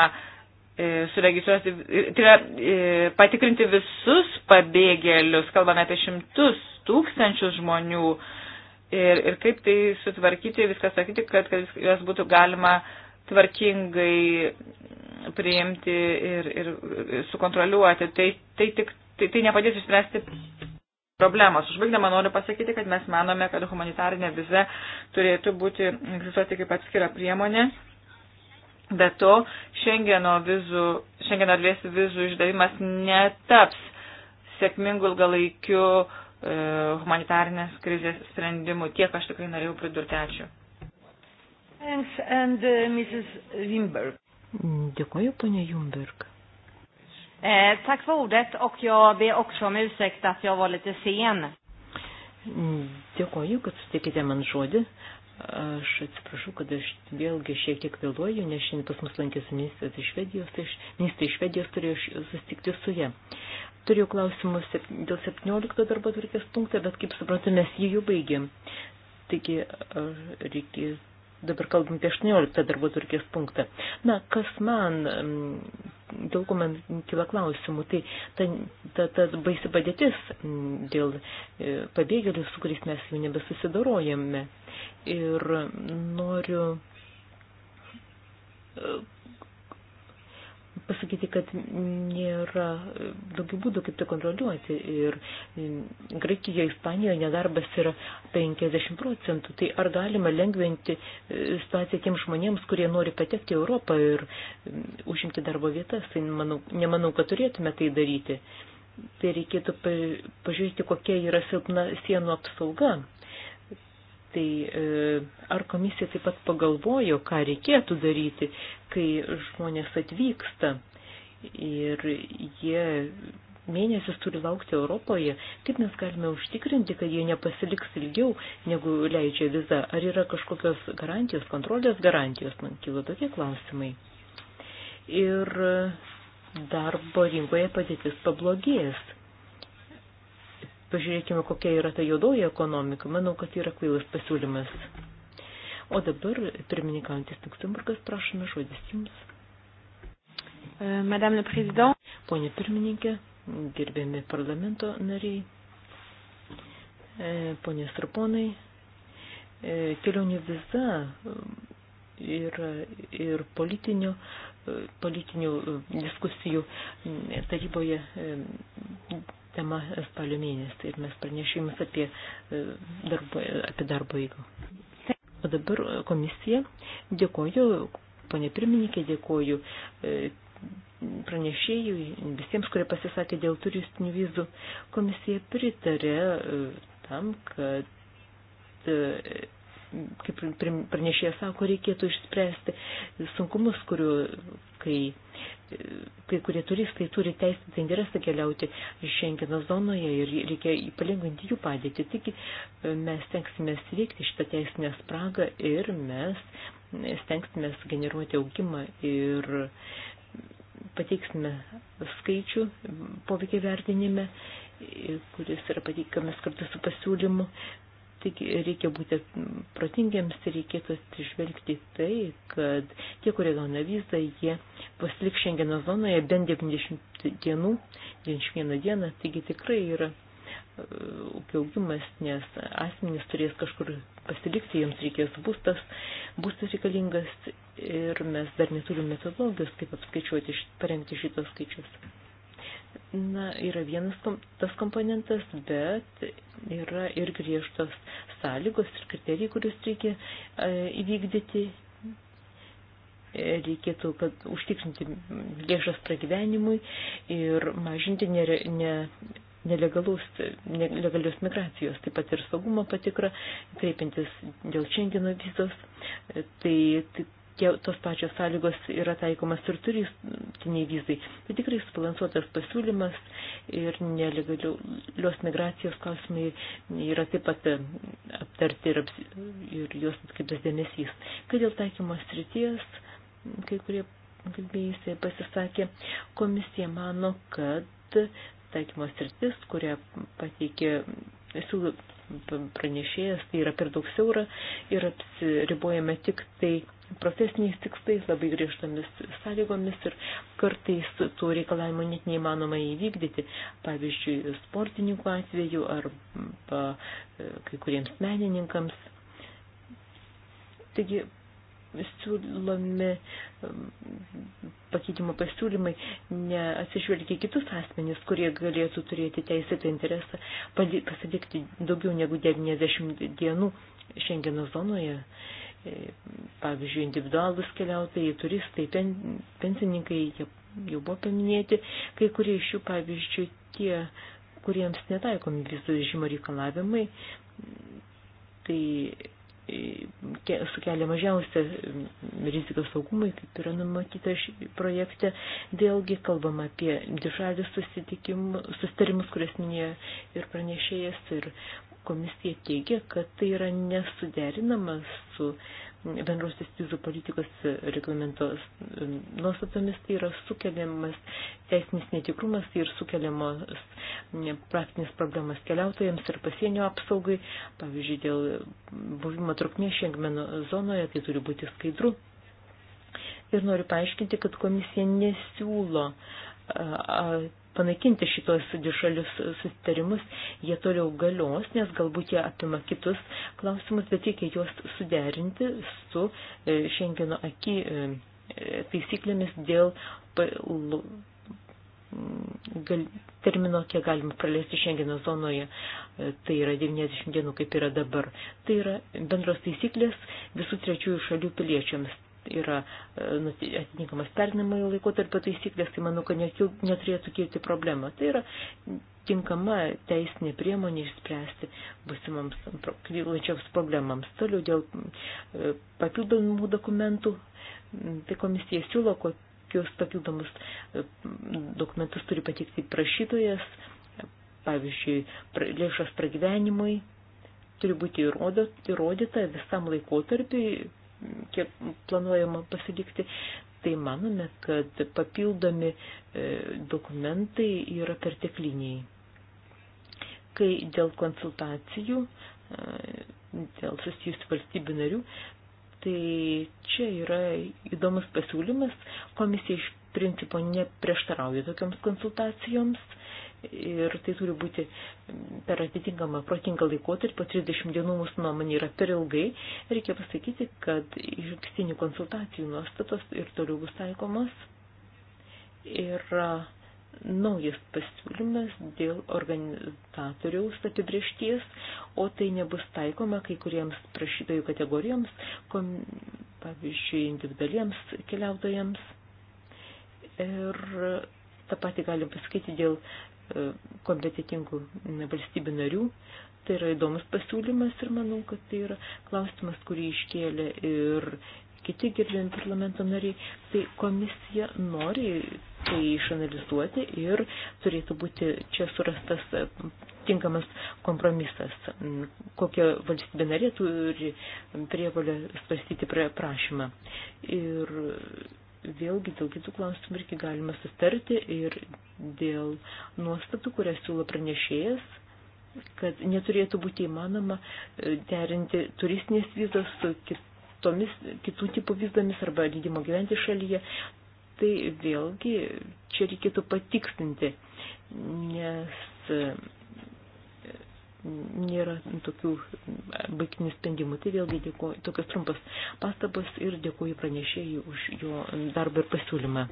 Speaker 1: e, suregistruoti, e, tai yra e, patikrinti visus pabėgėlius, kalbame apie šimtus tūkstančius žmonių ir, ir kaip tai sutvarkyti, viską sakyti, kad, kad jas būtų galima tvarkingai priimti ir, ir sukontroliuoti. Tai, tai, tik, tai, tai nepadės išspręsti problemos. Užbaigdama noriu pasakyti, kad mes manome, kad humanitarinė viza turėtų būti egzistuoti kaip atskira priemonė. Be to, Schengeno, vizų, Schengeno erdvės vizų išdavimas netaps sėkmingų ilgalaikių uh, E, humanitarnės krizės sprendimų. Tiek aš tikrai norėjau pridurti. Ačiū. Thanks, and, uh, Mrs. Wimberg.
Speaker 2: Dėkoju, ponia Jumberg.
Speaker 1: Eh, tack för ordet och jag ber också om ursäkt att jag var lite sen.
Speaker 2: Dėkoju, kad sutikite man žodį. Aš atsiprašau, kad aš vėlgi šiek tiek vėluoju, nes šiandien pas mus lankėsi ministras iš Švedijos, tai ministras iš Švedijos turėjo susitikti su ja. Turiu klausimus dėl 17 darbo tvarkės punktą, bet kaip suprantu, mes jį jau baigėm. Taigi, reikia, dabar kalbam apie 18 darbo tvarkės punktą. Na, kas man, dėl ko man kila klausimų, tai ta, ta, ta baisi padėtis dėl e, pabėgėlių, su kuriais mes jau nebesusidarojame. Ir noriu pasakyti, kad nėra daugiau būdų, kaip tai kontroliuoti. Ir mm, Graikijoje, Ispanijoje nedarbas yra 50 procentų. Tai ar galima lengventi e, situaciją tiems žmonėms, kurie nori patekti į Europą ir mm, užimti darbo vietas? Tai manau, nemanau, kad turėtume tai daryti. Tai reikėtų pažiūrėti, kokia yra silpna sienų apsauga Tai e, ar komisija taip pat pagalvojo, ką reikėtų daryti, kai žmonės atvyksta ir jie mėnesius turi laukti Europoje, kaip mes galime užtikrinti, kad jie nepasiliks ilgiau, negu leidžia viza? Ar yra kažkokios garantijos, kontrolės garantijos? Man kilo tokie klausimai. Ir darbo rinkoje padėtis pablogės pažiūrėkime, kokia yra ta juodoji ekonomika. Manau, kad yra kvailas pasiūlymas. O dabar pirmininkaujantis Luxemburgas, prašome žodis jums. Euh, Madame le Président. Pone pirmininkė, gerbėmi parlamento nariai, e, ponės Traponai, e, kelionių viza e, ir, ir politinių, politinių diskusijų taryboje tema spalio mėnesį ir tai mes pranešimus apie e, darbo, apie darbo įgų. O dabar komisija. Dėkoju, ponė pirmininkė, dėkoju e, pranešėjų, visiems, kurie pasisakė dėl turistinių vizų. Komisija pritarė e, tam, kad kaip pranešėjas sako, reikėtų išspręsti sunkumus, kurių, kai kai kurie turistai turi teisėtą tai interesą keliauti Šengeno zonoje ir reikia palengvinti jų padėtį. Taigi e, mes stengsime sveikti šitą teisinę spragą ir mes stengsime generuoti augimą ir pateiksime skaičių poveikiai vertinime, kuris yra pateikiamas kartu su pasiūlymu Taigi reikia būti protingiams ir reikėtų atsižvelgti tai, kad tie, kurie gauna vizą, jie pasilik Šengeno zonoje bent 90 dienų, 91 dieną, taigi tikrai yra uh, ūkio augimas, nes asmenys turės kažkur pasilikti, jiems reikės būstas, būstas reikalingas ir mes dar neturime metodologijos, kaip apskaičiuoti, parengti šitos skaičius na, yra vienas kom, tas komponentas, bet yra ir griežtos sąlygos ir kriterijai, kuriuos reikia e, įvykdyti. E, reikėtų, kad užtikrinti lėšas pragyvenimui ir mažinti nere, ne, nelegalus, nelegalius migracijos, taip pat ir saugumo patikra, kreipintis dėl Čengino vizos. E, tai, tai tie, tos pačios sąlygos yra taikomas ir turistiniai vizai. Tai tikrai subalansuotas pasiūlymas ir nelegalios migracijos klausimai yra taip pat e, aptarti ir, aps, ir jos atkaiptas dėmesys. Kai dėl taikymos srities, kai kurie kalbėjusiai pasisakė, komisija mano, kad taikymos sritis, kurią pateikė siūlų pranešėjas, tai yra per daug siaura ir apsiribojame tik tai profesiniais tikslais, labai griežtomis sąlygomis ir kartais tų reikalavimų net neįmanoma įvykdyti. Pavyzdžiui, sportininkų atveju arba e, kai kuriems menininkams. Taigi, siūlomi pakeitimo pasiūlymai neatsižvelgia kitus asmenys, kurie galėtų turėti teisėtą interesą pasilikti daugiau negu 90 dienų Šengeno zonoje E, pavyzdžiui, individualus keliautojai, turistai, pen, pensininkai, jie jau buvo paminėti, kai kurie iš jų, pavyzdžiui, tie, kuriems netaikomi vizų žymo reikalavimai, tai e, sukelia mažiausią riziką saugumui, kaip yra numatyta projekte. Vėlgi kalbam apie dvišalius susitarimus, kurias minėjo ir pranešėjas, ir Komisija teigia, kad tai yra nesuderinama su bendrausios vizų politikos reglamentos nuostatomis, tai yra sukeliamas teisinis netikrumas tai ir sukeliamos praktinės problemas keliautojams ir pasienio apsaugai, pavyzdžiui, dėl buvimo trukmės šengmeno zonoje, tai turi būti skaidru. Ir noriu paaiškinti, kad komisija nesiūlo panaikinti šitos dišalius susitarimus, jie toliau galios, nes galbūt jie apima kitus klausimus, bet reikia juos suderinti su e, Šengeno aki e, taisyklėmis dėl gal, termino, kiek galima praleisti Šengeno zonoje, e, tai yra 90 dienų, kaip yra dabar. Tai yra bendros taisyklės visų trečiųjų šalių piliečiams yra e, atitinkamas perinamojo laikotarpio taisyklės, tai manau, kad neturėtų kilti problemą. Tai yra tinkama teisinė priemonė išspręsti būsimams kylančioms problemams. Toliau dėl e, papildomų dokumentų, tai komisija siūlo, kokius papildomus e, dokumentus turi patikti prašytojas, pavyzdžiui, lėšas pragyvenimui, turi būti įrodyta visam laikotarpiui kiek planuojama pasilikti, tai manome, kad papildomi e, dokumentai yra pertekliniai. Kai dėl konsultacijų, e, dėl susijusių valstybių narių, tai čia yra įdomus pasiūlymas. Komisija iš principo neprieštarauja tokiams konsultacijoms ir tai turi būti per atitinkamą protingą laikotarpį, po 30 dienų mūsų nuomonė yra per ilgai. Reikia pasakyti, kad išankstinių konsultacijų nuostatos ir toliau bus taikomas. Ir naujas pasiūlymas dėl organizatoriaus apibriešties, o tai nebus taikoma kai kuriems prašytojų kategorijoms, kom, pavyzdžiui, individualiems keliautojams. Ir tą patį galim pasakyti dėl kompetitingų valstybių narių. Tai yra įdomus pasiūlymas ir manau, kad tai yra klausimas, kurį iškėlė ir kiti girdžiami parlamento nariai. Tai komisija nori tai išanalizuoti ir turėtų būti čia surastas tinkamas kompromisas, kokia valstybė narė turi prievalę svarstyti prašymą. Ir vėlgi dėl kitų klausimų irgi galima sustarti ir dėl nuostatų, kurias siūlo pranešėjas, kad neturėtų būti įmanoma e, derinti turistinės vizos su kitomis, kitų tipų vizomis arba lydimo gyventi šalyje. Tai vėlgi čia reikėtų patikslinti, nes e, nėra tokių e, baigtinių sprendimų. Tai vėlgi dėkoju, tokios trumpas pastabas ir dėkoju pranešėjai už jo darbą ir pasiūlymą.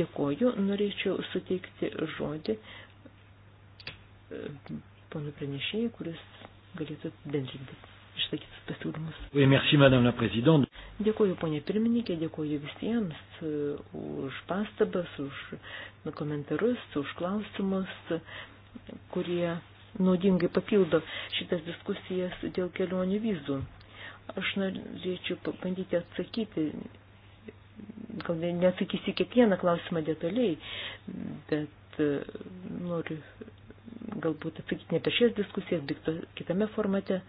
Speaker 2: Dėkoju, norėčiau suteikti žodį e, ponui pranešėjai, kuris galėtų bendrinti išsakytus pasiūlymus. Oui, merci, madame la présidente. Dėkuoju, ponė pirmininkė, dėkuoju visiems e, už pastabas, už komentarus, už klausimus, kurie naudingai papildo šitas diskusijas dėl kelionių vizų. Aš norėčiau pabandyti atsakyti, gal neatsakysiu kiekvieną klausimą detaliai, bet e, noriu galbūt atsakyti ne per šias diskusijas, bet kitame formate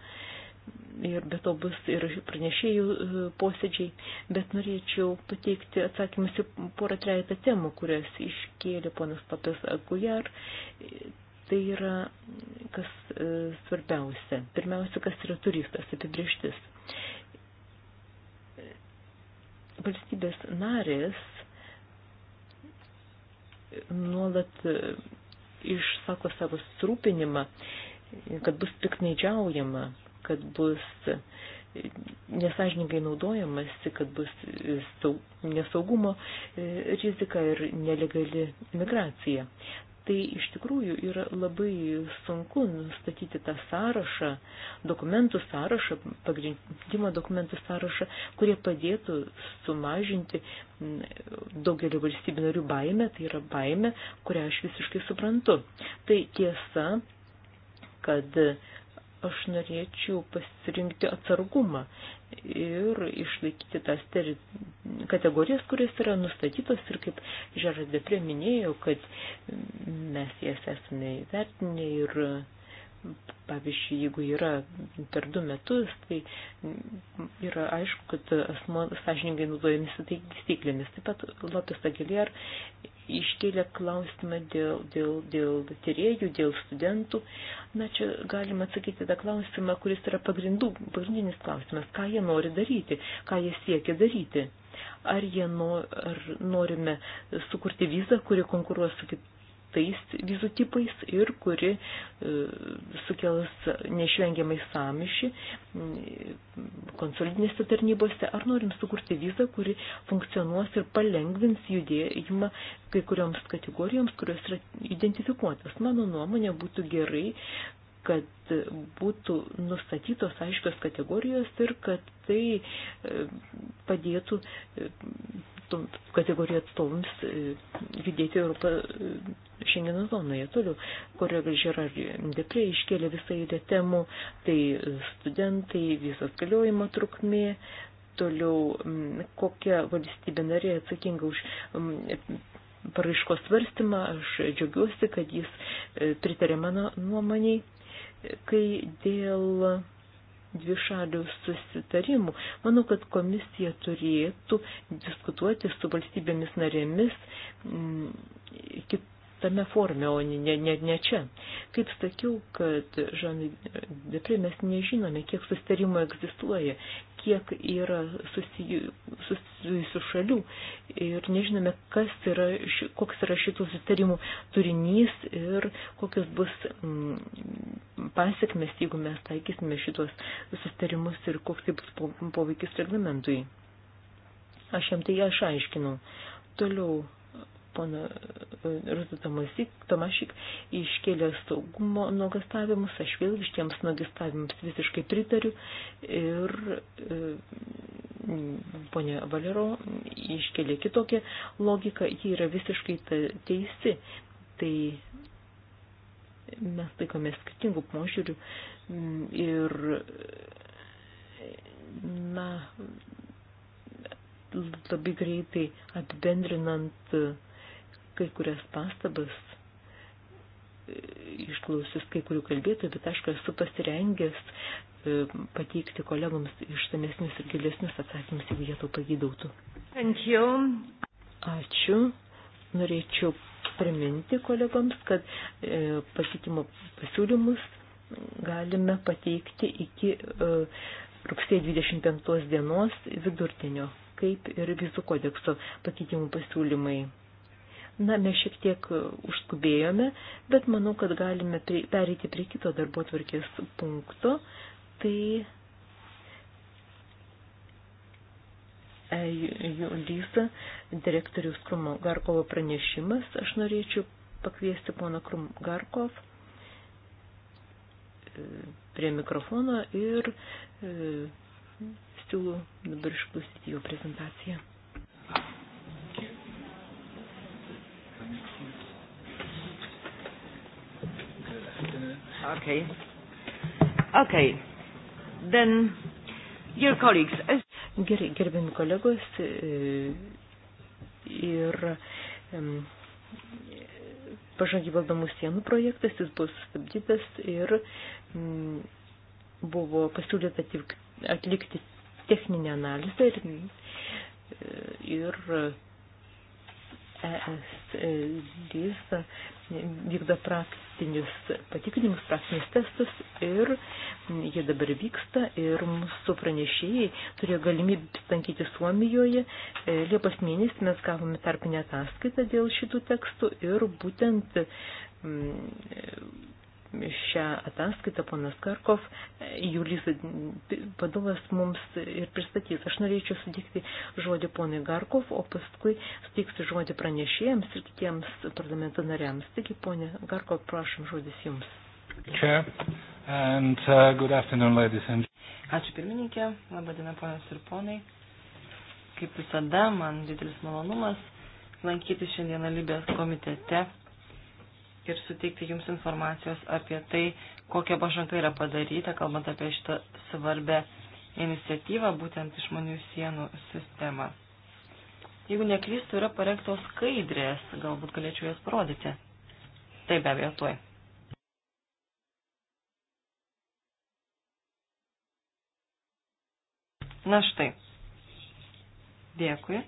Speaker 2: ir be to bus ir pranešėjų e, posėdžiai, bet norėčiau pateikti atsakymus į porą trejata temų, kurias iškėlė ponas Papės Agujar, tai yra kas e, svarbiausia. Pirmiausia, kas yra turistas, apibrieštis. Valstybės narės nuolat e, išsako savo strūpinimą, kad bus piknaidžiaujama, kad bus e, nesažininkai naudojamasi, kad bus e, nesaugumo rizika ir nelegali migracija. Tai iš tikrųjų yra labai sunku nustatyti tą sąrašą, dokumentų sąrašą, pagrindimo dokumentų sąrašą, kurie padėtų sumažinti daugelio valstybių narių baimę, tai yra baimė, kurią aš visiškai suprantu. Tai tiesa, kad aš norėčiau pasirinkti atsargumą, ir išlaikyti tas teri... kategorijas, kurios yra nustatytos ir kaip Žeras Deprė minėjo, kad mes jas esame įvertinę ir Pavyzdžiui, jeigu yra per du metus, tai yra aišku, kad asmo sąžininkai naudojami tai steiklėmis. Taip pat Lopes Agiliar iškėlė klausimą dėl, dėl, dėl tyriejų, dėl studentų. Na, čia galima atsakyti tą klausimą, kuris yra pagrindų, pagrindinis klausimas, ką jie nori daryti, ką jie siekia daryti. Ar, jie no, ar norime sukurti vizą, kuri konkuruos su kit, tais vizų tipais ir kuri e, sukels neišvengiamai samišį konsolidinėse tarnybose, ar norim sukurti vizą, kuri funkcionuos ir palengvins judėjimą kai kurioms kategorijoms, kurios yra identifikuotas. Mano nuomonė būtų gerai, kad būtų nustatytos aiškios kategorijos ir kad tai e, padėtų e, atstum, kategorijų atstovams e, judėti Europą e, šiandieną zonoje. Toliau, kolega Žerar Deprė iškėlė visą įdę temų, tai studentai, visas galiojimo trukmė, toliau kokia valstybė narė atsakinga už paraiškos svarstymą, aš džiaugiuosi, kad jis e, pritarė mano nuomoniai, kai dėl dvišalių susitarimų. Manau, kad komisija turėtų diskutuoti su valstybėmis narėmis kit, tame forme, o ne, ne, ne čia. Kaip sakiau, kad žanai, depri mes nežinome, kiek sustarimo egzistuoja, kiek yra susijusių šalių ir nežinome, kas yra, koks yra šitų sustarimų turinys ir kokios bus mm, pasiekmes, jeigu mes taikysime šitos sustarimus ir koks tai bus poveikis reglamentui. Aš jam tai aš aiškinau. Toliau pono e, Rutų Tomašik iškėlė saugumo nuogastavimus, aš vėlgi šitiems nuogastavimams visiškai pritariu ir e, ponė Valero iškėlė kitokią logiką, ji yra visiškai teisi. Tai mes laikomės skirtingų požiūrių ir na labai greitai apibendrinant uh, kai kurias pastabas, e, išklausius kai kurių kalbėtojų, bet aš esu pasirengęs e, pateikti kolegoms išsamesnius ir gilesnius atsakymus, jeigu jie to pagydautų. Ačiū. Norėčiau priminti kolegoms, kad e, pasitimo pasiūlymus galime pateikti iki e, rugsėjo 25 dienos vidurtinio, kaip ir vizų kodekso pakeitimų pasiūlymai. Na, mes šiek tiek e, užskubėjome, bet manau, kad galime pereiti prie kito darbo tvarkės punkto. Tai e, Julisa, direktorius Krumgarkovo pranešimas. Aš norėčiau pakviesti poną Krumgarkov e, prie mikrofono ir siūlau dabar išklausyti jo prezentaciją. Okay. Okay. Then, dear colleagues. As... Gerai, gerbiami kolegos e, ir pažangiai valdomų sienų projektas, jis buvo sustabdytas ir buvo pasiūlyta atlikti techninę analizę ir, e, ir ESDs vykdo praktinius patikrinimus, praktinius testus ir jie dabar vyksta ir mūsų pranešėjai turėjo galimybę stankyti Suomijoje. E, Liepos mėnesį mes gavome tarpinę ataskaitą dėl šitų tekstų ir būtent mm, šią ataskaitą, ponas Karkov, Julys vadovas mums ir pristatys. Aš norėčiau sudikti žodį ponui Garkov, o paskui sudikti žodį pranešėjams ir kitiems parlamento nariams. Taigi, ponė Garkov, prašom žodis jums.
Speaker 1: Chair, and uh, good afternoon, ladies and Ačiū pirmininkė, labadiena ponios ir ponai. Kaip visada, man didelis malonumas lankyti šiandieną Libijos komitete ir suteikti jums informacijos apie tai, kokia pažanga yra padaryta, kalbant apie šitą svarbę iniciatyvą, būtent išmanių sienų sistemą. Jeigu neklystu, yra parengtos skaidrės, galbūt galėčiau jas parodyti. Taip, be abejo, tuoj. Na štai. Dėkui.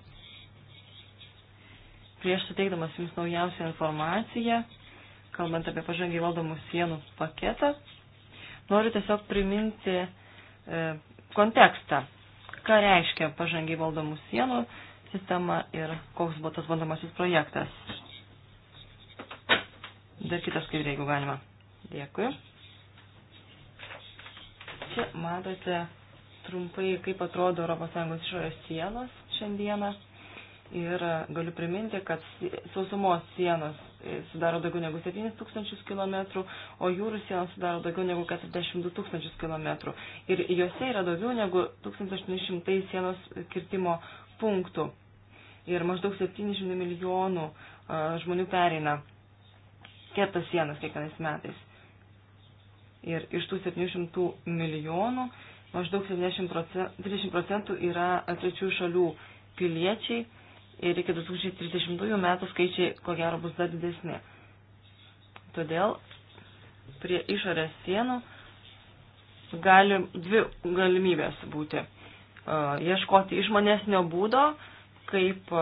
Speaker 1: Prieš suteikdamas Jums naujausią informaciją, kalbant apie pažangiai valdomų sienų paketą. Noriu tiesiog priminti e, kontekstą, ką reiškia pažangiai valdomų sienų sistema ir koks buvo tas bandomasis projektas. Dar kitas skaidrė, jeigu galima. Dėkui. Čia matote trumpai, kaip atrodo ES išorės sienos šiandieną. Ir galiu priminti, kad sausumos sienos sudaro daugiau negu 7 tūkstančius kilometrų, o jūrų siena sudaro daugiau negu 42 tūkstančius kilometrų. Ir juose yra daugiau negu 1800 sienos kirtimo punktų. Ir maždaug 700 milijonų žmonių pereina kertas sienas kiekvienais metais. Ir iš tų 700 milijonų maždaug 70 procentų, 30 procentų yra trečių šalių piliečiai ir iki 2030 metų skaičiai ko gero bus dar didesni. Todėl prie išorės sienų gali dvi galimybės būti. E, ieškoti išmanesnio būdo, kaip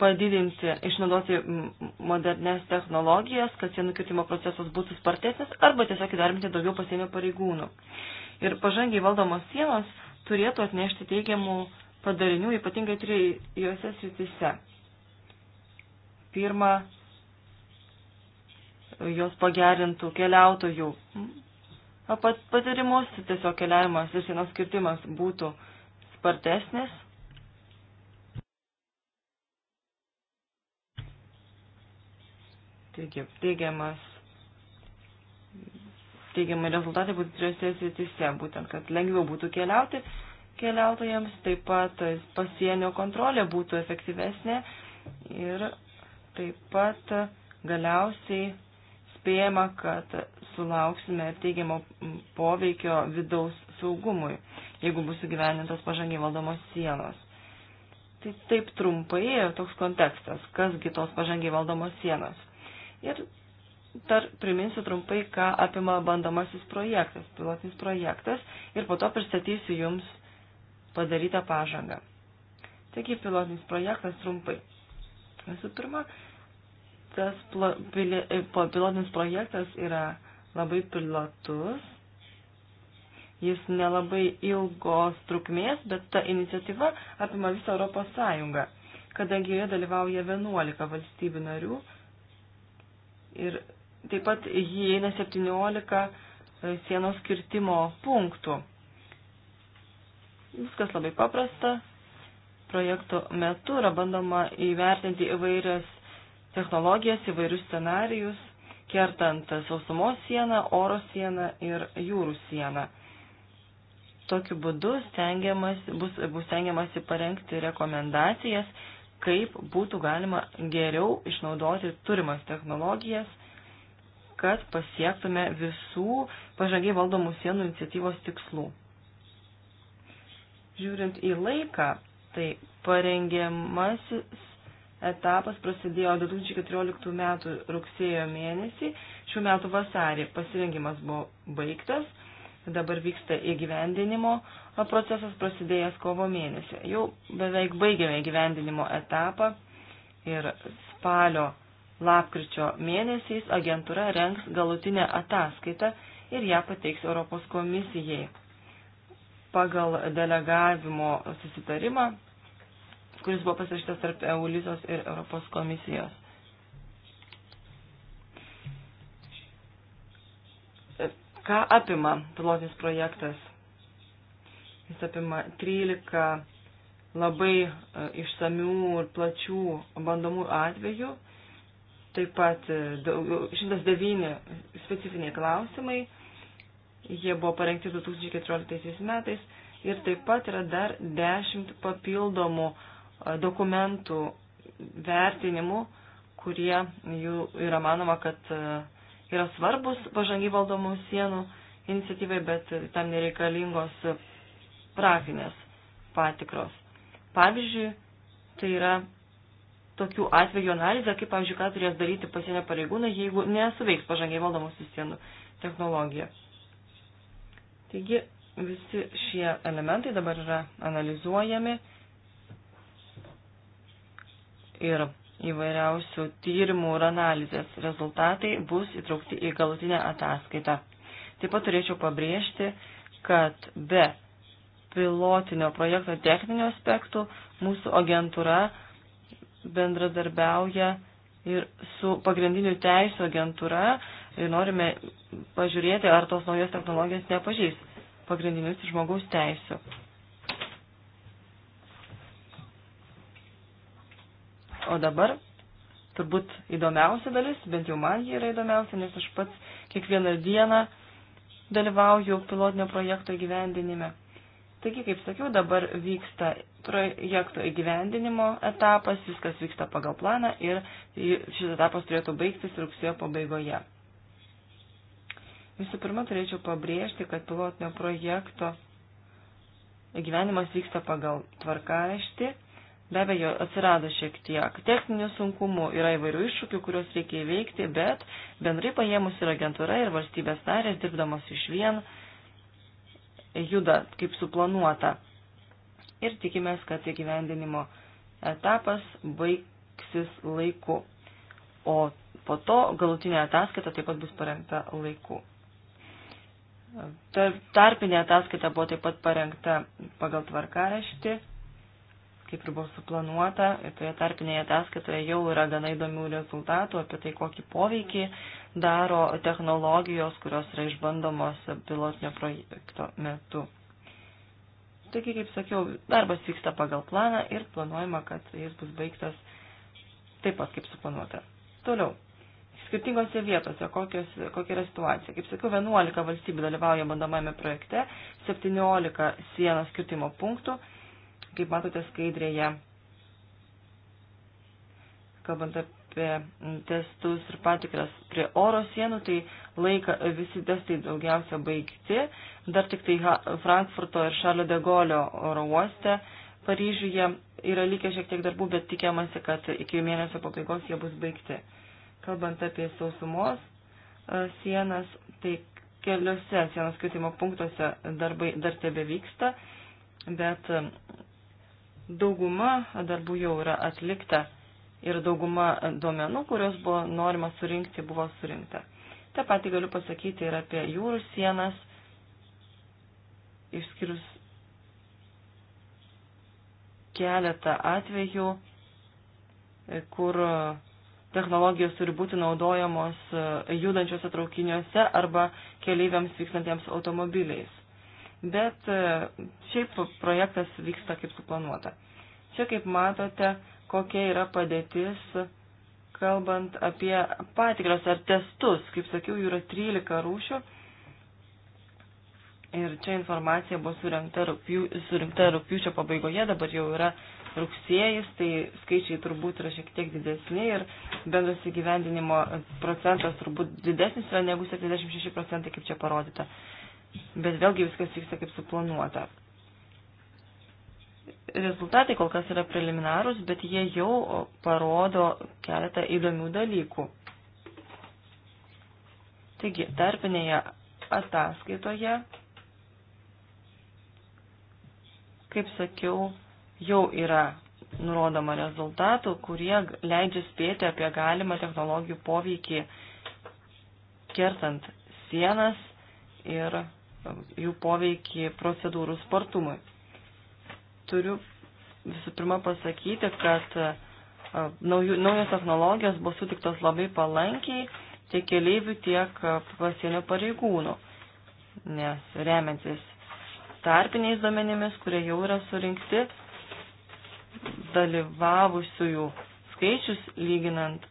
Speaker 1: padidinti, išnaudoti modernes technologijas, kad sienų kirtimo procesas būtų spartesnis arba tiesiog įdarbinti daugiau pasienio pareigūnų. Ir pažangiai valdomos sienos turėtų atnešti teigiamų padarinių, ypatingai trijose sritise. Pirma, jos pagerintų keliautojų pat, patirimus, tiesiog keliavimas ir sienos skirtimas būtų spartesnis. Taigi, teigiamas, teigiamai rezultatai būtų trijose sritise, būtent, kad lengviau būtų keliauti keliautojams, taip pat pasienio kontrolė būtų efektyvesnė ir taip pat galiausiai spėjama, kad sulauksime teigiamo poveikio vidaus saugumui, jeigu bus įgyvenintos pažangiai valdomos sienos. Tai taip trumpai toks kontekstas, kasgi tos pažangiai valdomos sienos. Ir dar priminsiu trumpai, ką apima bandomasis projektas, pilotinis projektas ir po to pristatysiu jums padarytą pažangą. Taigi pilotinis projektas trumpai. Visų pirma, tas plo, pili, e, pilotinis projektas yra labai pilotus, jis nelabai ilgos trukmės, bet ta iniciatyva apima visą Europos Sąjungą, kadangi joje dalyvauja 11 valstybių narių ir taip pat jį eina 17 sienos kirtimo punktų. Viskas labai paprasta. Projekto metu yra bandoma įvertinti įvairias technologijas, įvairius scenarius, kertant sausumos sieną, oro sieną ir jūrų sieną. Tokiu būdu stengiamas, bus, bus stengiamasi parengti rekomendacijas, kaip būtų galima geriau išnaudoti turimas technologijas, kad pasiektume visų pažangiai valdomų sienų iniciatyvos tikslų. Žiūrint į laiką, tai parengiamasis etapas prasidėjo 2014 m. rugsėjo mėnesį, šių metų vasarį pasirengimas buvo baigtas, dabar vyksta įgyvendinimo procesas prasidėjęs kovo mėnesį. Jau beveik baigėme įgyvendinimo etapą ir spalio lapkričio mėnesiais agentūra rengs galutinę ataskaitą ir ją pateiks Europos komisijai pagal delegavimo susitarimą, kuris buvo pasirašytas tarp EULISOS ir Europos komisijos. Ką apima pilotinis projektas? Jis apima 13 labai e, išsamių ir plačių bandomų atvejų, taip pat 109 e, specifiniai klausimai, Jie buvo parengti 2014 metais ir taip pat yra dar dešimt papildomų dokumentų vertinimų, kurie jų yra manoma, kad yra svarbus pažangiai valdomų sienų iniciatyvai, bet tam nereikalingos praktinės patikros. Pavyzdžiui, tai yra tokių atvejų analizė, kaip, pavyzdžiui, ką turės daryti pasienio pareigūnai, jeigu nesuveiks pažangiai valdomų sienų technologija. Taigi visi šie elementai dabar yra analizuojami ir įvairiausių tyrimų ir analizės rezultatai bus įtraukti į galutinę ataskaitą. Taip pat turėčiau pabrėžti, kad be pilotinio projekto techninių aspektų mūsų agentūra bendradarbiauja ir su pagrindinių teisų agentūra ir norime pažiūrėti, ar tos naujos technologijos nepažeis pagrindinius žmogaus teisų. O dabar turbūt įdomiausia dalis, bent jau man ji yra įdomiausia, nes aš pats kiekvieną dieną dalyvauju pilotinio projekto įgyvendinime. Taigi, kaip sakiau, dabar vyksta projekto įgyvendinimo etapas, viskas vyksta pagal planą ir šis etapas turėtų baigtis rugsėjo pabaigoje. Visų pirma, turėčiau pabrėžti, kad pilotinio projekto gyvenimas vyksta pagal tvarkaraštį. Be abejo, atsirado šiek tiek techninių sunkumų, yra įvairių iššūkių, kuriuos reikia įveikti, bet bendrai paėmus ir agentūra, ir valstybės narės, dirbdamos iš vien, juda kaip suplanuota. Ir tikimės, kad įgyvendinimo etapas baigsis laiku. O po to galutinė ataskaita taip pat bus parengta laiku. Tarpinė ataskaita buvo taip pat parengta pagal tvarkaraštį, kaip ir buvo suplanuota. Ir toje tarpinėje ataskaitoje jau yra gana įdomių rezultatų apie tai, kokį poveikį daro technologijos, kurios yra išbandomos pilotinio projekto metu. Taigi, kaip sakiau, darbas vyksta pagal planą ir planuojama, kad jis bus baigtas taip pat, kaip suplanuota. Toliau, skirtingose vietose, kokios, kokia yra situacija. Kaip sakiau, 11 valstybių dalyvauja bandomame projekte, 17 sienos skirtimo punktų, kaip matote skaidrėje, kalbant apie testus ir patikras prie oro sienų, tai laika visi testai daugiausia baigti, dar tik tai Frankfurto ir Šarlio de Golio oro uoste. Paryžiuje yra likę šiek tiek darbų, bet tikiamasi, kad iki mėnesio pabaigos jie bus baigti. Kalbant apie sausumos e, sienas, tai keliose sienos kirtimo punktuose darbai dar tebe vyksta, bet e, dauguma darbų jau yra atlikta ir dauguma duomenų, kurios buvo norima surinkti, buvo surinkta. Ta pati galiu pasakyti ir apie jūrų sienas, išskyrus keletą atvejų, e, kur technologijos turi būti naudojamos e, judančiuose traukiniuose arba keleiviams vykstantiems automobiliais. Bet e, šiaip projektas vyksta kaip suplanuota. Čia kaip matote, kokia yra padėtis, kalbant apie patikras ar testus. Kaip sakiau, jų yra 13 rūšių. Ir čia informacija buvo surinkta rūpiučio pabaigoje, dabar jau yra rugsėjais, tai skaičiai turbūt yra šiek tiek didesni ir bendras įgyvendinimo procentas turbūt didesnis yra negu 76 procentai, kaip čia parodyta. Bet vėlgi viskas vyksta kaip suplanuota. Rezultatai kol kas yra preliminarūs, bet jie jau parodo keletą įdomių dalykų. Taigi, tarpinėje ataskaitoje, kaip sakiau, jau yra nurodoma rezultatų, kurie leidžia spėti apie galimą technologijų poveikį kertant sienas ir jų poveikį procedūrų spartumui. Turiu visų pirma pasakyti, kad naujos technologijos buvo sutiktos labai palankiai tiek keleivių, tiek pasienio pareigūnų, nes remiantis tarpiniais duomenimis, kurie jau yra surinkti, dalyvavusiųjų skaičius, lyginant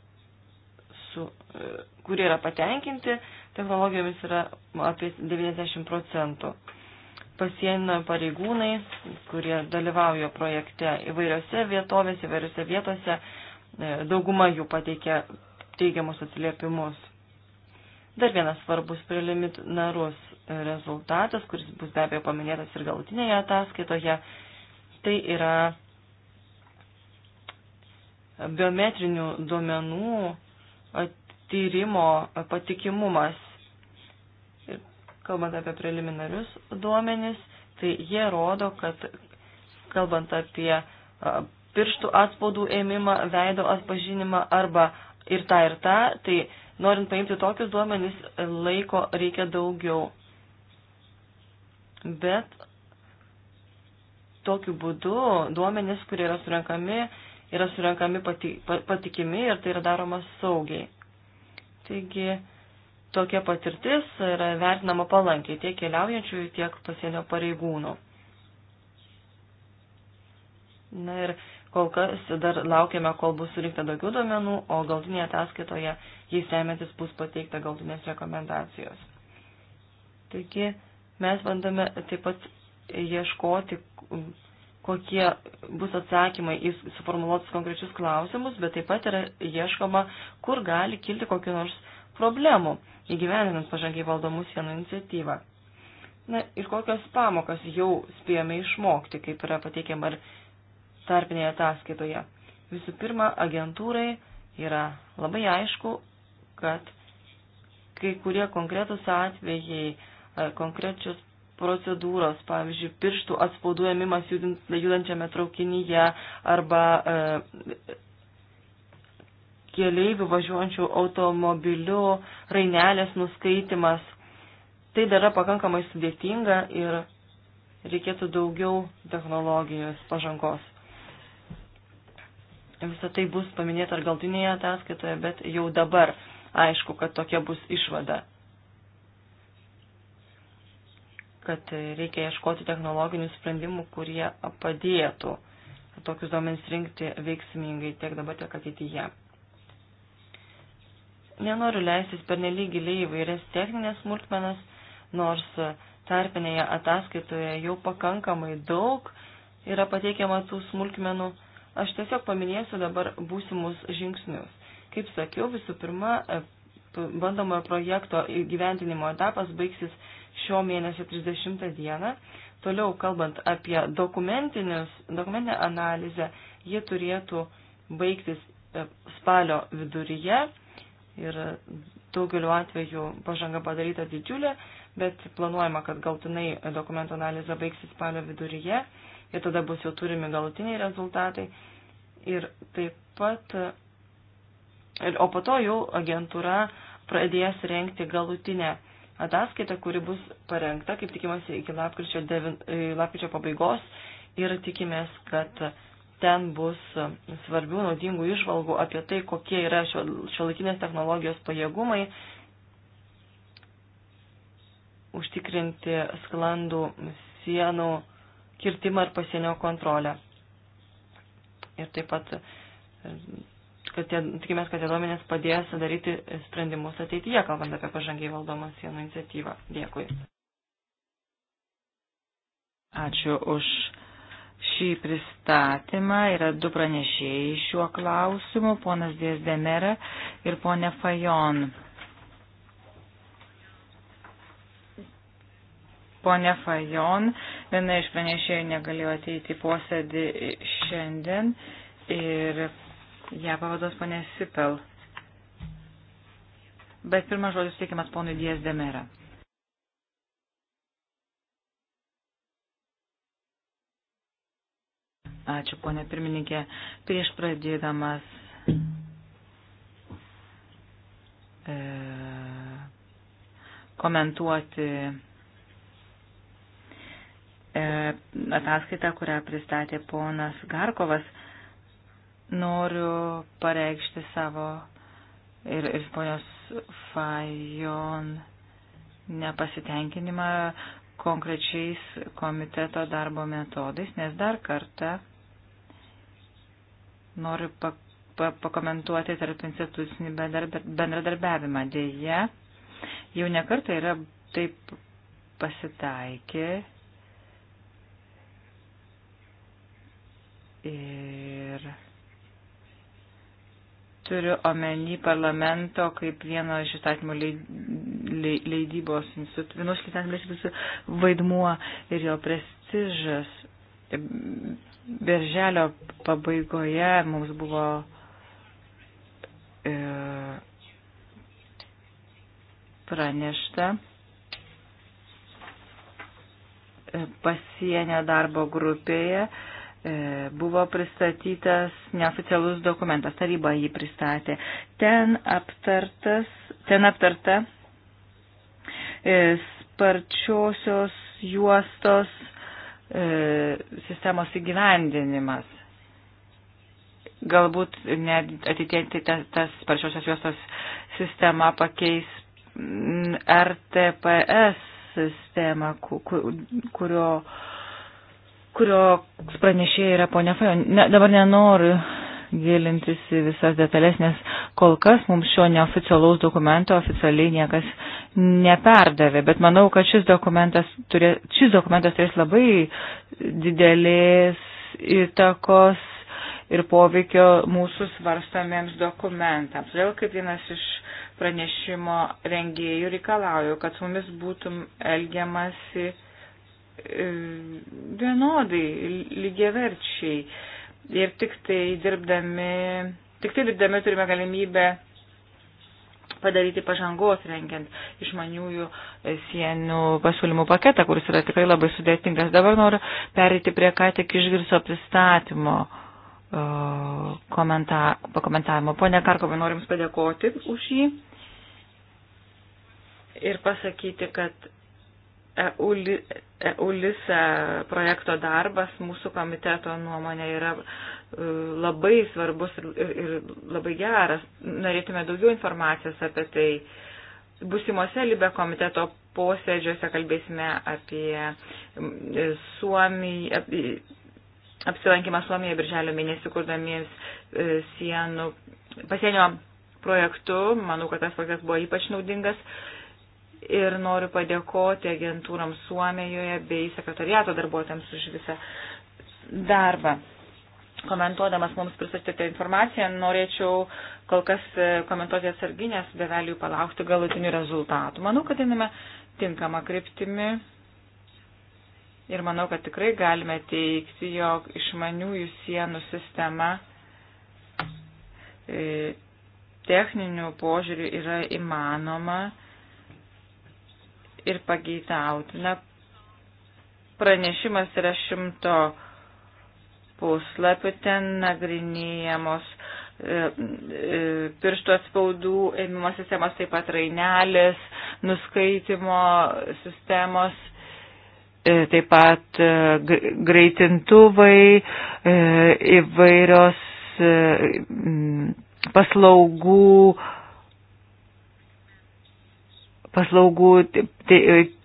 Speaker 1: su, e, kurie yra patenkinti technologijomis, yra apie 90 procentų. Pasienio pareigūnai, kurie dalyvauja projekte įvairiose vietovėse, įvairiose vietose, e, dauguma jų pateikia teigiamus atsiliepimus. Dar vienas svarbus preliminarus rezultatas, kuris bus be abejo paminėtas ir galutinėje ataskaitoje, tai yra biometrinių duomenų tyrimo patikimumas. Ir kalbant apie preliminarius duomenis, tai jie rodo, kad kalbant apie pirštų atspaudų ėmimą, veido atpažinimą arba ir tą ir tą, tai norint paimti tokius duomenis, laiko reikia daugiau. Bet tokiu būdu duomenis, kurie yra surinkami, yra surenkami patikimi ir tai yra daroma saugiai. Taigi tokia patirtis yra vertinama palankiai tiek keliaujančiųjų, tiek pasienio pareigūnų. Na ir kol kas dar laukiame, kol bus surinkta daugiau duomenų, o galtinėje ataskaitoje jais remiantis bus pateikta galtinės rekomendacijos. Taigi mes bandome taip pat ieškoti kokie bus atsakymai į suformuoluotus konkrečius klausimus, bet taip pat yra ieškoma, kur gali kilti kokiu nors problemų įgyvendinant pažangiai valdomų sienų iniciatyvą. Na ir kokios pamokas jau spėjome išmokti, kaip yra pateikiama ir tarpinėje ataskaitoje. Visų pirma, agentūrai yra labai aišku, kad kai kurie konkretus atvejai, konkrečios procedūros, pavyzdžiui, pirštų atspaudų ėmimas judančiame traukinyje arba e, keliaivių važiuojančių automobiliu, rainelės nuskaitimas. Tai dar yra pakankamai sudėtinga ir reikėtų daugiau technologijos pažangos. Visą tai bus paminėta ar galtinėje ataskaitoje, bet jau dabar aišku, kad tokia bus išvada. kad reikia ieškoti technologinių sprendimų, kurie padėtų tokius duomenys rinkti veiksmingai tiek dabar, tiek ateityje. Nenoriu leistis per nelyg giliai įvairias techninės smulkmenas, nors tarpinėje ataskaitoje jau pakankamai daug yra pateikiama tų smulkmenų. Aš tiesiog paminėsiu dabar būsimus žingsnius. Kaip sakiau, visų pirma, bandomojo projekto gyventinimo etapas baigsis šio mėnesio 30 dieną. Toliau, kalbant apie dokumentinę analizę, ji turėtų baigtis e, spalio viduryje ir daugeliu atveju pažanga padaryta didžiulė, bet planuojama, kad galtinai dokumento analizė baigsis spalio viduryje ir tada bus jau turimi galutiniai rezultatai. Ir taip pat, ir, o po to jau agentūra pradės renkti galutinę Ataskaita, kuri bus parengta, kaip tikimasi, iki lapkričio, devin, e, lapkričio pabaigos ir tikimės, kad ten bus svarbių, naudingų išvalgų apie tai, kokie yra šio, šio laikinės technologijos pajėgumai užtikrinti sklandų sienų kirtimą ir pasienio kontrolę. Ir taip pat kad tie, tikimės, kad tie duomenys padės daryti sprendimus ateityje, kalbant apie pažangiai valdomą sienų iniciatyvą. Dėkui. Ačiū už šį pristatymą. Yra du pranešėjai šiuo klausimu, ponas Dės Demera ir ponė Fajon. Pone Fajon, viena iš pranešėjų negalėjo ateiti į posėdį šiandien ir Ja pavados ponė Sipel. Bet pirmas žodis teikiamas ponui Dijas Demera. Ačiū, ponė pirmininkė. Prieš pradėdamas e, komentuoti e, ataskaitą, kurią pristatė ponas Garkovas, e, noriu pareikšti savo ir, ir ponios Fajon nepasitenkinimą konkrečiais komiteto darbo metodais, nes dar kartą noriu pak pakomentuoti tarp institucinį bendradarbiavimą. Dėja, jau nekartą yra taip pasitaikė. Ir turiu omeny parlamento kaip vieno iš įstatymų leidybos institucijų, vienos įstatymų institucijų vaidmuo ir jo prestižas. Birželio pabaigoje mums buvo e, pranešta e, pasienio darbo grupėje, e, E, buvo pristatytas neoficialus dokumentas, taryba jį pristatė. Ten, aptartas, ten aptarta e, sparčiosios juostos e, sistemos įgyvendinimas. Galbūt net atitėti tas sparčiosios juostos sistema pakeis mm, RTPS sistemą, kurio kurio pranešėja yra ponia Fajon. Ne, dabar nenoriu gilintis į visas detalės, nes kol kas mums šio neoficialaus dokumento oficialiai niekas neperdavė, bet manau, kad šis dokumentas, turė, šis dokumentas turės labai didelės įtakos ir poveikio mūsų svarstamiems dokumentams. Todėl kaip vienas iš pranešimo rengėjų reikalauju, kad su mumis būtum elgiamasi vienodai, lygiaverčiai. Ir tik tai dirbdami, tik tai dirbdami turime galimybę padaryti pažangos rengiant išmaniųjų sienų pasiūlymų paketą, kuris yra tikrai labai sudėtingas. Dabar noriu perėti prie ką tik išgirso pristatymo e, komenta, pakomentavimo. Pone Karkovai, norim padėkoti už jį ir pasakyti, kad EULISA e e projekto darbas mūsų komiteto nuomonė yra e, labai svarbus ir, ir, ir labai geras. Norėtume daugiau informacijos apie tai. Busimuose Libe komiteto posėdžiuose kalbėsime apie Suomiją, apsilankimą Suomijoje birželio mėnesį, kurdamiems sienų pasienio projektu. Manau, kad tas projektas buvo ypač naudingas ir noriu padėkoti agentūrams Suomijoje bei sekretariato darbuotojams už visą darbą. Komentuodamas mums pristatytą informaciją, norėčiau kol kas e, komentuoti atsarginės, bevelių palaukti galutinių rezultatų. Manau, kad einame tinkamą kryptimį ir manau, kad tikrai galime teikti, jog išmaniųjų sienų sistema e, techninių požiūrių yra įmanoma ir pageidautina. Pranešimas yra šimto puslapių, ten nagrinėjamos e, e, pirštų atspaudų ėmimo sistemos, taip pat rainelės, nuskaitimo sistemos, e, taip pat greitintuvai, įvairios paslaugų paslaugų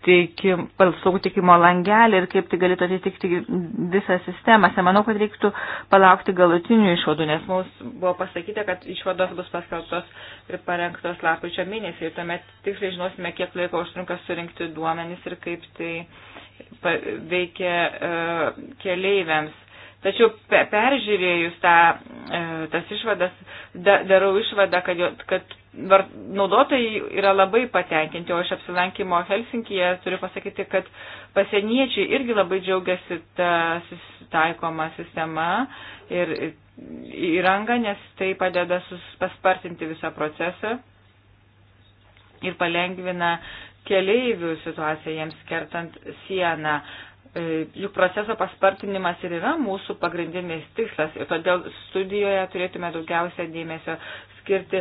Speaker 1: teikimo, paslaugų teikimo langelį ir kaip tai galėtų atitikti visą sistemą. Aš manau, kad reiktų palaukti galutinių išvadų, nes mums buvo pasakyta, kad išvados bus paskelbtos ir parengtos lapkričio mėnesį ir tuomet tiksliai žinosime, kiek laiko užtrunka surinkti duomenis ir kaip tai veikia uh, keleiviams. Tačiau peržiūrėjus tą, e, tas išvadas, da, darau išvadą, kad, kad naudotojai yra labai patenkinti, o iš apsilankimo Helsinkije turiu pasakyti, kad pasieniečiai irgi labai džiaugiasi ta taikoma sistema ir įranga, nes tai padeda paspartinti visą procesą ir palengvina keleivių situaciją jiems kertant sieną. E, juk proceso paspartinimas ir yra mūsų pagrindinis tikslas ir todėl studijoje turėtume daugiausia dėmesio skirti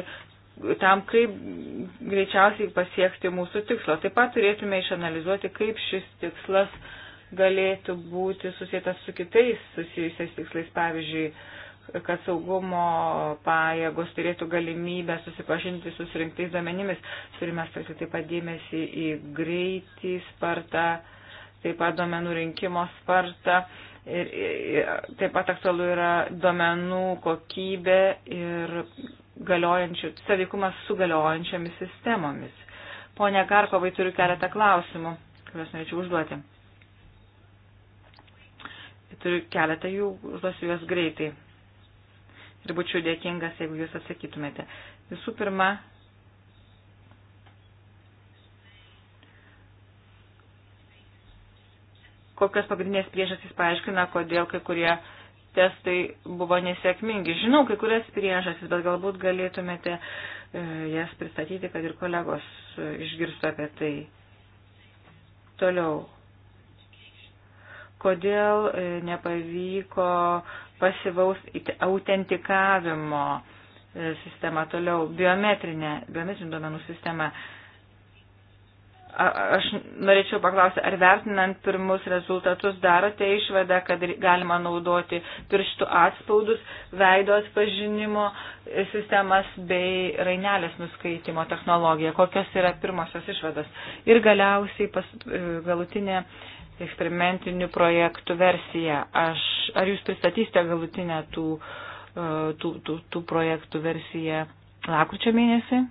Speaker 1: tam, kaip greičiausiai pasiekti mūsų tikslo. Taip pat turėtume išanalizuoti, kaip šis tikslas galėtų būti susijęs su kitais susijusiais tikslais, pavyzdžiui, kad saugumo pajėgos turėtų galimybę susipažinti su surinktais duomenimis. Turime skirti taip pat dėmesį į greitį, spartą, taip pat duomenų rinkimo spartą. Ir, ir taip pat aktualu yra duomenų kokybė ir galiojančių, savykumas su galiojančiomis sistemomis. Pone Garkovai, turiu keletą klausimų, kuriuos norėčiau užduoti. Turiu keletą jų, užduosiu juos greitai. Ir būčiau dėkingas, jeigu jūs atsakytumėte. Visų pirma, kokios pagrindinės priežastys paaiškina, kodėl kai kurie uh, testai buvo nesėkmingi. Žinau kai kurias priežasis, bet galbūt galėtumėte e, jas pristatyti, kad ir kolegos e, išgirstų apie tai. Toliau. Kodėl e, nepavyko pasivaus autentikavimo sistema toliau, biometrinė, biometrinė duomenų sistema. Aš norėčiau paklausti, ar vertinant pirmus rezultatus darote išvadą, kad galima naudoti pirštų atspaudus, veido atpažinimo sistemas bei rainelės nuskaitimo technologiją. Kokios yra pirmosios išvados? Ir galiausiai pas, e, galutinė eksperimentinių projektų versija. Aš, ar jūs pristatysite galutinę tų, e, tų, tų, tų projektų versiją lakrūčio mėnesį?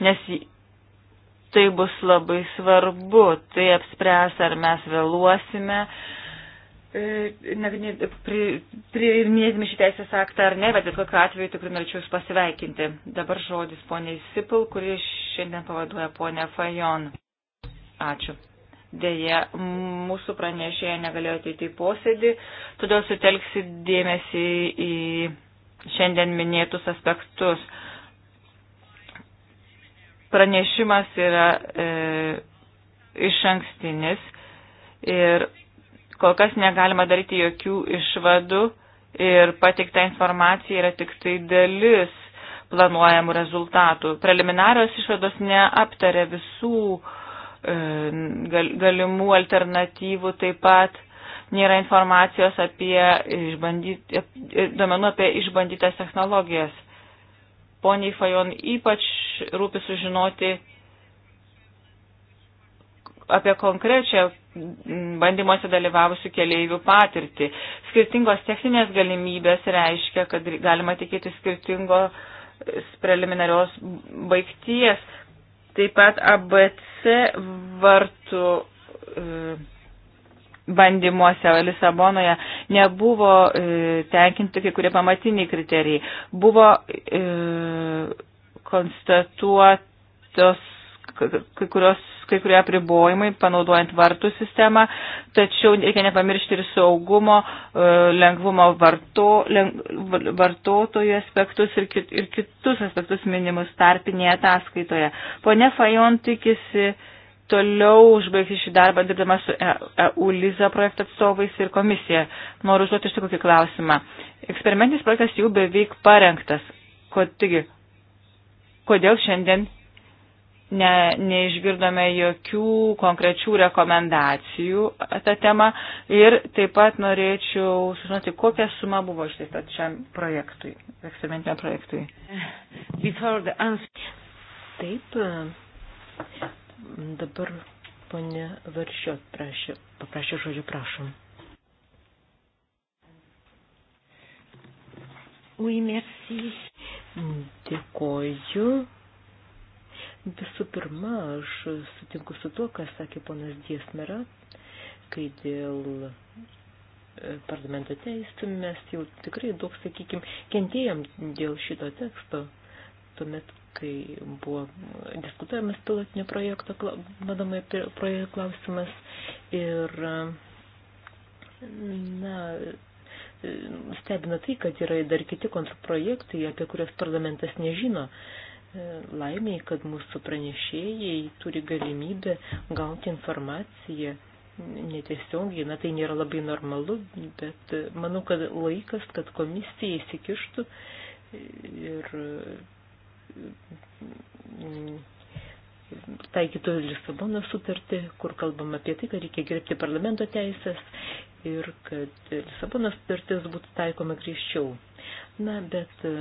Speaker 1: nes tai bus labai svarbu, tai apspręs, ar mes vėluosime, e, priiminėdami šį teisės aktą ar ne, bet bet kokiu atveju tikrai norėčiau Jūs pasveikinti. Dabar žodis poniai Sipil, kuri šiandien pavaduoja ponę Fajon. Ačiū. Deja, mūsų pranešėja negalėjo ateiti į posėdį, todėl sutelksiu dėmesį į šiandien minėtus aspektus pranešimas yra e, iš ankstinis ir kol kas negalima daryti jokių išvadų ir patikta informacija yra tik tai dalis planuojamų rezultatų. Preliminarios išvados neaptarė visų e, galimų alternatyvų, taip pat nėra informacijos apie e, e, duomenų apie išbandytas technologijas. Poniai Fajon ypač rūpi sužinoti apie konkrečią bandymuose dalyvavusių keleivių patirtį. Skirtingos techninės galimybės reiškia, kad galima tikėti skirtingos preliminarios baigties. Taip pat ABC vartų. E, bandymuose Lisabonoje nebuvo e, tenkinti kai kurie pamatiniai kriterijai. Buvo e, konstatuotos kai, kurios, kai kurie apribojimai, panaudojant vartų sistemą, tačiau reikia nepamiršti ir saugumo, e, lengvumo varto, leng, vartotojų aspektus ir, kit, ir kitus aspektus minimus tarpinėje ataskaitoje. Pone Fajon tikisi toliau užbaigsiu šį darbą dirbdama su EU e Liza projekto atstovais ir komisija. Noriu užduoti štai kokį klausimą. Eksperimentinis projektas jau beveik parengtas. Ko, taigi, kodėl šiandien ne, neišgirdome jokių konkrečių rekomendacijų tą temą ir taip pat norėčiau sužinoti, kokia suma buvo išteikta šiam projektui, eksperimentiniam projektui. Taip, Dabar
Speaker 2: ponė Varšiot prašė, paprašė žodžio, prašom. Oui, merci. Dėkoju. Visų pirma, aš sutinku su tuo, ką sakė ponas Diesmera, kai dėl e, parlamento teisų mes jau tikrai daug, sakykime, kentėjom dėl šito teksto. Tuomet, kai buvo diskutuojamas pilotinio projekto, vadomai projekto klausimas ir na, stebina tai, kad yra dar kiti kontrprojektai, apie kurias parlamentas nežino. Laimiai, kad mūsų pranešėjai turi galimybę gauti informaciją netiesiogiai, na tai nėra labai normalu, bet manau, kad laikas, kad komisija įsikištų ir Mm, taikytų Lisabono sutartį, kur kalbam apie tai, kad reikia gerbti parlamento teisės ir kad Lisabono sutartis būtų taikoma grįžčiau. Na, bet e,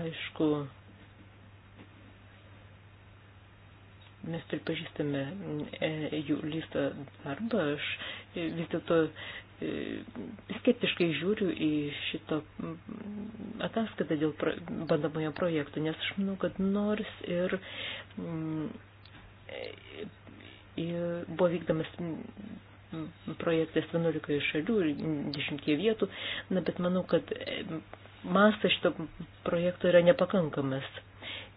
Speaker 2: aišku, mes pripažįstame mm, e, jų lystą darbą, aš vis dėlto skeptiškai žiūriu į šito ataskaitą dėl bandomojo projekto, nes aš manau, kad nors ir, mm, ir buvo vykdamas mm, projektas 11 šalių ir 10 vietų, na, bet manau, kad mm, mastas šito projekto yra nepakankamas.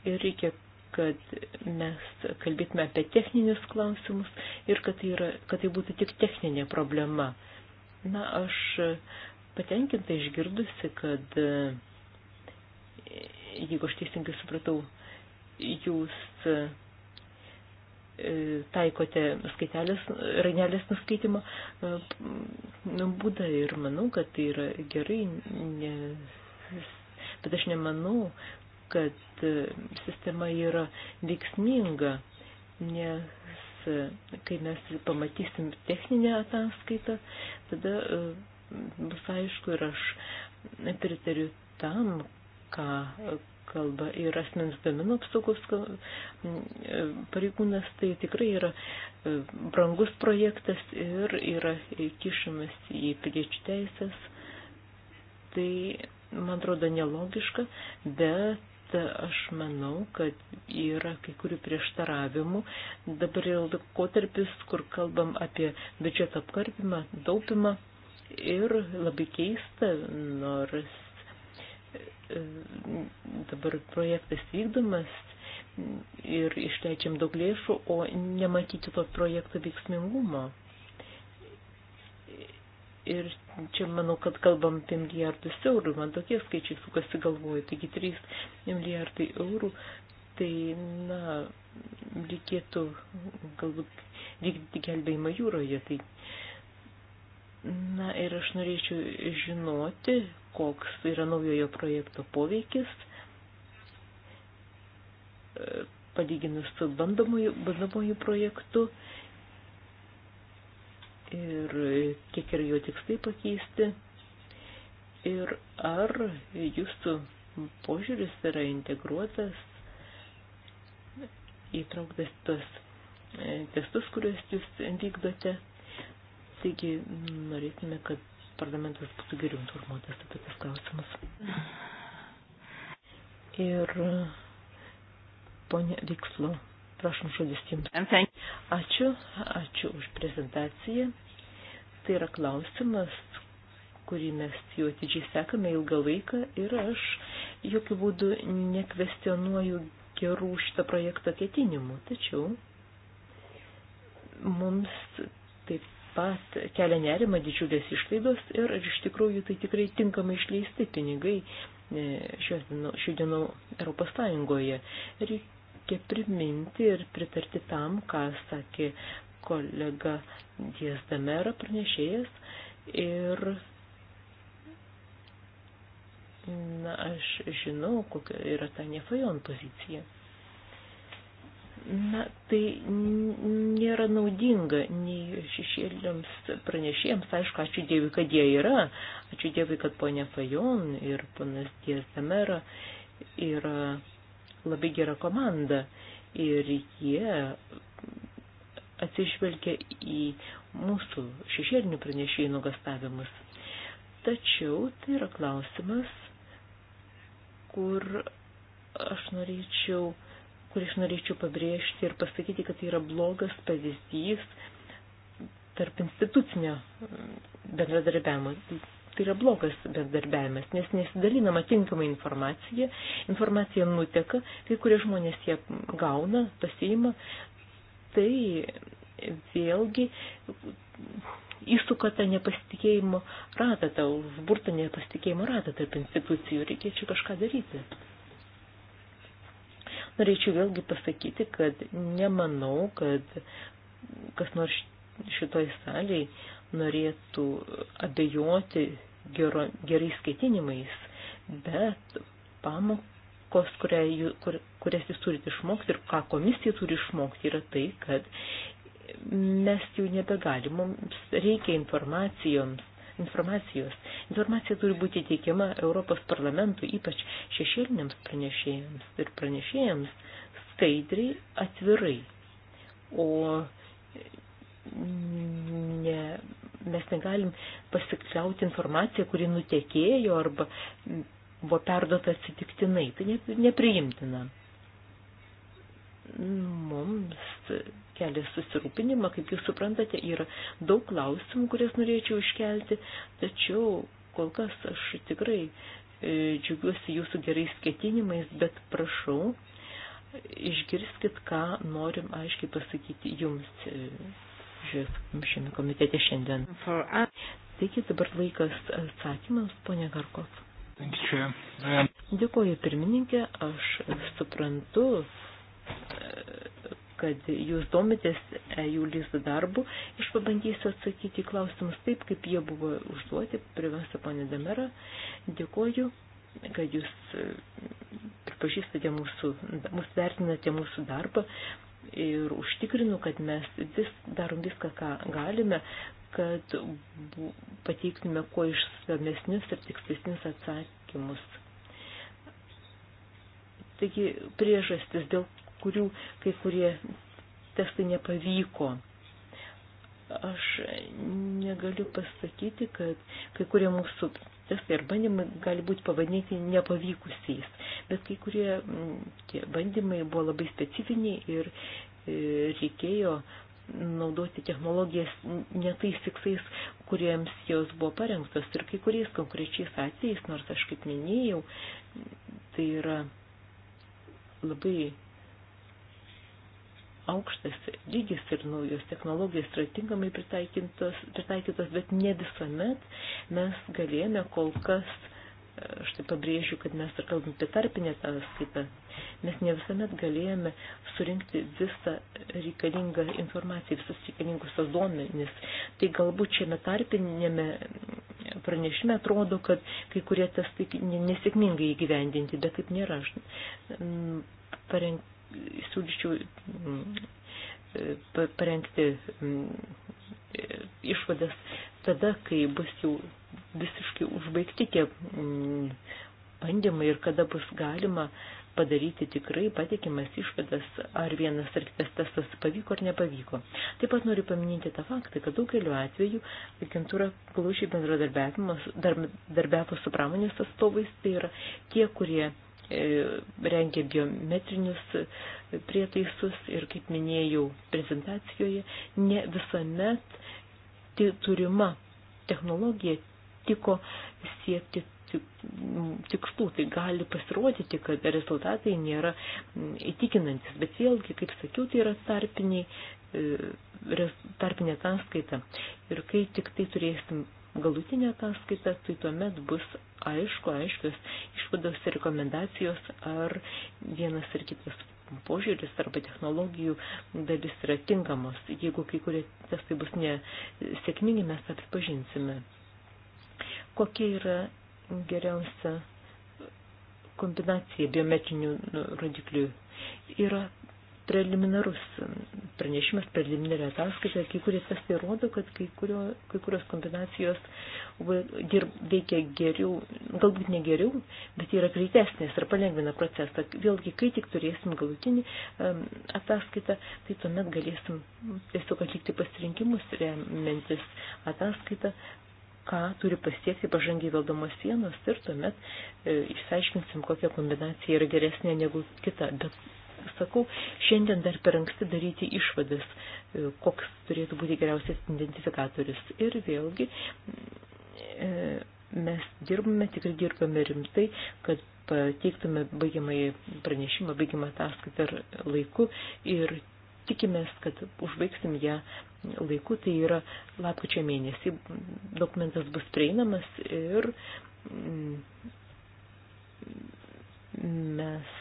Speaker 2: Ir reikia kad mes kalbėtume apie techninius klausimus ir kad tai, yra, kad tai būtų tik techninė problema. Na, aš patenkinta išgirdusi, kad, e, jeigu aš teisingai supratau, jūs e, taikote skaitelės, rainelės nuskaitimo e, būdą ir manau, kad tai yra gerai, nes, bet aš nemanau, kad sistema yra veiksminga, nes kai mes pamatysim techninę ataskaitą, tada e, bus aišku ir aš pritariu tam, ką kalba ir asmens domenų apsaugos e, pareigūnas, tai tikrai yra e, brangus projektas ir yra kišamas į piliečių teisės. Tai, man atrodo, nelogiška, bet aš manau, kad yra kai kurių prieštaravimų. Dabar yra laikotarpis, kur kalbam apie biudžeto apkarpimą, daupimą ir labai keista, nors e, dabar projektas vykdomas ir išleidžiam daug lėšų, o nematyti to projekto veiksmingumo. Ir čia manau, kad kalbam apie milijardus eurų, man tokie skaičiai sukasi galvoju, taigi 3 milijardai eurų, tai, na, reikėtų galbūt vykdyti gelbėjimą jūroje. Tai, na, ir aš norėčiau žinoti, koks yra naujojo projekto poveikis, e, palyginus su bandomoju, bandomoju projektu ir kiek yra jo tikslai pakeisti ir ar jūsų požiūris yra integruotas, įtrauktas tos e, testus, kuriuos jūs vykdote. Taigi norėtume, kad parlamentas būtų geriau informuotas apie tas klausimus. Ir e, ponė Vikslo. Prašom žodis jums. Ačiū, ačiū už prezentaciją. Tai yra klausimas, kurį mes jau atidžiai sekame ilgą laiką ir aš jokių būdų nekvestionuoju gerų šitą projektą ketinimų, tačiau mums taip pat kelia nerima didžiulės išlaidos ir ar iš tikrųjų tai tikrai tinkamai išleisti pinigai e, šių dienų Europos Sąjungoje. Reikia reikia priminti ir pritarti tam, ką sakė kolega Dies Damera pranešėjas ir na, aš žinau, kokia yra ta nefajon pozicija. Na, tai nėra naudinga nei šešėliams pranešėjams, aišku, ačiū Dievui, kad jie yra, ačiū Dievui, kad ponia Fajon ir panas Dies Damera yra labai gera komanda ir jie atsižvelgia į mūsų šešėlinių pranešėjų nugastavimus. Tačiau tai yra klausimas, kur aš norėčiau, kur aš norėčiau pabrėžti ir pasakyti, kad tai yra blogas pavyzdys tarp institucinio bendradarbiavimo tai yra blogas bendarbiavimas, nes nesidalinama tinkama informacija, informacija nuteka, kai kurie žmonės ją gauna, pasiima, tai vėlgi įsuka tą nepasitikėjimo ratą, tą užburtą nepasitikėjimo ratą tarp institucijų, reikėčiau kažką daryti. Norėčiau vėlgi pasakyti, kad nemanau, kad kas nors šitoj salėje norėtų abejoti gero, gerais skaitinimais, bet pamokos, kuria, kur, kurias jūs turite išmokti ir ką komisija turi išmokti, yra tai, kad mes jau nebegalim, mums reikia informacijoms informacijos. Informacija turi būti teikiama Europos parlamentui, ypač šešėliniams pranešėjams ir pranešėjams, skaidriai, atvirai. O ne, mes negalim pasikliauti informaciją, kuri nutekėjo arba buvo perduota atsitiktinai. Tai nepriimtina. Mums kelia susirūpinimą, kaip jūs suprantate, yra daug klausimų, kurias norėčiau iškelti, tačiau kol kas aš tikrai e, džiugiuosi jūsų gerais ketinimais, bet prašau, išgirskit, ką norim aiškiai pasakyti jums. E, šiame komitete šiandien. Taigi dabar laikas atsakymams, ponė Garkov. Um, dėkuoju pirmininkė, aš suprantu, kad jūs domitės e, jų lyzų darbu. Aš pabandysiu atsakyti klausimus taip, kaip jie buvo užduoti. Pirmiausia, ponė Damera, dėkuoju kad jūs e, pripažįstate mūsų, mūsų vertinate mūsų darbą, ir užtikrinu, kad mes vis darom viską, ką galime, kad pateiktume kuo išsamesnius ir tikslesnius atsakymus. Taigi priežastis, dėl kurių kai kurie testai nepavyko aš negaliu pasakyti, kad kai kurie mūsų testai ir bandymai gali būti pavadinti nepavykusiais, bet kai kurie tie bandymai buvo labai specifiniai ir e, reikėjo naudoti technologijas netais tikslais, kuriems jos buvo parengtos ir kai kuriais konkrečiais atvejais, nors aš kaip minėjau, tai yra labai aukštas lygis ir naujos technologijos yra tinkamai pritaikytos, pritaikytos, bet ne visuomet mes galėjome kol kas, e, štai pabrėžiu, kad mes ir kalbam apie tarpinę tą skaitą, mes ne visuomet galėjome surinkti visą reikalingą informaciją, visus reikalingus tos duomenis. Tai galbūt šiame tarpinėme pranešime atrodo, kad kai kurie testai nesėkmingai įgyvendinti, bet taip nėra. Aš parenk, siūlyčiau mm, parengti mm, išvadas tada, kai bus jau visiškai užbaigti tie mm, bandymai ir kada bus galima padaryti tikrai patikimas išvadas, ar vienas ar kitas testas pavyko ar nepavyko. Taip pat noriu paminėti tą faktą, kad daugeliu atveju agentūra glaušiai bendradarbiavo su pramonės atstovais, tai yra tie, kurie E, rengia biometrinius prietaisus ir, kaip minėjau, prezentacijoje ne visuomet turima technologija tiko siekti tikslų, tai gali pasirodyti, kad rezultatai nėra įtikinantis, bet vėlgi, kaip sakiau, tai yra tarpiniai e, tarpinė ataskaita. Ir kai tik tai turėsim galutinę ataskaitą, tai tuomet bus aišku, aiškios išvados ir rekomendacijos, ar vienas ar kitas požiūris arba technologijų dalis yra tinkamos. Jeigu kai kurie testai bus nesėkmingi, mes atpažinsime. Kokia yra geriausia kombinacija biometrinių rodiklių? Yra preliminarus pranešimas, preliminarė ataskaita, kai kurie testai rodo, kad kai, kurio, kai kurios kombinacijos dirb, veikia geriau, galbūt ne geriau, bet yra greitesnės ir palengvina procesą. Vėlgi, kai tik turėsim galutinį um, ataskaitą, tai tuomet galėsim tiesiog atlikti pasirinkimus remiantis ataskaitą, ką turi pasiekti pažangiai valdomos sienos ir tuomet e, išsiaiškinsim, kokia kombinacija yra geresnė negu kita. Bet sakau, šiandien dar per anksti daryti išvadas, e, koks turėtų būti geriausias identifikatorius. Ir vėlgi e, mes dirbame, tikrai dirbame rimtai, kad pateiktume baigiamąjį pranešimą, baigiamą ataskaitą laiku ir tikimės, kad užbaigsim ją laiku, tai yra lapkričio mėnesį. Dokumentas bus prieinamas ir mm, mes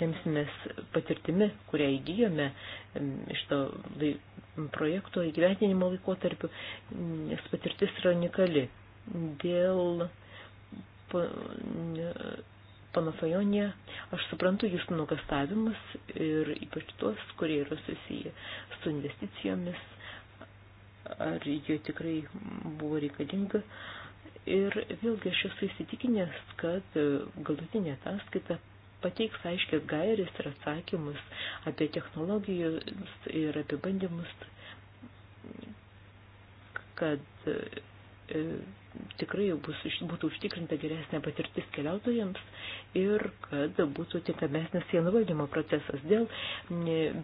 Speaker 2: remsimės patirtimi, kurią įgyjome iš to projekto įgyvendinimo laikotarpiu, nes patirtis yra unikali. Dėl panafajonė, aš suprantu jūsų nugastavimus ir ypač tuos, kurie yra susiję su investicijomis, ar jie tikrai buvo reikalinga. Ir vėlgi aš esu įsitikinęs, kad galutinė ataskaita pateiks aiškiai gairis ir atsakymus apie technologijos ir apie bandymus, kad e, tikrai bus, būtų užtikrinta geresnė patirtis keliautojams ir kad būtų tinkamesnis sienų valdymo procesas. Dėl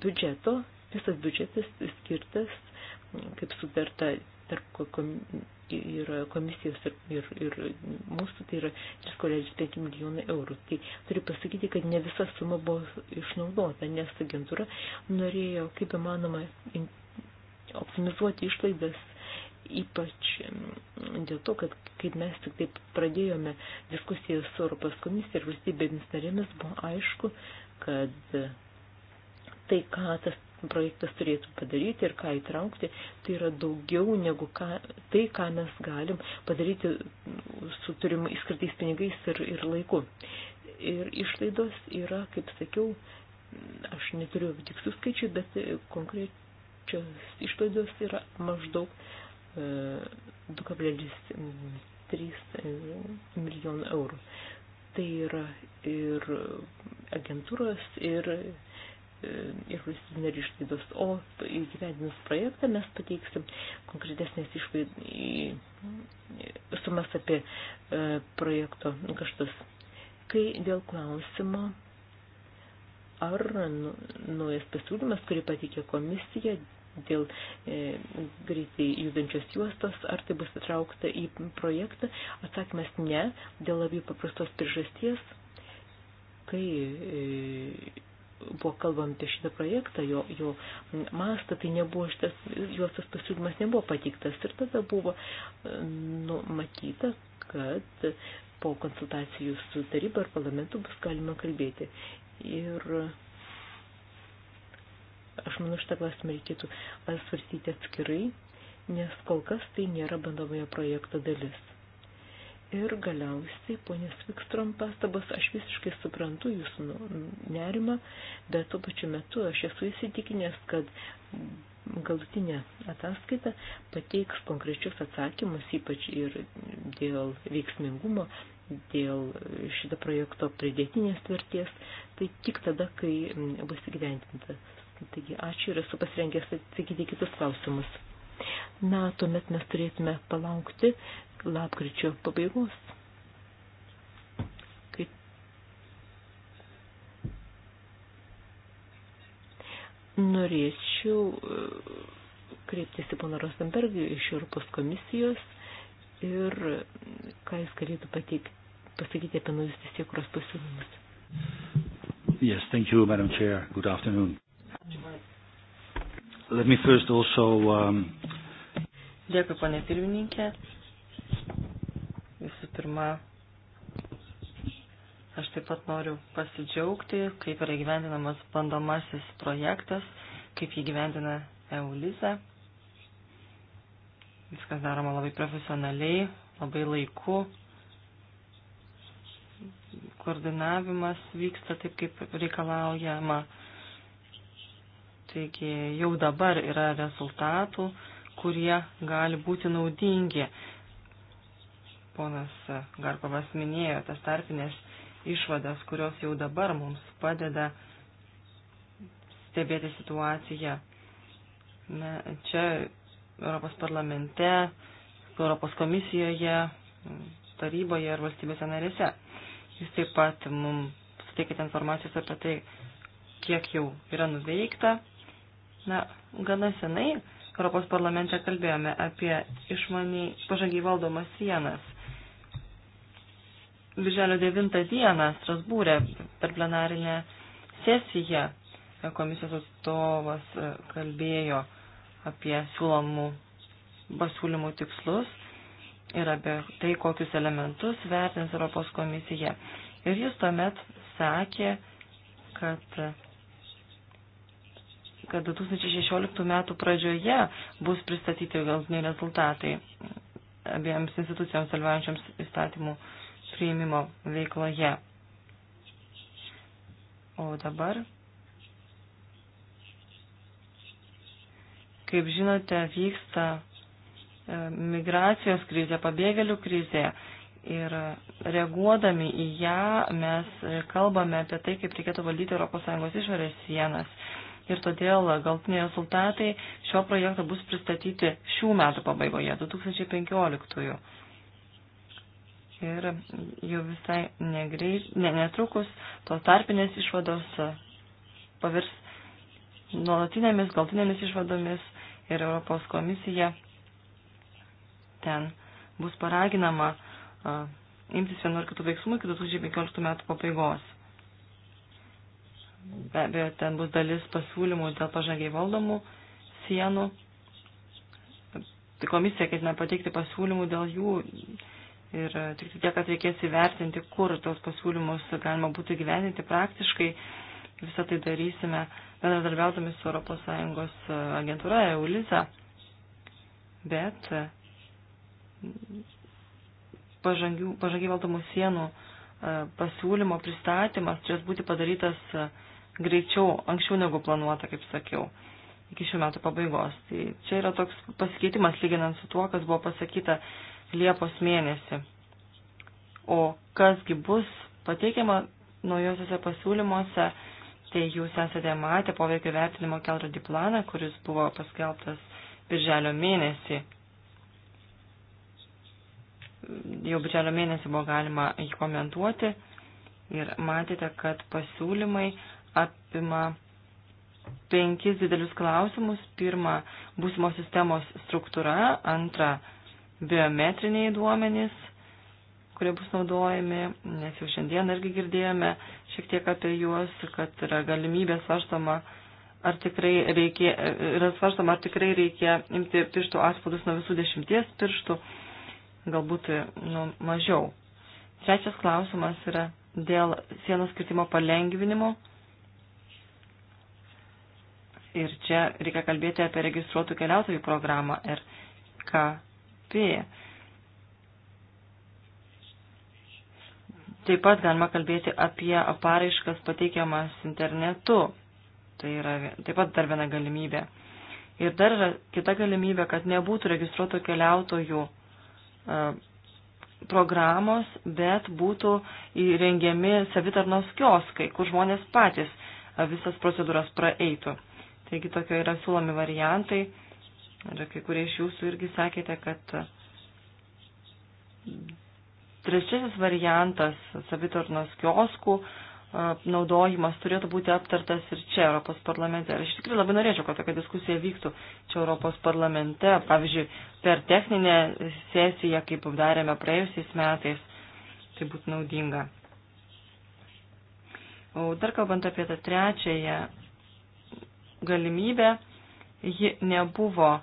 Speaker 2: biudžeto, visas biudžetas skirtas, kaip sutarta, tarp kom, ir komisijos ir, ir, ir mūsų, tai yra 3,5 milijonai eurų. Tai turiu pasakyti, kad ne visa suma buvo išnaudota, nes agentūra norėjo, kaip įmanoma, optimizuoti išlaidas ypač mm, dėl to, kad kaip mes tik taip pradėjome diskusiją su Europos komisija ir valstybėmis narėmis, buvo aišku, kad tai, ką tas projektas turėtų padaryti ir ką įtraukti, tai yra daugiau negu ką, tai, ką mes galim padaryti su turimais skirtais pinigais ir, ir laiku. Ir išlaidos yra, kaip sakiau, aš neturiu tikslių skaičių, bet konkrečios išlaidos yra maždaug 2,3 e, milijonų eurų. Tai yra ir agentūros, ir E, ir valstybinio išlaidos, o įgyvendinus projektą mes pateiksim konkretesnės išlaidos sumas apie e, projekto kaštus. Kai dėl klausimo, ar nu, naujas pasiūlymas, kurį pateikė komisija dėl e, greitai judančios juostos, ar tai bus atraukta į projektą, atsakymas ne, dėl labai paprastos priežasties, kai e, buvo kalbam apie šitą projektą, jo, jo mastą, tai nebuvo šitas, jos tas pasiūlymas nebuvo patiktas. Ir tada buvo e, numatyta, kad po konsultacijų su taryba ir parlamentu bus galima kalbėti. Ir aš manau, šitą klausimą reikėtų svarstyti atskirai, nes kol kas tai nėra bandomojo projekto dalis. Ir galiausiai, ponės Vikstrom pastabas, aš visiškai suprantu jūsų nu, nerimą, bet tuo pačiu metu aš esu įsitikinęs, kad galutinė ataskaita pateiks konkrečius atsakymus, ypač ir dėl veiksmingumo, dėl šito projekto pridėtinės vertės, tai tik tada, kai bus įgyvendinta. Taigi ačiū ir esu pasirengęs atsakyti kitus klausimus. Na, tuomet mes turėtume palaukti lapkričio pabaigos. Kaip... Norėčiau e, kreiptis į poną Rosenbergį iš Europos komisijos ir e, ką jis galėtų pateikti, pasakyti apie naujus teisėkuros pasiūlymus.
Speaker 1: Yes, thank you, Madam Chair. Good afternoon. Ačiū. Let me first also. Um... Dėkui, ponė pirmininkė. Visų pirma, Aš taip pat noriu pasidžiaugti, kaip yra gyvendinamas bandomasis projektas, kaip jį gyvendina EULIZA. Viskas daroma labai profesionaliai, labai laiku. Koordinavimas vyksta taip, kaip reikalaujama. Taigi jau dabar yra rezultatų, kurie gali būti naudingi. Ponas Garkovas minėjo tas tarpinės išvadas, kurios jau dabar mums padeda stebėti situaciją. Na, čia Europos parlamente, Europos komisijoje, taryboje ir valstybėse narėse. Jūs taip pat mums suteikite informacijos apie tai, kiek jau yra nuveikta Na, gana senai Europos parlamente kalbėjome apie išmaniai pažangiai valdomas sienas. Birželio 9 dieną Strasbūrė per plenarinę sesiją komisijos atstovas e, kalbėjo apie siūlomų pasiūlymų tikslus ir apie tai, kokius elementus vertins Europos komisija. Ir jis tuomet sakė, kad kad 2016 metų pradžioje bus pristatyti galtiniai rezultatai abiems institucijoms dalyvaujančiams įstatymų priėmimo veikloje. O dabar, kaip žinote, vyksta e, migracijos krizė, pabėgėlių krizė ir reaguodami į ją mes kalbame apie tai, kaip reikėtų valdyti ES išorės sienas ir todėl galtiniai rezultatai šio projekto bus pristatyti šių metų pabaigoje, 2015. Ir jau visai negreit, ne, netrukus tos tarpinės išvados e, pavirs nuolatinėmis, galtinėmis išvadomis ir Europos komisija ten bus paraginama uh, imtis vienu ar kitų veiksmų iki 2015 metų pabaigos. Be abejo, ten bus dalis pasiūlymų dėl pažangiai valdomų sienų. Komisija ketina pateikti pasiūlymų dėl jų ir e, tik tiek, kad reikės įvertinti, kur tos pasiūlymus galima būtų gyveninti praktiškai. Visą tai darysime bendradarbiaudami su ES e, agentūra EULISA. Bet e, pažangiai valdomų sienų pasiūlymo pristatymas turės būti padarytas greičiau, anksčiau negu planuota, kaip sakiau, iki šių metų pabaigos. Tai čia yra toks pasikeitimas lyginant su tuo, kas buvo pasakyta Liepos mėnesį. O kasgi bus pateikiama naujosiuose pasiūlymuose, tai jūs esate matę poveikio vertinimo kelrodį planą, kuris buvo paskelbtas birželio mėnesį jau birželio mėnesį buvo galima jį komentuoti ir matėte, kad pasiūlymai apima penkis didelius klausimus. Pirma, būsimo sistemos struktūra. Antra, biometriniai duomenys, kurie bus naudojami, nes jau šiandien irgi girdėjome šiek tiek apie juos, kad yra galimybė svarstama ar tikrai reikia, yra svarstama, ar tikrai reikia imti pirštų atspaudus nuo visų dešimties pirštų, galbūt nu, mažiau. Trečias klausimas yra dėl sienos skirtimo palengvinimo Ir čia reikia kalbėti apie registruotų keliautojų programą RKP. Taip pat galima kalbėti apie paraiškas pateikiamas internetu. Tai yra taip pat dar viena galimybė. Ir dar yra kita galimybė, kad nebūtų registruotų keliautojų e, programos, bet būtų įrengiami savitarnos kioskai, kur žmonės patys e, visas procedūras praeitų. Taigi tokio yra siūlomi variantai. Ir kai kurie iš jūsų irgi sakėte, kad trečiasis variantas savitarnos kioskų naudojimas turėtų būti aptartas ir čia Europos parlamente. Aš tikrai labai norėčiau, kad tokia diskusija vyktų čia Europos parlamente, pavyzdžiui, per techninę sesiją, kaip darėme praėjusiais metais, tai būtų naudinga. O dar kalbant apie tą trečiąją galimybė, ji nebuvo e,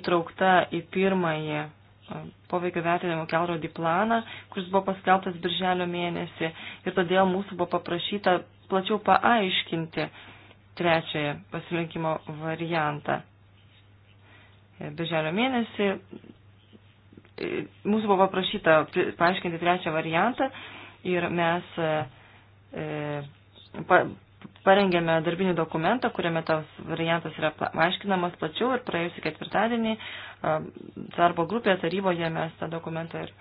Speaker 1: įtraukta į pirmąjį e, poveikio vertinimo kelrodį planą, kuris buvo paskelbtas birželio mėnesį ir todėl mūsų buvo paprašyta plačiau paaiškinti trečiąją pasirinkimo variantą. E, birželio mėnesį mūsų buvo paprašyta paaiškinti trečią variantą ir mes e, pa, parengėme darbinį dokumentą, kuriame tas variantas yra aiškinamas plačiau ir praėjusį ketvirtadienį darbo grupėje taryboje mes tą dokumentą ir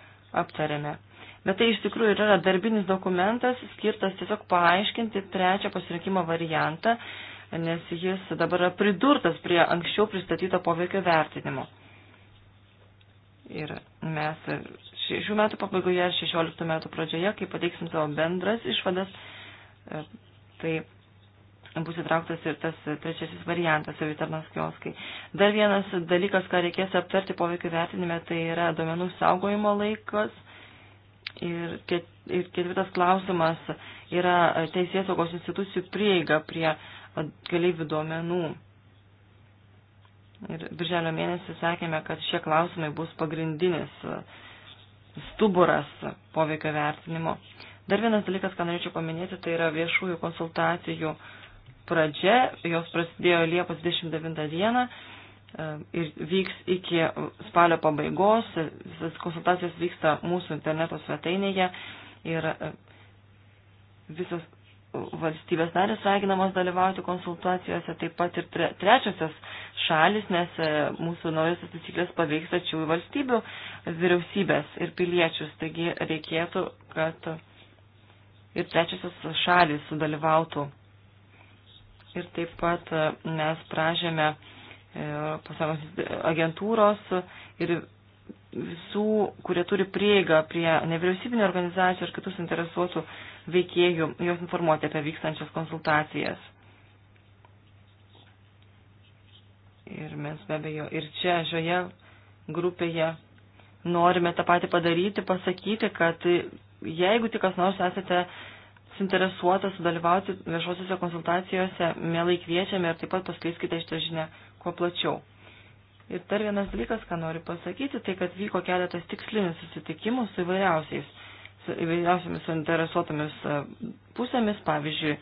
Speaker 1: aptarėme. Bet tai iš tikrųjų yra darbinis dokumentas, skirtas tiesiog paaiškinti trečią pasirinkimo variantą, nes jis dabar yra pridurtas prie anksčiau pristatyto poveikio vertinimo. Ir mes šių metų pabaigoje, 16 metų pradžioje, kai pateiksim savo bendras išvadas, e, tai bus įtrauktas ir tas trečiasis variantas, savitarnos kioskai. Dar vienas dalykas, ką reikės aptarti poveikio vertinime, tai yra domenų saugojimo laikas. Ir, ket, ir ketvirtas klausimas yra teisės saugos institucijų prieiga prie keliaivių duomenų. Ir birželio mėnesį sakėme, kad šie klausimai bus pagrindinis stuburas poveikio vertinimo. Dar vienas dalykas, ką norėčiau paminėti, tai yra viešųjų konsultacijų uh, pradžia, jos prasidėjo Liepos 29 dieną e, ir vyks iki spalio pabaigos. Visas konsultacijos vyksta mūsų interneto svetainėje ir e, visas valstybės narės raginamos dalyvauti konsultacijose, taip pat ir tre, trečiosios šalis, nes e, mūsų naujasis taisyklės paveiks tačių valstybių vyriausybės ir piliečius. Taigi reikėtų, kad ir trečiosios šalis sudalyvautų Ir taip pat e, mes prašėme e, pasaulios agentūros ir visų, kurie turi prieigą prie nevyriausybinio organizacijų ir kitus interesuotų veikėjų, juos informuoti apie vykstančias konsultacijas. Ir mes be abejo ir čia, šioje grupėje norime tą patį padaryti, pasakyti, kad jeigu tik kas nors esate suinteresuotas sudalyvauti viešosiuose konsultacijose, mielai kviečiame ir taip pat paskleiskite šitą žinę kuo plačiau. Ir dar vienas dalykas, ką noriu pasakyti, tai kad vyko keletas tikslinių susitikimų su įvairiausiais, su įvairiausiamis suinteresuotomis e, pusėmis, pavyzdžiui,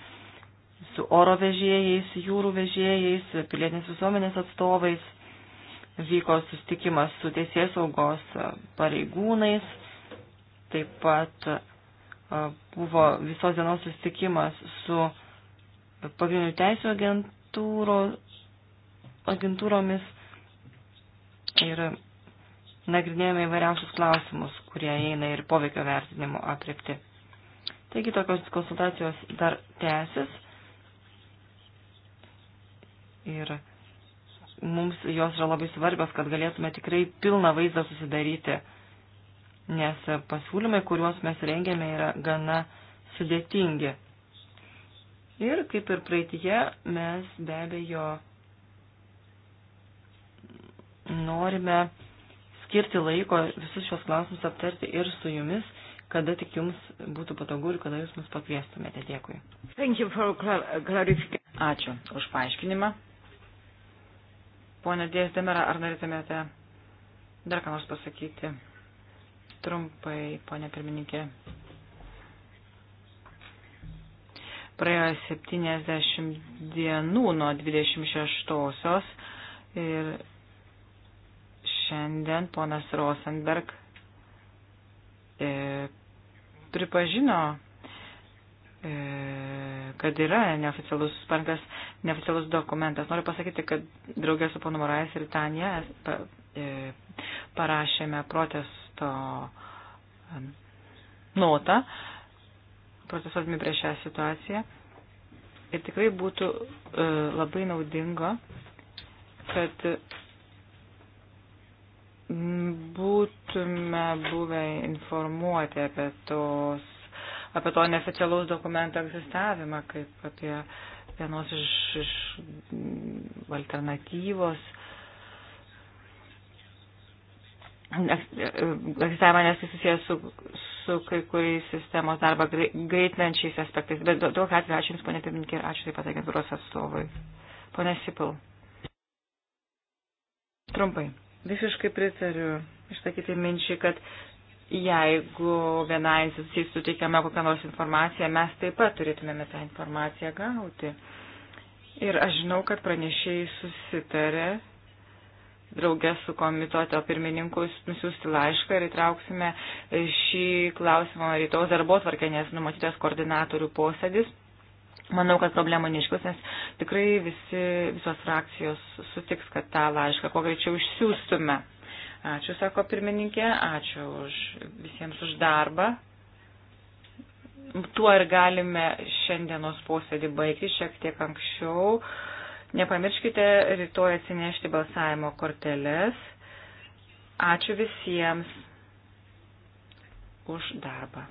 Speaker 1: su oro vežėjais, jūrų vežėjais, pilietinės visuomenės atstovais, vyko susitikimas su teisės saugos e, pareigūnais, taip pat buvo visos dienos susitikimas su pagrindinių teisų agentūro, agentūromis ir nagrinėjome įvairiausius klausimus, kurie eina ir poveikio vertinimo aprepti. Taigi tokios konsultacijos dar tęsis ir mums jos yra labai svarbios, kad galėtume tikrai pilną vaizdą susidaryti nes pasiūlymai, kuriuos mes rengėme, yra gana sudėtingi. Ir kaip ir praeitie, mes be abejo norime skirti laiko visus šios klausimus aptarti ir su jumis, kada tik jums būtų patogu ir kada jūs mus pakviestumėte. Dėkui. Ačiū už paaiškinimą. Pone Dėsdemera, ar norėtumėte dar ką nors pasakyti? trumpai, ponė pirmininkė. Praėjo 70 dienų nuo 26-osios ir šiandien ponas Rosenberg e, pripažino, e, kad yra neoficialus, parengtas neoficialus dokumentas. Noriu pasakyti, kad draugė su ponu Morais ir Tanja e, e parašėme protes, parlamento notą protestuodami prieš šią situaciją. Ir tikrai būtų e, labai naudinga, kad būtume buvę informuoti apie, tos, apie to neoficialaus dokumento egzistavimą, kaip apie vienos iš, iš alternatyvos E, e, egzaminas tai susijęs su, su kai kuriais sistemos darbą greitinančiais aspektais. Bet daug atveju ačiū Jums, ponė pirmininkė, ir ačiū taip pat agentūros atstovui. Pone Sipil. Trumpai. Visiškai pritariu išsakyti minčiai, kad jeigu vienai institucijai suteikiame kokią nors informaciją, mes taip pat turėtumėme tą informaciją gauti. Ir aš žinau, kad pranešėjai susitarė draugę su komiteto pirmininkus nusiųsti laišką ir įtrauksime šį klausimą rytos darbo tvarkę, nes numatytas koordinatorių posėdis. Manau, kad problema neiškus, nes tikrai visi, visos frakcijos sutiks, kad tą laišką kuo greičiau išsiųstume. Ačiū, sako pirmininkė, ačiū už, visiems už darbą. Tuo ir galime šiandienos posėdį baigti šiek tiek anksčiau. Nepamirškite rytoj atsinešti balsavimo korteles. Ačiū visiems už darbą.